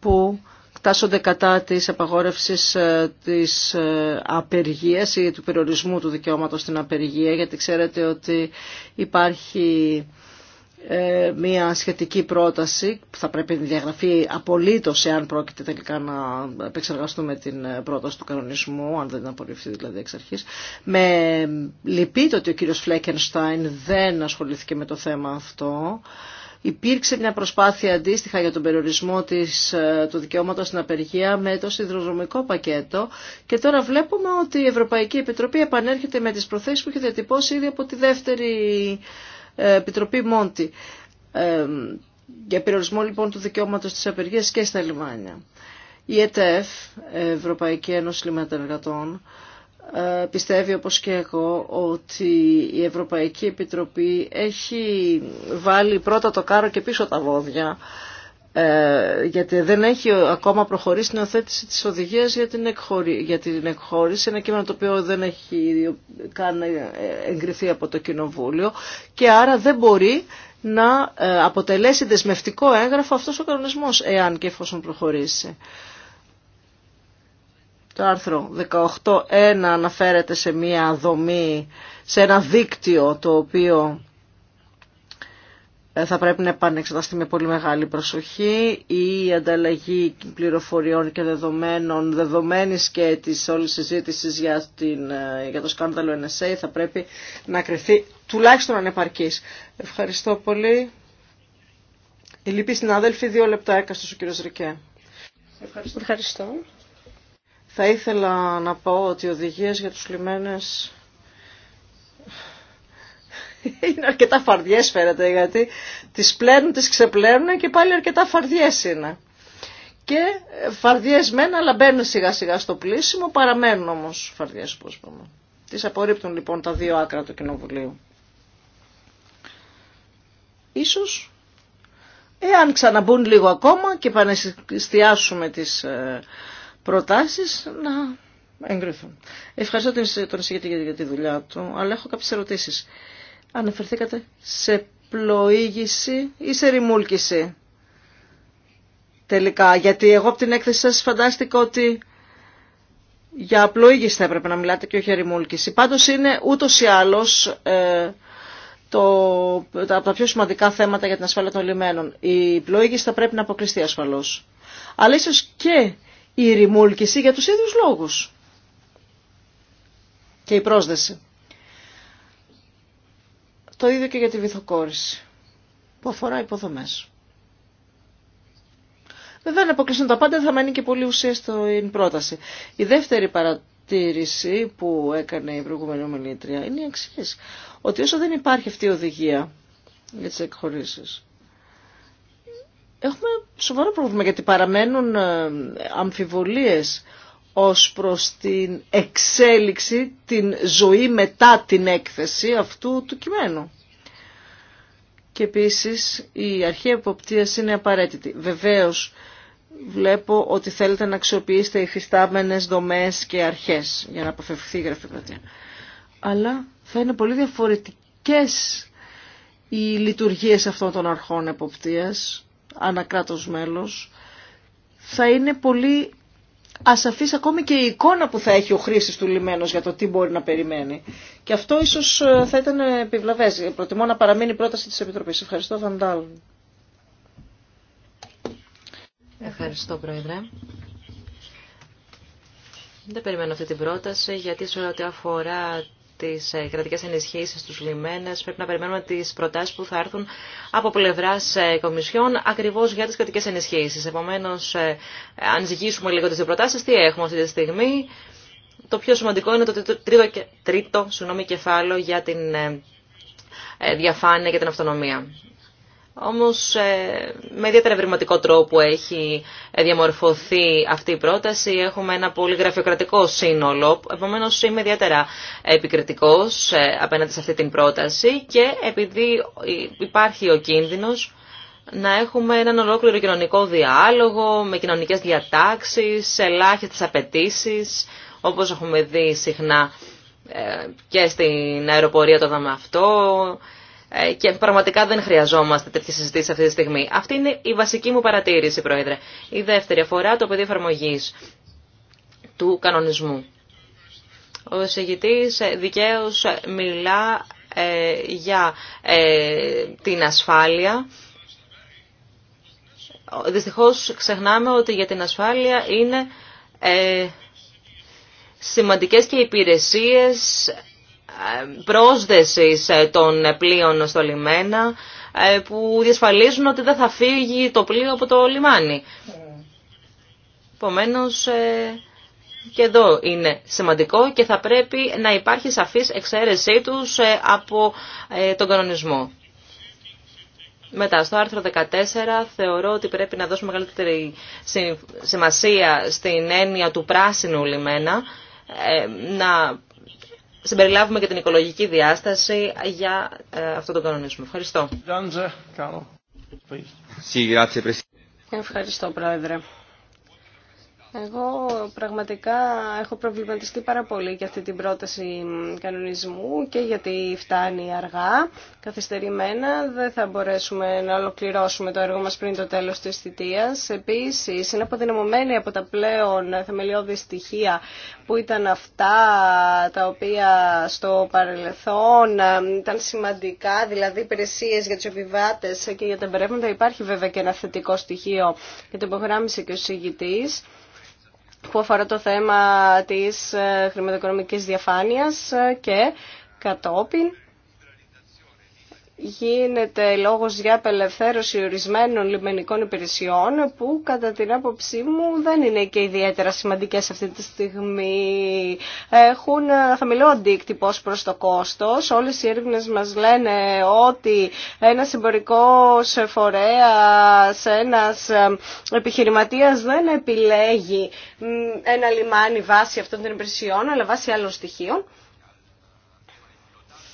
που τάσσονται κατά της απαγόρευσης ε, της ε, απεργίας ή του περιορισμού του δικαιώματος στην απεργία γιατί ξέρετε ότι υπάρχει ε, μια σχετική πρόταση που θα πρέπει να διαγραφεί απολύτως εάν πρόκειται τελικά να επεξεργαστούμε την ε, πρόταση του κανονισμού, αν δεν απορριφθεί δηλαδή εξ αρχής. Με λυπείται ότι ο κύριος Φλέκενστάιν δεν ασχολήθηκε με το θέμα αυτό. Υπήρξε μια προσπάθεια αντίστοιχα για τον περιορισμό της, ε, του δικαιώματο στην απεργία με το σιδηροδρομικό πακέτο και τώρα βλέπουμε ότι η Ευρωπαϊκή Επιτροπή επανέρχεται με τις προθέσεις που είχε διατυπώσει ήδη από τη δεύτερη Επιτροπή Μόντι για περιορισμό λοιπόν του δικαιώματος της απεργίας και στα λιμάνια. Η ΕΤΕΦ, Ευρωπαϊκή Ένωση Λιμενατεργατών, ε, πιστεύει όπως και εγώ ότι η Ευρωπαϊκή Επιτροπή έχει βάλει πρώτα το κάρο και πίσω τα βόδια ε, γιατί δεν έχει ακόμα προχωρήσει την οθέτηση της οδηγίας για την, για την εκχώρηση, ένα κείμενο το οποίο δεν έχει καν ε, εγκριθεί από το Κοινοβούλιο και άρα δεν μπορεί να ε, αποτελέσει δεσμευτικό έγγραφο αυτός ο κανονισμός, εάν και εφόσον προχωρήσει. Το άρθρο 18.1 αναφέρεται σε μια δομή, σε ένα δίκτυο το οποίο ε, θα πρέπει να επανεξεταστεί με πολύ μεγάλη προσοχή. Η ανταλλαγή πληροφοριών και δεδομένων, δεδομένης και της όλης συζήτηση για, την, ε, για το σκάνδαλο NSA θα πρέπει να κρυθεί τουλάχιστον ανεπαρκής. Ευχαριστώ πολύ. Η λυπή συνάδελφη, δύο λεπτά έκαστος ο κύριος Ρικέ. Ευχαριστώ. Θα ήθελα να πω ότι οι οδηγίες για τους λιμένες είναι αρκετά φαρδιές φαίνεται γιατί τις πλένουν, τις ξεπλένουν και πάλι αρκετά φαρδιές είναι. Και φαρδιές μένα αλλά μπαίνουν σιγά σιγά στο πλήσιμο, παραμένουν όμω φαρδιές όπω πούμε. Τις απορρίπτουν λοιπόν τα δύο άκρα του κοινοβουλίου. Ίσως εάν ξαναμπούν λίγο ακόμα και πανεστιάσουμε τις ε, προτάσεις να εγκριθούν. Ευχαριστώ τον εισηγητή για τη δουλειά του, αλλά έχω κάποιες ερωτήσεις αναφερθήκατε σε πλοήγηση ή σε ρημούλκηση τελικά. Γιατί εγώ από την έκθεση σας φαντάστηκα ότι για πλοήγηση θα έπρεπε να μιλάτε και όχι για ρημούλκηση. Πάντως είναι ούτως ή άλλως ε, το, τα, από τα πιο σημαντικά θέματα για την ασφάλεια των λιμένων. Η πλοήγηση θα πρέπει να αποκλειστεί ασφαλώς. Αλλά ίσως και η ρημούλκηση για τους ίδιους λόγους. Και η πρόσδεση. Το ίδιο και για τη βυθοκόρηση που αφορά υποδομές. Βέβαια, αν αποκλείσουν τα πάντα, θα μείνει και πολύ ουσία στην πρόταση. Η δεύτερη παρατήρηση που έκανε η προηγούμενη ομιλήτρια είναι η εξή. Ότι όσο δεν υπάρχει αυτή η οδηγία για τι εκχωρήσει, έχουμε σοβαρό πρόβλημα γιατί παραμένουν ε, αμφιβολίες ως προς την εξέλιξη, την ζωή μετά την έκθεση αυτού του κειμένου. Και επίσης η αρχή εποπτείας είναι απαραίτητη. Βεβαίως βλέπω ότι θέλετε να αξιοποιήσετε οι υφιστάμενες δομές και αρχές για να αποφευχθεί η γραφειοκρατία. Αλλά θα είναι πολύ διαφορετικές οι λειτουργίες αυτών των αρχών εποπτείας, ανακράτος μέλος, θα είναι πολύ αφήσει ακόμη και η εικόνα που θα έχει ο χρήστη του λιμένος για το τι μπορεί να περιμένει. Και αυτό ίσως ε, θα ήταν επιβλαβές. Προτιμώ να παραμείνει η πρόταση της Επιτροπής. Ευχαριστώ, Βαντάλ. Ευχαριστώ, Πρόεδρε. Δεν περιμένω αυτή την πρόταση, γιατί σε ό,τι αφορά τι ε, κρατικέ ενισχύσει στου λιμένε. Πρέπει να περιμένουμε τι προτάσει που θα έρθουν από πλευρά ε, κομισιών ακριβώ για τι κρατικέ ενισχύσει. Επομένω, ε, αν ζυγίσουμε λίγο τι δύο προτάσεις, τι έχουμε αυτή τη στιγμή. Το πιο σημαντικό είναι το τρίτο, τρίτο συγγνώμη, κεφάλαιο για την διαφάνεια και την αυτονομία. Όμως ε, με ιδιαίτερα ευρηματικό τρόπο έχει ε, διαμορφωθεί αυτή η πρόταση. Έχουμε ένα πολύ γραφειοκρατικό σύνολο. Επομένως είμαι ιδιαίτερα επικριτικός ε, απέναντι σε αυτή την πρόταση και επειδή υπάρχει ο κίνδυνος να έχουμε έναν ολόκληρο κοινωνικό διάλογο με κοινωνικές διατάξεις, ελάχιστες απαιτήσει, όπως έχουμε δει συχνά και στην αεροπορία το δάμε αυτό, ε, και πραγματικά δεν χρειαζόμαστε τέτοιε συζητήσει αυτή τη στιγμή. Αυτή είναι η βασική μου παρατήρηση, Πρόεδρε. Η δεύτερη αφορά το πεδίο εφαρμογή του κανονισμού. Ο εισηγητή ε, δικαίω μιλά ε, για την ασφάλεια. Δυστυχώς ξεχνάμε ότι για την ασφάλεια είναι σημαντικές και υπηρεσίες πρόσδεσης ε, των πλοίων στο λιμένα ε, που διασφαλίζουν ότι δεν θα φύγει το πλοίο από το λιμάνι. Επομένω, ε, και εδώ είναι σημαντικό και θα πρέπει να υπάρχει σαφής εξαίρεσή τους από τον κανονισμό. Μετά, στο άρθρο 14 θεωρώ ότι πρέπει να δώσουμε μεγαλύτερη σημασία στην έννοια του πράσινου λιμένα, να συμπεριλάβουμε και την οικολογική διάσταση για ε, αυτό το κανονισμό. Ευχαριστώ. Ευχαριστώ, Πρόεδρε. Εγώ πραγματικά έχω προβληματιστεί πάρα πολύ για αυτή την πρόταση κανονισμού και γιατί φτάνει αργά, καθυστερημένα. Δεν θα μπορέσουμε να ολοκληρώσουμε το έργο μας πριν το τέλος της θητείας. Επίσης, είναι αποδυναμωμένη από τα πλέον θεμελιώδη στοιχεία που ήταν αυτά τα οποία στο παρελθόν ήταν σημαντικά, δηλαδή υπηρεσίε για τους επιβάτες και για τα εμπερεύματα. Υπάρχει βέβαια και ένα θετικό στοιχείο για την υπογράμμιση και ο συγητής που αφορά το θέμα της ε, χρηματοοικονομικής διαφάνειας ε, και κατόπιν γίνεται λόγος για απελευθέρωση ορισμένων λιμενικών υπηρεσιών που κατά την άποψή μου δεν είναι και ιδιαίτερα σημαντικές αυτή τη στιγμή. Έχουν χαμηλό αντίκτυπο προς το κόστος. Όλες οι έρευνες μας λένε ότι ένας εμπορικός σε ένας επιχειρηματίας δεν επιλέγει ένα λιμάνι βάσει αυτών των υπηρεσιών αλλά βάσει άλλων στοιχείων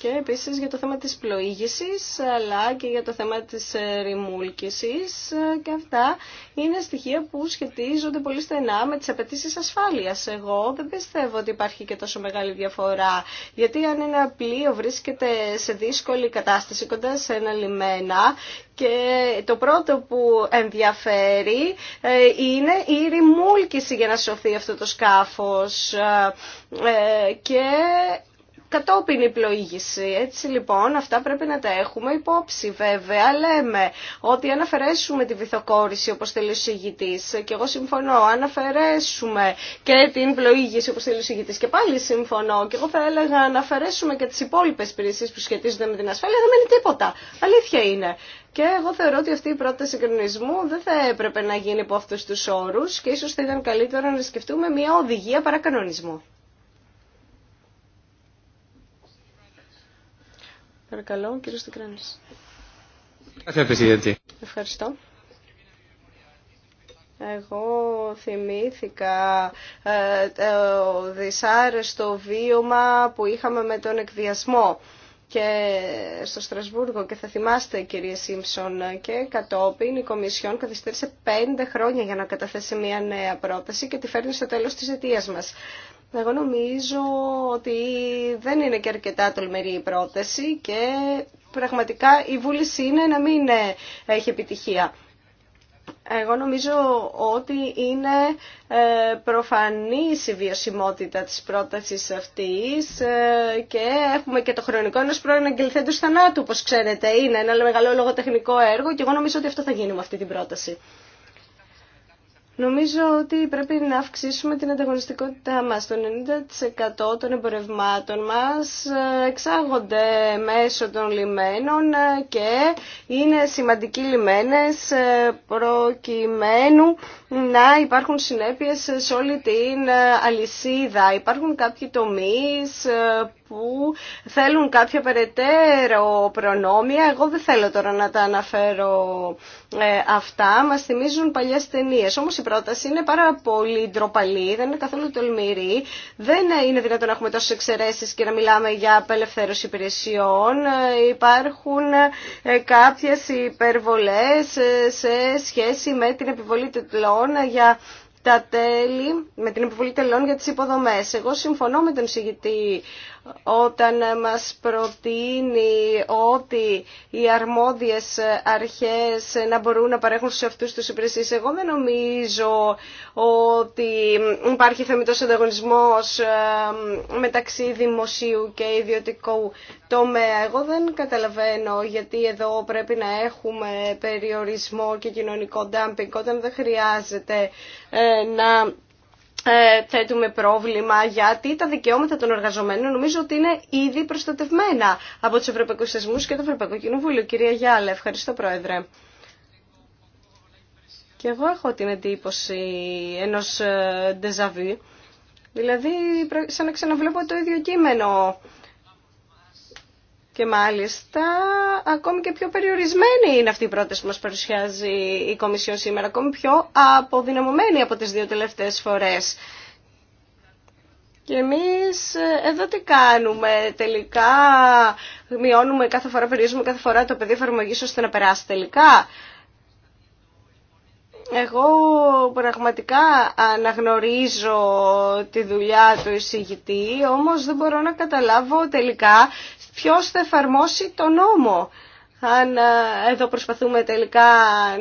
και επίσης για το θέμα της πλοήγησης αλλά και για το θέμα της ε, ρημούλκησης ε, και αυτά είναι στοιχεία που σχετίζονται πολύ στενά με τις απαιτήσει ασφάλειας. Εγώ δεν πιστεύω ότι υπάρχει και τόσο μεγάλη διαφορά γιατί αν ένα πλοίο βρίσκεται σε δύσκολη κατάσταση κοντά σε ένα λιμένα και το πρώτο που ενδιαφέρει ε, είναι η ρημούλκηση για να σωθεί αυτό το σκάφος και κατόπιν η πλοήγηση. Έτσι λοιπόν αυτά πρέπει να τα έχουμε υπόψη βέβαια. Λέμε ότι αν αφαιρέσουμε τη βυθοκόρηση όπως θέλει ο συγητής, και εγώ συμφωνώ, αν αφαιρέσουμε και την πλοήγηση όπως θέλει ο συγητής, και πάλι συμφωνώ και εγώ θα έλεγα να αφαιρέσουμε και τις υπόλοιπες υπηρεσίες που σχετίζονται με την ασφάλεια, δεν μένει τίποτα. Αλήθεια είναι. Και εγώ θεωρώ ότι αυτή η πρόταση συγκρονισμού δεν θα έπρεπε να γίνει από αυτού του όρου και ίσω θα ήταν καλύτερο να σκεφτούμε μια οδηγία παρακανονισμού. Παρακαλώ, κύριο Τικράνη. Ευχαριστώ. Εγώ θυμήθηκα ε, το δυσάρεστο βίωμα που είχαμε με τον εκβιασμό και στο Στρασβούργο και θα θυμάστε κύριε Σίμψον και κατόπιν η Κομισιόν καθυστέρησε πέντε χρόνια για να καταθέσει μια νέα πρόταση και τη φέρνει στο τέλος της αιτίας μας. Εγώ νομίζω ότι δεν είναι και αρκετά τολμηρή η πρόταση και πραγματικά η βούληση είναι να μην ε, έχει επιτυχία. Εγώ νομίζω ότι είναι ε, προφανής η βιωσιμότητα της πρότασης αυτής ε, και έχουμε και το χρονικό ενός πρώην αγγελθέντους θανάτου, όπως ξέρετε. Είναι ένα μεγαλό λογοτεχνικό έργο και εγώ νομίζω ότι αυτό θα γίνει με αυτή την πρόταση. Νομίζω ότι πρέπει να αυξήσουμε την ανταγωνιστικότητά μας. Το 90% των εμπορευμάτων μας ε, εξάγονται μέσω των λιμένων ε, και είναι σημαντικοί λιμένες ε, προκειμένου να υπάρχουν συνέπειες σε όλη την ε, αλυσίδα. Υπάρχουν κάποιοι τομείς ε, που θέλουν κάποια περαιτέρω προνόμια. Εγώ δεν θέλω τώρα να τα αναφέρω ε, αυτά. Μα θυμίζουν παλιές ταινίε. Όμως η πρόταση είναι πάρα πολύ ντροπαλή, δεν είναι καθόλου τολμηρή. Δεν είναι δυνατόν να έχουμε τόσε εξαιρέσεις και να μιλάμε για απελευθέρωση υπηρεσιών. Υπάρχουν κάποιες υπερβολές σε σχέση με την επιβολή τετλών λοιπόν για τα τέλη, με την υποβολή τελών για τις υποδομές. Εγώ συμφωνώ με τον συγητή όταν μας προτείνει ότι οι αρμόδιες αρχές να μπορούν να παρέχουν σε αυτούς τους υπηρεσίες. Εγώ δεν νομίζω ότι υπάρχει θεμητός ανταγωνισμός ε, μεταξύ δημοσίου και ιδιωτικού τομέα. Εγώ δεν καταλαβαίνω γιατί εδώ πρέπει να έχουμε περιορισμό και κοινωνικό ντάμπινγκ όταν δεν χρειάζεται ε, να ε, θέτουμε πρόβλημα γιατί τα δικαιώματα των εργαζομένων νομίζω ότι είναι ήδη προστατευμένα από τους Ευρωπαϊκούς Θεσμούς και το Ευρωπαϊκό Κοινοβούλιο. Κυρία Γιάλε, ευχαριστώ Πρόεδρε. Και εγώ έχω την εντύπωση ενός ε, ντεζαβί, δηλαδή σαν να ξαναβλέπω το ίδιο κείμενο και μάλιστα ακόμη και πιο περιορισμένη είναι αυτή η πρόταση που μας παρουσιάζει η Κομισιόν σήμερα, ακόμη πιο αποδυναμωμένη από τις δύο τελευταίες φορές. Και εμείς ε, εδώ τι κάνουμε τελικά, μειώνουμε κάθε φορά, περιορίζουμε κάθε φορά το παιδί εφαρμογής ώστε να περάσει τελικά. Εγώ πραγματικά αναγνωρίζω τη δουλειά του εισηγητή, όμως δεν μπορώ να καταλάβω τελικά ποιος θα εφαρμόσει το νόμο. Αν ε, εδώ προσπαθούμε τελικά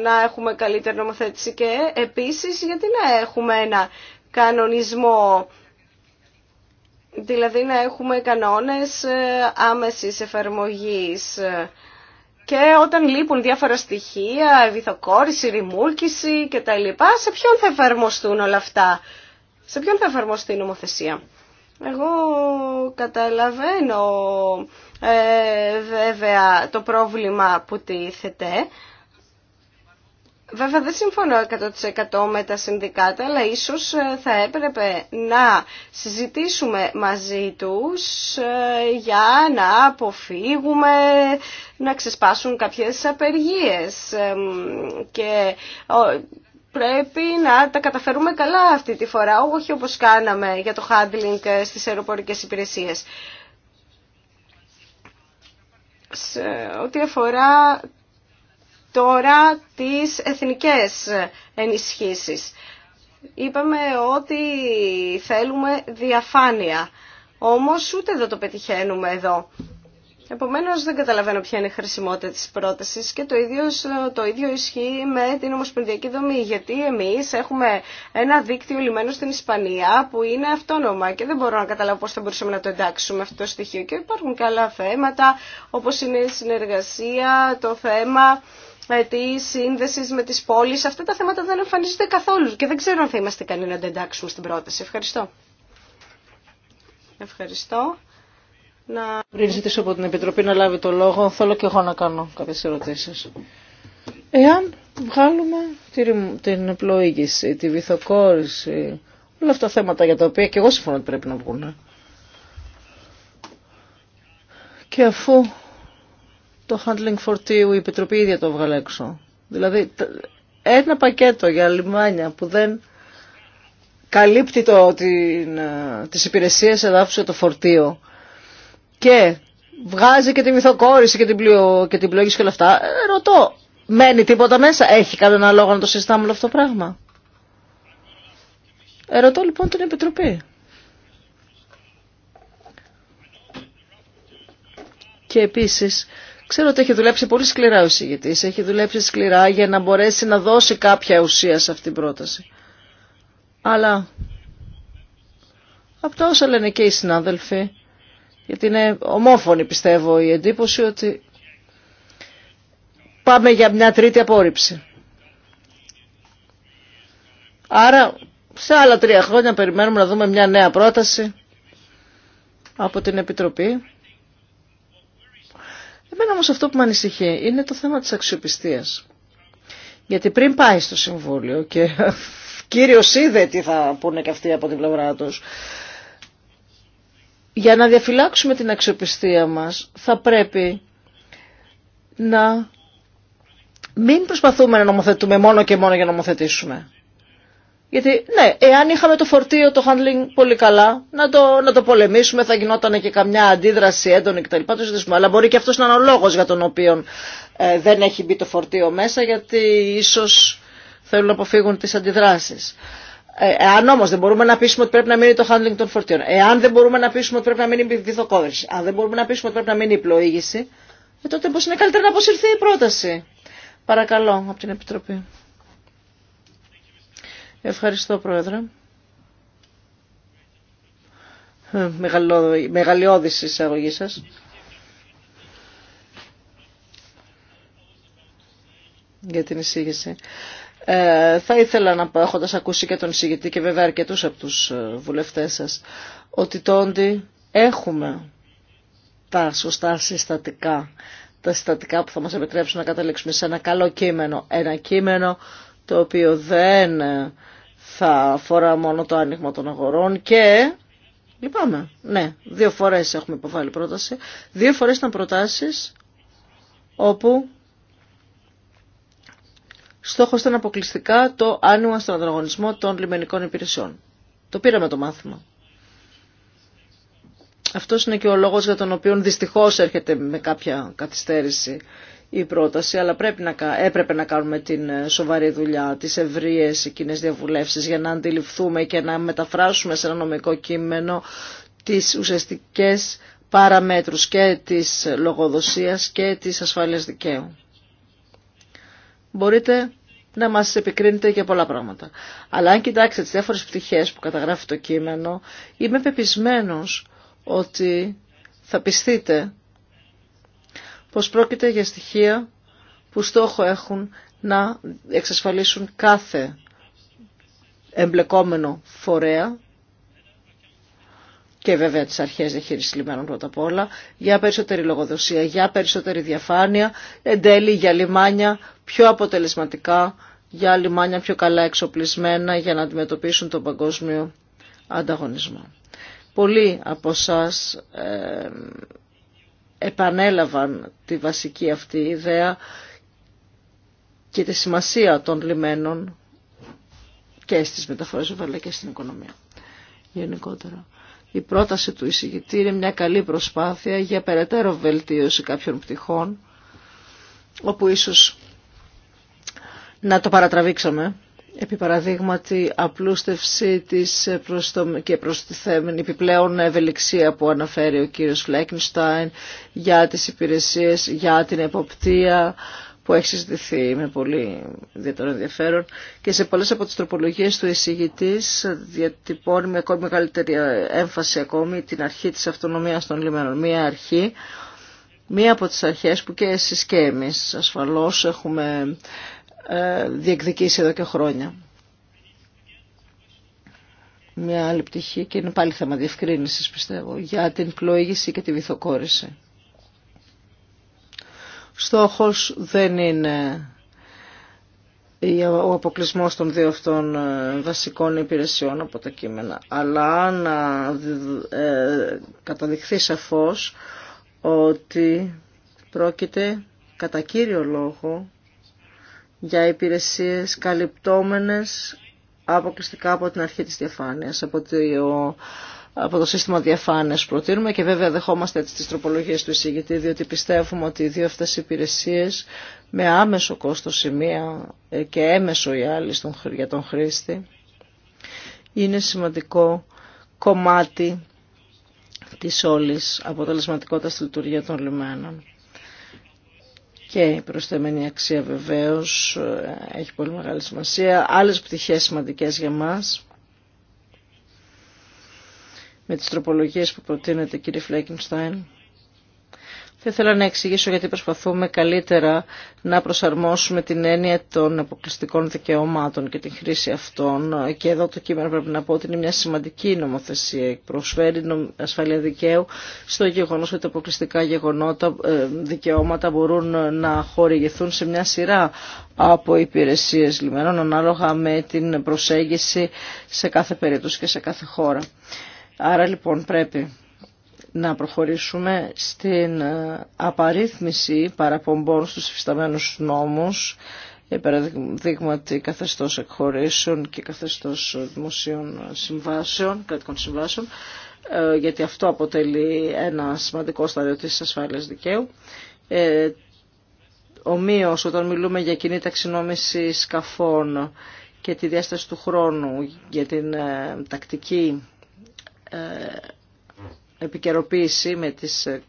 να έχουμε καλύτερη νομοθέτηση και επίσης γιατί να έχουμε ένα κανονισμό δηλαδή να έχουμε κανόνες ε, άμεσης εφαρμογής. Και όταν λείπουν διάφορα στοιχεία, βυθοκόρηση, ρημούλκηση κτλ. Σε ποιον θα εφαρμοστούν όλα αυτά. Σε ποιον θα εφαρμοστεί η νομοθεσία. Εγώ καταλαβαίνω ε, βέβαια το πρόβλημα που τίθεται. Βέβαια δεν συμφωνώ 100% με τα συνδικάτα, αλλά ίσως ε, θα έπρεπε να συζητήσουμε μαζί τους ε, για να αποφύγουμε να ξεσπάσουν κάποιες απεργίες. Και πρέπει να τα καταφέρουμε καλά αυτή τη φορά, όχι όπως κάναμε για το handling στις αεροπορικές υπηρεσίες σε ό,τι αφορά τώρα τις εθνικές ενισχύσεις. Είπαμε ότι θέλουμε διαφάνεια. Όμως ούτε δεν το πετυχαίνουμε εδώ. Επομένως δεν καταλαβαίνω ποια είναι η χρησιμότητα της πρότασης και το ίδιο, το ίδιο ισχύει με την ομοσπονδιακή δομή γιατί εμείς έχουμε ένα δίκτυο λιμένο στην Ισπανία που είναι αυτόνομα και δεν μπορώ να καταλάβω πώς θα μπορούσαμε να το εντάξουμε αυτό το στοιχείο και υπάρχουν και άλλα θέματα όπως είναι η συνεργασία, το θέμα ε, τη σύνδεση με τις πόλεις. Αυτά τα θέματα δεν εμφανίζονται καθόλου και δεν ξέρω αν θα είμαστε κανεί να τα εντάξουμε στην πρόταση. Ευχαριστώ. Ευχαριστώ να... Πριν ζητήσω από την Επιτροπή να λάβει το λόγο, θέλω και εγώ να κάνω κάποιες ερωτήσεις. Εάν βγάλουμε την πλοήγηση, τη βυθοκόρηση, όλα αυτά τα θέματα για τα οποία και εγώ συμφωνώ ότι πρέπει να βγουν. Και αφού το handling φορτίου η Επιτροπή ίδια το βγάλε έξω. Δηλαδή ένα πακέτο για λιμάνια που δεν καλύπτει το, την, ε, τις υπηρεσίες εδάφους για το φορτίο και βγάζει και τη μυθοκόρηση και την, πλοιο, και όλα αυτά, ε, ρωτώ, μένει τίποτα μέσα, έχει κανένα λόγο να το συζητάμε όλο αυτό το πράγμα. Ερωτώ λοιπόν την Επιτροπή. Και επίσης, ξέρω ότι έχει δουλέψει πολύ σκληρά ο εισηγητής, έχει δουλέψει σκληρά για να μπορέσει να δώσει κάποια ουσία σε αυτήν την πρόταση. Αλλά, από όσα λένε και οι συνάδελφοι, γιατί είναι ομόφωνη πιστεύω η εντύπωση ότι πάμε για μια τρίτη απόρριψη. Άρα σε άλλα τρία χρόνια περιμένουμε να δούμε μια νέα πρόταση από την Επιτροπή. Εμένα όμως αυτό που με ανησυχεί είναι το θέμα της αξιοπιστίας. Γιατί πριν πάει στο Συμβούλιο και κύριος είδε τι θα πούνε και αυτοί από την πλευρά τους, για να διαφυλάξουμε την αξιοπιστία μας θα πρέπει να μην προσπαθούμε να νομοθετούμε μόνο και μόνο για να νομοθετήσουμε. Γιατί, ναι, εάν είχαμε το φορτίο, το handling πολύ καλά, να το, να το πολεμήσουμε, θα γινόταν και καμιά αντίδραση έντονη κτλ. Το ζητήσουμε. Αλλά μπορεί και αυτό να είναι ο λόγο για τον οποίο ε, δεν έχει μπει το φορτίο μέσα, γιατί ίσω θέλουν να αποφύγουν τι αντιδράσει. Ε, εάν όμω δεν μπορούμε να πείσουμε ότι πρέπει να μείνει το handling των φορτίων, εάν δεν μπορούμε να πείσουμε ότι πρέπει να μείνει η βυθοκόβευση, αν δεν μπορούμε να πείσουμε ότι πρέπει να μείνει η πλοήγηση, ε, τότε πώ είναι καλύτερα να αποσυρθεί η πρόταση. Παρακαλώ από την Επιτροπή. Ευχαριστώ, Πρόεδρε. Ε, μεγαλειώδης εισαγωγή σας. για την εισήγηση. Ε, θα ήθελα να πω, έχοντα ακούσει και τον συγητή και βέβαια αρκετού από του ε, βουλευτέ σα, ότι τόντι έχουμε τα σωστά συστατικά. Τα συστατικά που θα μας επιτρέψουν να καταλήξουμε σε ένα καλό κείμενο. Ένα κείμενο το οποίο δεν ε, θα αφορά μόνο το άνοιγμα των αγορών και Λυπάμαι. Ναι, δύο φορές έχουμε υποβάλει πρόταση. Δύο φορές ήταν προτάσεις όπου στόχος ήταν αποκλειστικά το άνοιγμα στον ανταγωνισμό των λιμενικών υπηρεσιών. Το πήραμε το μάθημα. Αυτό είναι και ο λόγος για τον οποίο δυστυχώς έρχεται με κάποια καθυστέρηση η πρόταση, αλλά να, έπρεπε να κάνουμε την ε, σοβαρή δουλειά, τις ευρείε κοινέ διαβουλεύσεις για να αντιληφθούμε και να μεταφράσουμε σε ένα νομικό κείμενο τι ουσιαστικέ παραμέτρους και της λογοδοσίας και της ασφάλειας δικαίου μπορείτε να μας επικρίνετε για πολλά πράγματα. Αλλά αν κοιτάξετε τις διάφορες πτυχές που καταγράφει το κείμενο, είμαι πεπισμένος ότι θα πιστείτε πως πρόκειται για στοιχεία που στόχο έχουν να εξασφαλίσουν κάθε εμπλεκόμενο φορέα και βέβαια τις αρχές διαχείρισης λιμένων πρώτα απ' όλα, για περισσότερη λογοδοσία, για περισσότερη διαφάνεια, εν τέλει για λιμάνια πιο αποτελεσματικά, για λιμάνια πιο καλά εξοπλισμένα για να αντιμετωπίσουν τον παγκόσμιο ανταγωνισμό. Πολλοί από εσά επανέλαβαν τη βασική αυτή ιδέα και τη σημασία των λιμένων και στις μεταφορές αλλά και στην οικονομία γενικότερα η πρόταση του εισηγητή είναι μια καλή προσπάθεια για περαιτέρω βελτίωση κάποιων πτυχών, όπου ίσως να το παρατραβήξαμε. Επί παραδείγματι, απλούστευση της προς και προς τη επιπλέον ευελιξία που αναφέρει ο κύριος Φλέκνισταϊν για τις υπηρεσίες, για την εποπτεία, που έχει συζητηθεί με πολύ ιδιαίτερο ενδιαφέρον και σε πολλές από τις τροπολογίες του εισηγητής διατυπώνει με ακόμη μεγαλύτερη έμφαση ακόμη την αρχή της αυτονομίας των λιμένων. Μία αρχή, μία από τις αρχές που και εσείς και εμείς ασφαλώς έχουμε ε, διεκδικήσει εδώ και χρόνια. Μια άλλη πτυχή και είναι πάλι θέμα διευκρίνησης πιστεύω για την πλοήγηση και τη βυθοκόρηση. Στόχος δεν είναι ο αποκλεισμό των δύο αυτών ε, βασικών υπηρεσιών από τα κείμενα, αλλά να ε, καταδειχθεί σαφώς ότι πρόκειται κατά κύριο λόγο για υπηρεσίες καλυπτόμενες αποκλειστικά από την αρχή της διαφάνειας, από το από το σύστημα διαφάνεια προτείνουμε και βέβαια δεχόμαστε έτσι τις τροπολογίες του εισηγητή διότι πιστεύουμε ότι οι δύο αυτές οι υπηρεσίες με άμεσο κόστος η μία και έμεσο η άλλη στον, για τον χρήστη είναι σημαντικό κομμάτι της όλης αποτελεσματικότητας στη λειτουργία των λιμένων. Και η προσθεμένη αξία βεβαίως ε, έχει πολύ μεγάλη σημασία. Άλλες πτυχές σημαντικές για μας με τις τροπολογίες που προτείνετε κύριε Φλέκινστάιν. Θα ήθελα να εξηγήσω γιατί προσπαθούμε καλύτερα να προσαρμόσουμε την έννοια των αποκλειστικών δικαιωμάτων και την χρήση αυτών. Και εδώ το κείμενο πρέπει να πω ότι είναι μια σημαντική νομοθεσία. Προσφέρει ασφαλεία δικαίου στο γεγονός ότι τα αποκλειστικά γεγονότα, ε, δικαιώματα μπορούν να χορηγηθούν σε μια σειρά από υπηρεσίες λιμένων ανάλογα με την προσέγγιση σε κάθε περίπτωση και σε κάθε χώρα. Άρα λοιπόν πρέπει να προχωρήσουμε στην ε, απαρίθμηση παραπομπών στους υφισταμένους νόμους ε, παραδείγματι καθεστώς εκχωρήσεων και καθεστώς δημοσίων συμβάσεων, κρατικών συμβάσεων, ε, γιατί αυτό αποτελεί ένα σημαντικό στάδιο της ασφάλειας δικαίου. Ε, ομοίως, όταν μιλούμε για κοινή ταξινόμηση σκαφών και τη διάσταση του χρόνου για την τακτική ε, επικαιροποίηση με τις ε,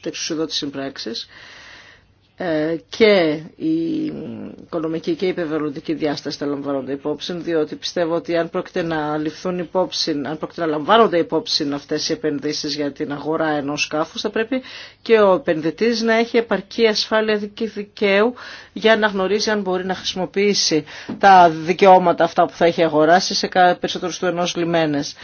κατεξουσιοδότης συμπράξεις ε, και η οικονομική και η υπευελοντική διάσταση θα λαμβάνονται υπόψη, διότι πιστεύω ότι αν πρόκειται να ληφθούν υπόψη, αν πρόκειται να λαμβάνονται υπόψη αυτές οι επενδύσει για την αγορά ενός σκάφου, θα πρέπει και ο επενδυτή να έχει επαρκή ασφάλεια δικαίου για να γνωρίζει αν μπορεί να χρησιμοποιήσει τα δικαιώματα αυτά που θα έχει αγοράσει σε περισσότερου του ενό λιμένες.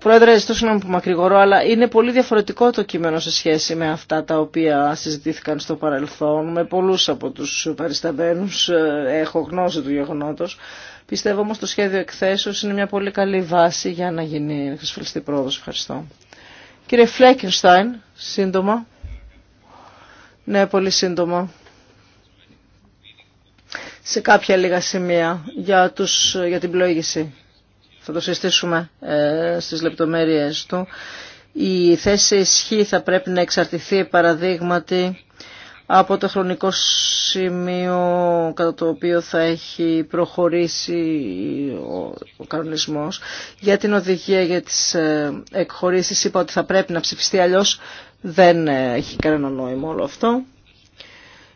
Πρόεδρε, ζητώ συγγνώμη που μακρηγορώ, αλλά είναι πολύ διαφορετικό το κείμενο σε σχέση με αυτά τα οποία συζητήθηκαν στο παρελθόν. Με πολλούς από τους παρισταμένους ε, έχω γνώση του γεγονότος. Πιστεύω όμως το σχέδιο εκθέσεως είναι μια πολύ καλή βάση για να γίνει εξασφαλιστή πρόοδος. Ευχαριστώ. Κύριε Φλέκενστάιν, σύντομα. Ναι, πολύ σύντομα. Σε κάποια λίγα σημεία για, για την πλοήγηση θα το συστήσουμε ε, στις λεπτομέρειες του. Η θέση ισχύ θα πρέπει να εξαρτηθεί παραδείγματι από το χρονικό σημείο κατά το οποίο θα έχει προχωρήσει ο κανονισμός. Για την οδηγία για τις ε, εκχωρήσεις είπα ότι θα πρέπει να ψηφιστεί αλλιώς δεν ε, έχει κανένα νόημα όλο αυτό.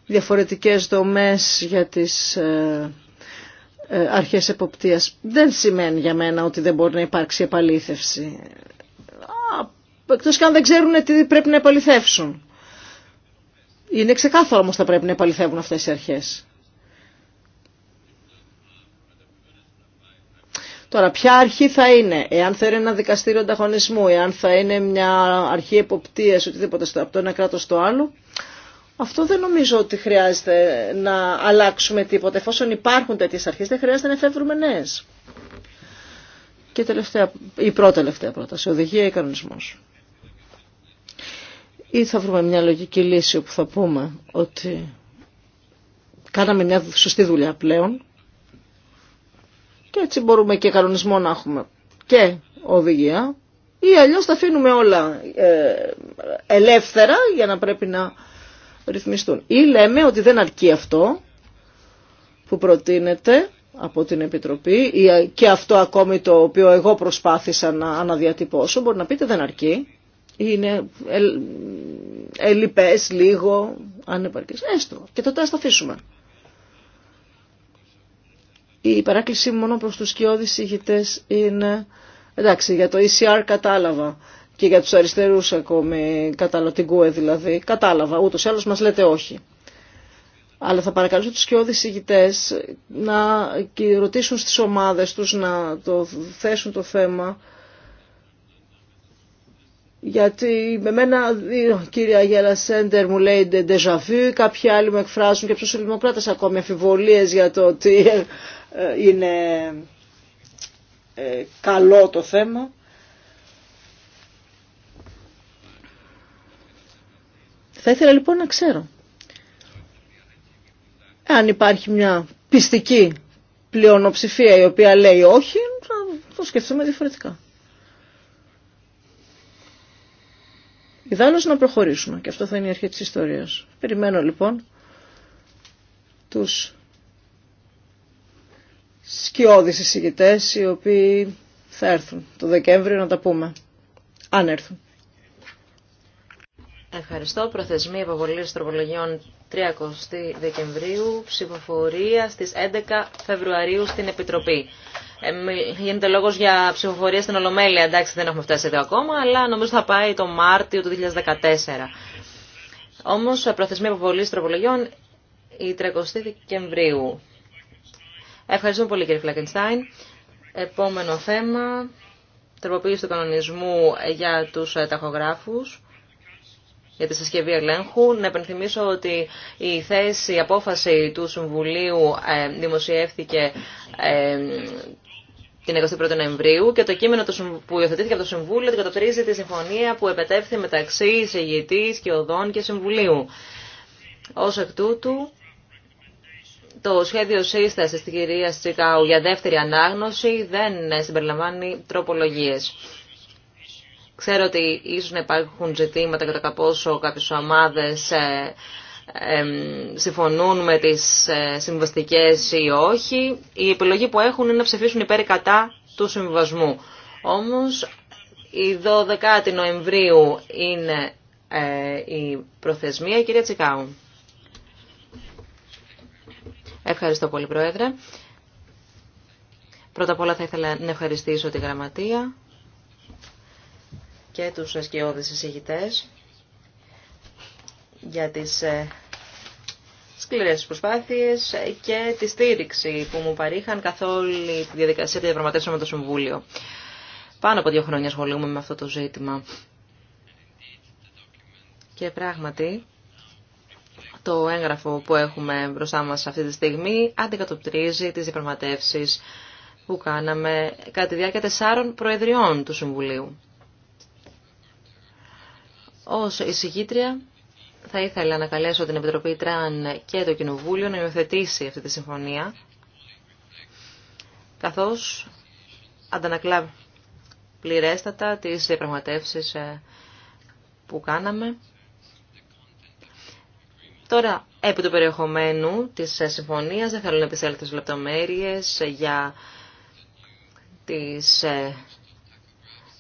Διαφορετικές δομές για τις ε, αρχές εποπτείας. Δεν σημαίνει για μένα ότι δεν μπορεί να υπάρξει επαλήθευση. Εκτός και αν δεν ξέρουν τι πρέπει να επαληθεύσουν. Είναι ξεκάθαρο όμως θα πρέπει να επαληθεύουν αυτές οι αρχές. Τώρα, ποια αρχή θα είναι, εάν θέλει ένα δικαστήριο ανταγωνισμού, εάν θα είναι μια αρχή εποπτείας, οτιδήποτε από το ένα κράτος στο άλλο, αυτό δεν νομίζω ότι χρειάζεται να αλλάξουμε τίποτα. Εφόσον υπάρχουν τέτοιε αρχέ δεν χρειάζεται να εφεύρουμε νέε. Και τελευταία, η πρώτη τελευταία πρόταση, οδηγία ή κανονισμός. Ή θα βρούμε μια λογική λύση όπου θα πούμε ότι κάναμε μια σωστή δουλειά πλέον και έτσι μπορούμε και κανονισμό να έχουμε και οδηγία ή αλλιώς τα αφήνουμε όλα ε, ελεύθερα για να πρέπει να ρυθμιστούν. Ή λέμε ότι δεν αρκεί αυτό που προτείνεται από την Επιτροπή ε, και αυτό ακόμη το οποίο εγώ προσπάθησα να αναδιατυπώσω, μπορεί να πείτε δεν αρκεί. Είναι ελλειπές, λίγο, ανεπαρκές. Έστω. Και τοτε τεστ θα αφήσουμε. Η παράκλησή μόνο προς τους σκιώδεις ηγητές είναι... Εντάξει, για το ECR κατάλαβα και για τους αριστερούς ακόμη, την δηλαδή, κατάλαβα, ούτως ή άλλως μας λέτε όχι. Αλλά θα παρακαλούσα τους και ηγητές να ρωτήσουν στις ομάδες τους να το θέσουν το θέμα. Γιατί με μένα η κυρία Γέρα Σέντερ μου λέει déjà vu, κάποιοι άλλοι μου εκφράζουν και στους ελληνοκράτες ακόμη αφιβολίες για το ότι ε, είναι ε, καλό το θέμα. Θα ήθελα λοιπόν να ξέρω αν υπάρχει μια πιστική πλειονοψηφία η οποία λέει όχι, θα το σκεφτούμε διαφορετικά. Ιδάλλως να προχωρήσουμε και αυτό θα είναι η αρχή της ιστορίας. Περιμένω λοιπόν τους σκιώδεις εισηγητές οι οποίοι θα έρθουν το Δεκέμβριο να τα πούμε, αν έρθουν. Ευχαριστώ. Προθεσμία υποβολή τροπολογιών 30 Δεκεμβρίου, ψηφοφορία στι 11 Φεβρουαρίου στην Επιτροπή. Ε, γίνεται λόγο για ψηφοφορία στην Ολομέλεια, εντάξει δεν έχουμε φτάσει εδώ ακόμα, αλλά νομίζω θα πάει το Μάρτιο του 2014. Όμως ε, προθεσμία υποβολή τροπολογιών η 30 Δεκεμβρίου. Ευχαριστούμε πολύ κύριε Φλακενστάιν. Επόμενο θέμα, τροποποίηση του κανονισμού για τους ε, ταχογράφους για τη συσκευή ελέγχου. Να επενθυμίσω ότι η θέση, η απόφαση του Συμβουλίου ε, δημοσιεύθηκε ε, την 21η Νοεμβρίου και το κείμενο που υιοθετήθηκε από το Συμβούλιο αντικατοπτρίζει τη συμφωνία που επετέφθη μεταξύ εισηγητή και οδών και Συμβουλίου. Ω εκ τούτου, το σχέδιο σύσταση τη κυρία Τσικάου για δεύτερη ανάγνωση δεν συμπεριλαμβάνει τροπολογίε. Ξέρω ότι ίσως να υπάρχουν ζητήματα κατά πόσο κάποιες ομάδες ε, συμφωνούν με τις ε, συμβαστικές ή όχι. Η επιλογή που έχουν είναι να ψηφίσουν υπέρ ή κατά του συμβασμού. Όμως η 12η Νοεμβρίου είναι ε, η προθεσμία. Η κυρία Τσικάου. Ευχαριστώ πολύ Πρόεδρε. Πρώτα απ' όλα θα ήθελα να ψηφισουν υπερ κατα του συμβασμου ομως η 12 η νοεμβριου ειναι η προθεσμια κυρια τσικαου ευχαριστω πολυ προεδρε πρωτα απ ολα θα ηθελα να ευχαριστησω τη Γραμματεία και τους ασκαιώδεις εισηγητές για τις ε, σκληρές προσπάθειες και τη στήριξη που μου παρήχαν καθ' όλη τη διαδικασία τη διαπραγματεύσαμε με το Συμβούλιο. Πάνω από δύο χρόνια ασχολούμαι με αυτό το ζήτημα. Και πράγματι, το έγγραφο που έχουμε μπροστά μας αυτή τη στιγμή αντικατοπτρίζει τις διαπραγματεύσεις που κάναμε κατά τη διάρκεια τεσσάρων προεδριών του Συμβουλίου. Ως εισηγήτρια θα ήθελα να καλέσω την Επιτροπή Τραν και το Κοινοβούλιο να υιοθετήσει αυτή τη συμφωνία, καθώς αντανακλά πληρέστατα τις διαπραγματεύσει ε, που κάναμε. Τώρα, επί του περιεχομένου της ε, συμφωνίας, δεν θέλω να επισέλθω στις λεπτομέρειες για τις ε,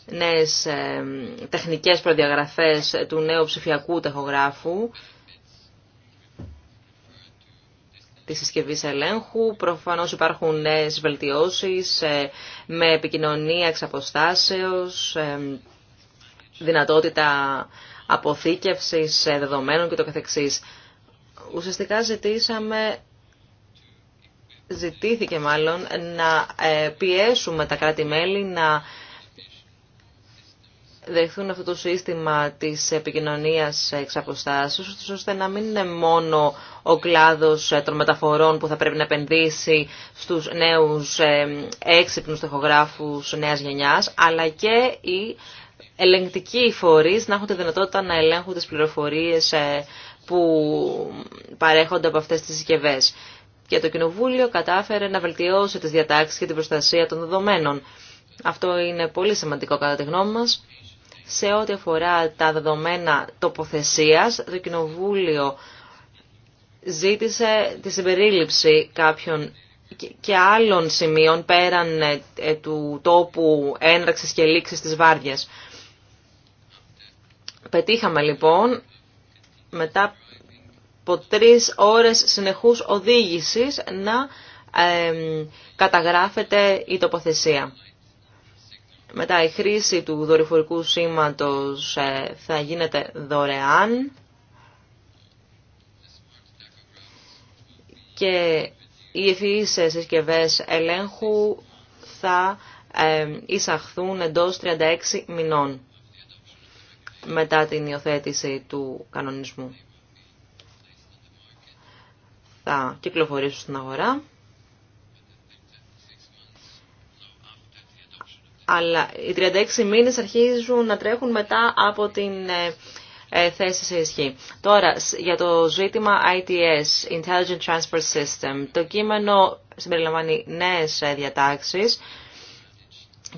νέες ε, τεχνικές προδιαγραφές του νέου ψηφιακού τεχογράφου της συσκευή ελέγχου. Προφανώς υπάρχουν νέες βελτιώσεις ε, με επικοινωνία εξ αποστάσεως, ε, δυνατότητα αποθήκευσης δεδομένων και το καθεξής. Ουσιαστικά ζητήσαμε ζητήθηκε μάλλον να πιέσουμε τα κράτη-μέλη να δεχθούν αυτό το σύστημα της επικοινωνίας εξ αποστάσεως, ώστε να μην είναι μόνο ο κλάδος ε, των μεταφορών που θα πρέπει να επενδύσει στους νέους ε, έξυπνους τεχογράφους νέας γενιάς, αλλά και οι ελεγκτικοί φορείς να έχουν τη δυνατότητα να ελέγχουν τις πληροφορίες ε, που παρέχονται από αυτές τις συσκευέ. Και το Κοινοβούλιο κατάφερε να βελτιώσει τις διατάξεις και την προστασία των δεδομένων. Αυτό είναι πολύ σημαντικό κατά τη γνώμη μας σε ό,τι αφορά τα δεδομένα τοποθεσίας, το Κοινοβούλιο ζήτησε τη συμπερίληψη κάποιων και άλλων σημείων πέραν ε, ε, του τόπου ένραξης και λήξης της βάρδιας. Πετύχαμε λοιπόν μετά από τρεις ώρες συνεχούς οδήγησης να ε, καταγράφεται η τοποθεσία. Μετά η χρήση του δορυφορικού σήματος ε, θα γίνεται δωρεάν και οι και ε, συσκευέ ελέγχου θα ε, εισαχθούν εντός 36 μηνών μετά την υιοθέτηση του κανονισμού. Θα κυκλοφορήσουν στην αγορά. αλλά οι 36 μήνες αρχίζουν να τρέχουν μετά από την ε, ε, θέση σε ισχύ. Τώρα, για το ζήτημα ITS, Intelligent Transport System, το κείμενο συμπεριλαμβάνει νέες ε, διατάξεις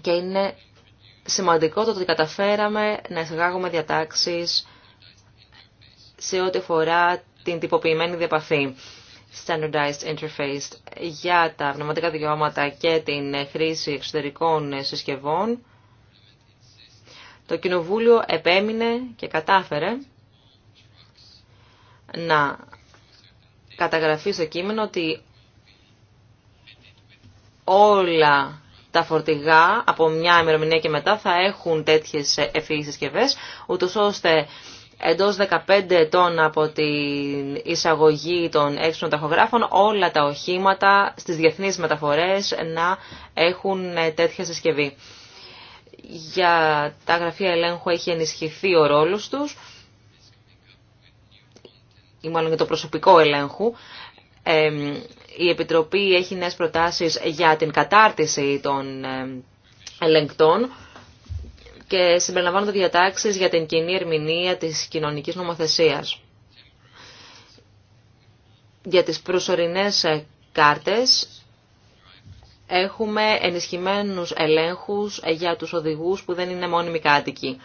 και είναι σημαντικό το ότι καταφέραμε να εισαγάγουμε διατάξεις σε ό,τι αφορά την τυποποιημένη διαπαθή. Standardized Interface για τα πνευματικά δικαιώματα και την χρήση εξωτερικών συσκευών. Το Κοινοβούλιο επέμεινε και κατάφερε να καταγραφεί στο κείμενο ότι όλα τα φορτηγά από μια ημερομηνία και μετά θα έχουν τέτοιες ευφυείς συσκευές, ούτως ώστε εντός 15 ετών από την εισαγωγή των έξυπνων ταχογράφων όλα τα οχήματα στις διεθνείς μεταφορές να έχουν ε, τέτοια συσκευή. Για τα γραφεία ελέγχου έχει ενισχυθεί ο ρόλος τους ή μάλλον για το προσωπικό ελέγχου. η Επιτροπή έχει νέες προτάσεις για την κατάρτιση των ε, ελεγκτών και συμπεριλαμβάνονται διατάξεις για την κοινή ερμηνεία της κοινωνική νομοθεσίας. Για τις προσωρινές κάρτες έχουμε ενισχυμένους ελέγχους για τους οδηγούς που δεν είναι μόνιμοι κάτοικοι.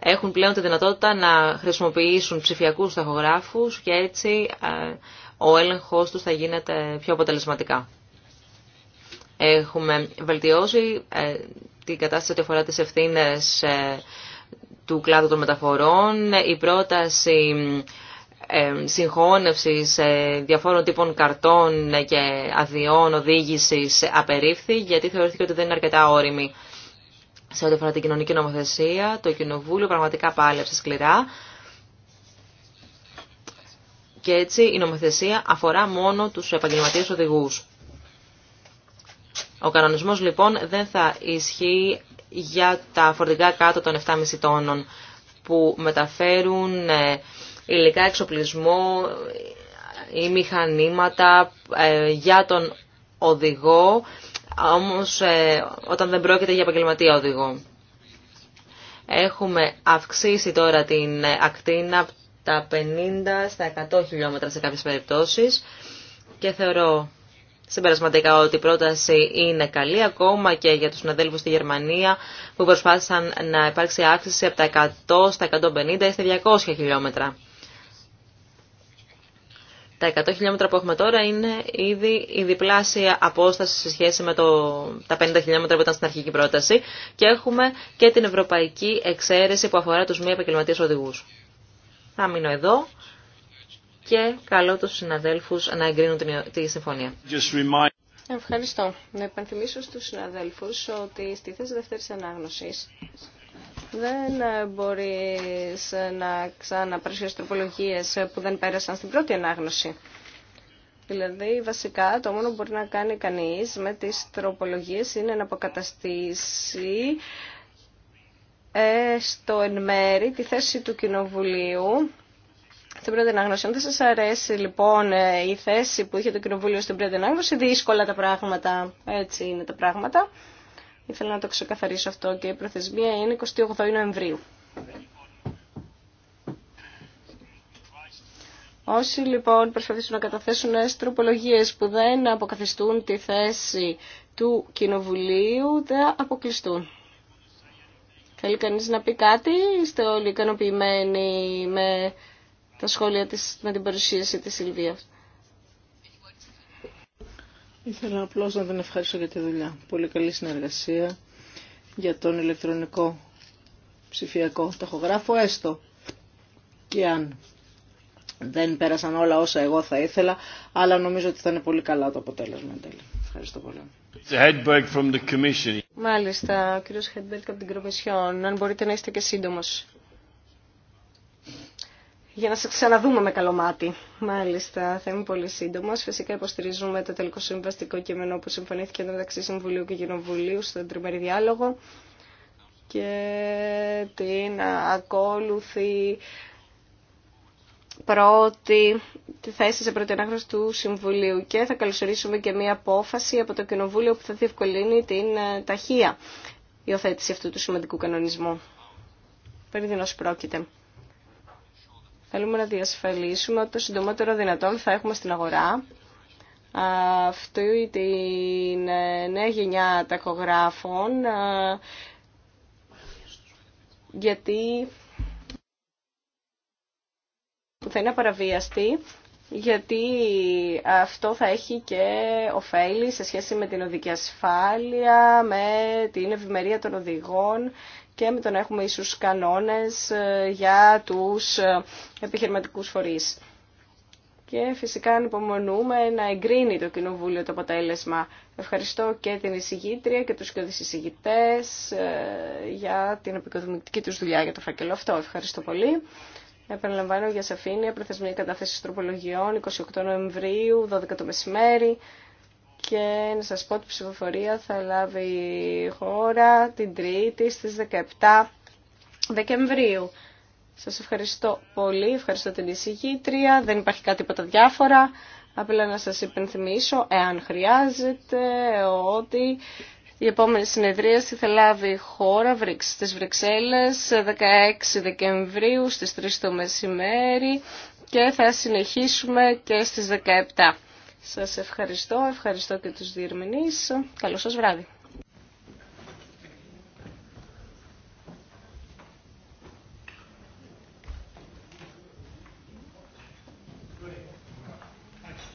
Έχουν πλέον τη δυνατότητα να χρησιμοποιήσουν ψηφιακούς ταχογράφους και έτσι ε, ο έλεγχος τους θα γίνεται πιο αποτελεσματικά. Έχουμε βελτιώσει ε, την κατάσταση ότι αφορά τις ευθύνες ε, του κλάδου των μεταφορών. Η πρόταση ε, συγχώνευσης διαφόρων τύπων καρτών και αδειών οδήγησης απερίφθη, γιατί θεωρήθηκε ότι δεν είναι αρκετά όρημη. Σε ό,τι αφορά την κοινωνική νομοθεσία, το Κοινοβούλιο πραγματικά πάλευσε σκληρά. Και έτσι η νομοθεσία αφορά μόνο τους επαγγελματίες οδηγούς. Ο κανονισμός λοιπόν δεν θα ισχύει για τα φορτηγά κάτω των 7,5 τόνων που μεταφέρουν ε, υλικά εξοπλισμό ή μηχανήματα ε, για τον οδηγό, όμως ε, όταν δεν πρόκειται για επαγγελματία οδηγό. Έχουμε αυξήσει τώρα την ακτίνα από τα 50 στα 100 χιλιόμετρα σε κάποιες περιπτώσεις και θεωρώ συμπερασματικά ότι η πρόταση είναι καλή ακόμα και για τους συναδέλφους στη Γερμανία που προσπάθησαν να υπάρξει αύξηση από τα 100 στα 150 ή στα 200 χιλιόμετρα. Τα 100 χιλιόμετρα που έχουμε τώρα είναι ήδη η διπλάσια απόσταση σε σχέση με το, τα 50 χιλιόμετρα που ήταν στην αρχική πρόταση και έχουμε και την ευρωπαϊκή εξαίρεση που αφορά τους μη επαγγελματίε οδηγούς. Θα μείνω εδώ και καλό τους συναδέλφους να εγκρίνουν τη συμφωνία. Ευχαριστώ. Να επανθυμίσω στους συναδέλφους ότι στη θέση δεύτερης ανάγνωσης δεν μπορείς να ξαναπαρουσιάσεις τροπολογίες που δεν πέρασαν στην πρώτη ανάγνωση. Δηλαδή, βασικά, το μόνο που μπορεί να κάνει κανείς με τις τροπολογίες είναι να αποκαταστήσει ε, στο εν μέρη τη θέση του Κοινοβουλίου στην πρώτη ανάγνωση. Αν δεν σα αρέσει λοιπόν ε, η θέση που είχε το κοινοβούλιο στην πρώτη ανάγνωση, δύσκολα τα πράγματα, έτσι είναι τα πράγματα. Ήθελα να το ξεκαθαρίσω αυτό και η προθεσμία είναι 28 Νοεμβρίου. Όσοι λοιπόν προσπαθήσουν να καταθέσουν τροπολογίες που δεν αποκαθιστούν τη θέση του Κοινοβουλίου, δεν αποκλειστούν. Θέλει κανείς να πει κάτι, είστε όλοι ικανοποιημένοι με τα σχόλια της με την παρουσίαση της Σιλβίας. Ήθελα απλώ να τον ευχαριστώ για τη δουλειά. Πολύ καλή συνεργασία για τον ηλεκτρονικό ψηφιακό ταχογράφο έστω και αν δεν πέρασαν όλα όσα εγώ θα ήθελα, αλλά νομίζω ότι θα είναι πολύ καλά το αποτέλεσμα εν τέλει. Ευχαριστώ πολύ. Μάλιστα, ο κύριος Χέντμπερκ από την Κροπεσιόν. Αν μπορείτε να είστε και σύντομος για να σε ξαναδούμε με καλό μάτι. Μάλιστα, θα είμαι πολύ σύντομα. Φυσικά υποστηρίζουμε το τελικό συμβαστικό κείμενο που συμφωνήθηκε μεταξύ Συμβουλίου και Κοινοβουλίου στον τριμερή διάλογο και την ακόλουθη πρώτη τη θέση σε πρώτη ανάγνωση του Συμβουλίου και θα καλωσορίσουμε και μία απόφαση από το Κοινοβούλιο που θα διευκολύνει την ε, ταχεία υιοθέτηση αυτού του σημαντικού κανονισμού. Περί πρόκειται. Θέλουμε να διασφαλίσουμε ότι το συντομότερο δυνατόν θα έχουμε στην αγορά αυτή τη νέα γενιά τακογράφων γιατί που θα είναι παραβίαστη γιατί αυτό θα έχει και ωφέλη σε σχέση με την οδική ασφάλεια, με την ευημερία των οδηγών και με το να έχουμε ίσους κανόνες ε, για τους ε, επιχειρηματικούς φορείς. Και φυσικά ανυπομονούμε να εγκρίνει το Κοινοβούλιο το αποτέλεσμα. Ευχαριστώ και την εισηγήτρια και τους και εισηγητές ε, για την επικοδομητική τους δουλειά για το φακελό αυτό. Ευχαριστώ πολύ. Επαναλαμβάνω για σαφήνεια, προθεσμία κατάθεση τροπολογιών 28 Νοεμβρίου, 12 το μεσημέρι και να σας πω ότι η ψηφοφορία θα λάβει η χώρα την Τρίτη στις 17 Δεκεμβρίου. Σας ευχαριστώ πολύ, ευχαριστώ την εισηγήτρια, δεν υπάρχει κάτι τίποτα διάφορα. Απλά να σας υπενθυμίσω, εάν χρειάζεται, ότι η επόμενη συνεδρίαση θα λάβει η χώρα στις Βρυξέλλες 16 Δεκεμβρίου στις 3 το μεσημέρι και θα συνεχίσουμε και στις 17. Σας ευχαριστώ, ευχαριστώ και τους διερμηνείς. Καλό σας βράδυ.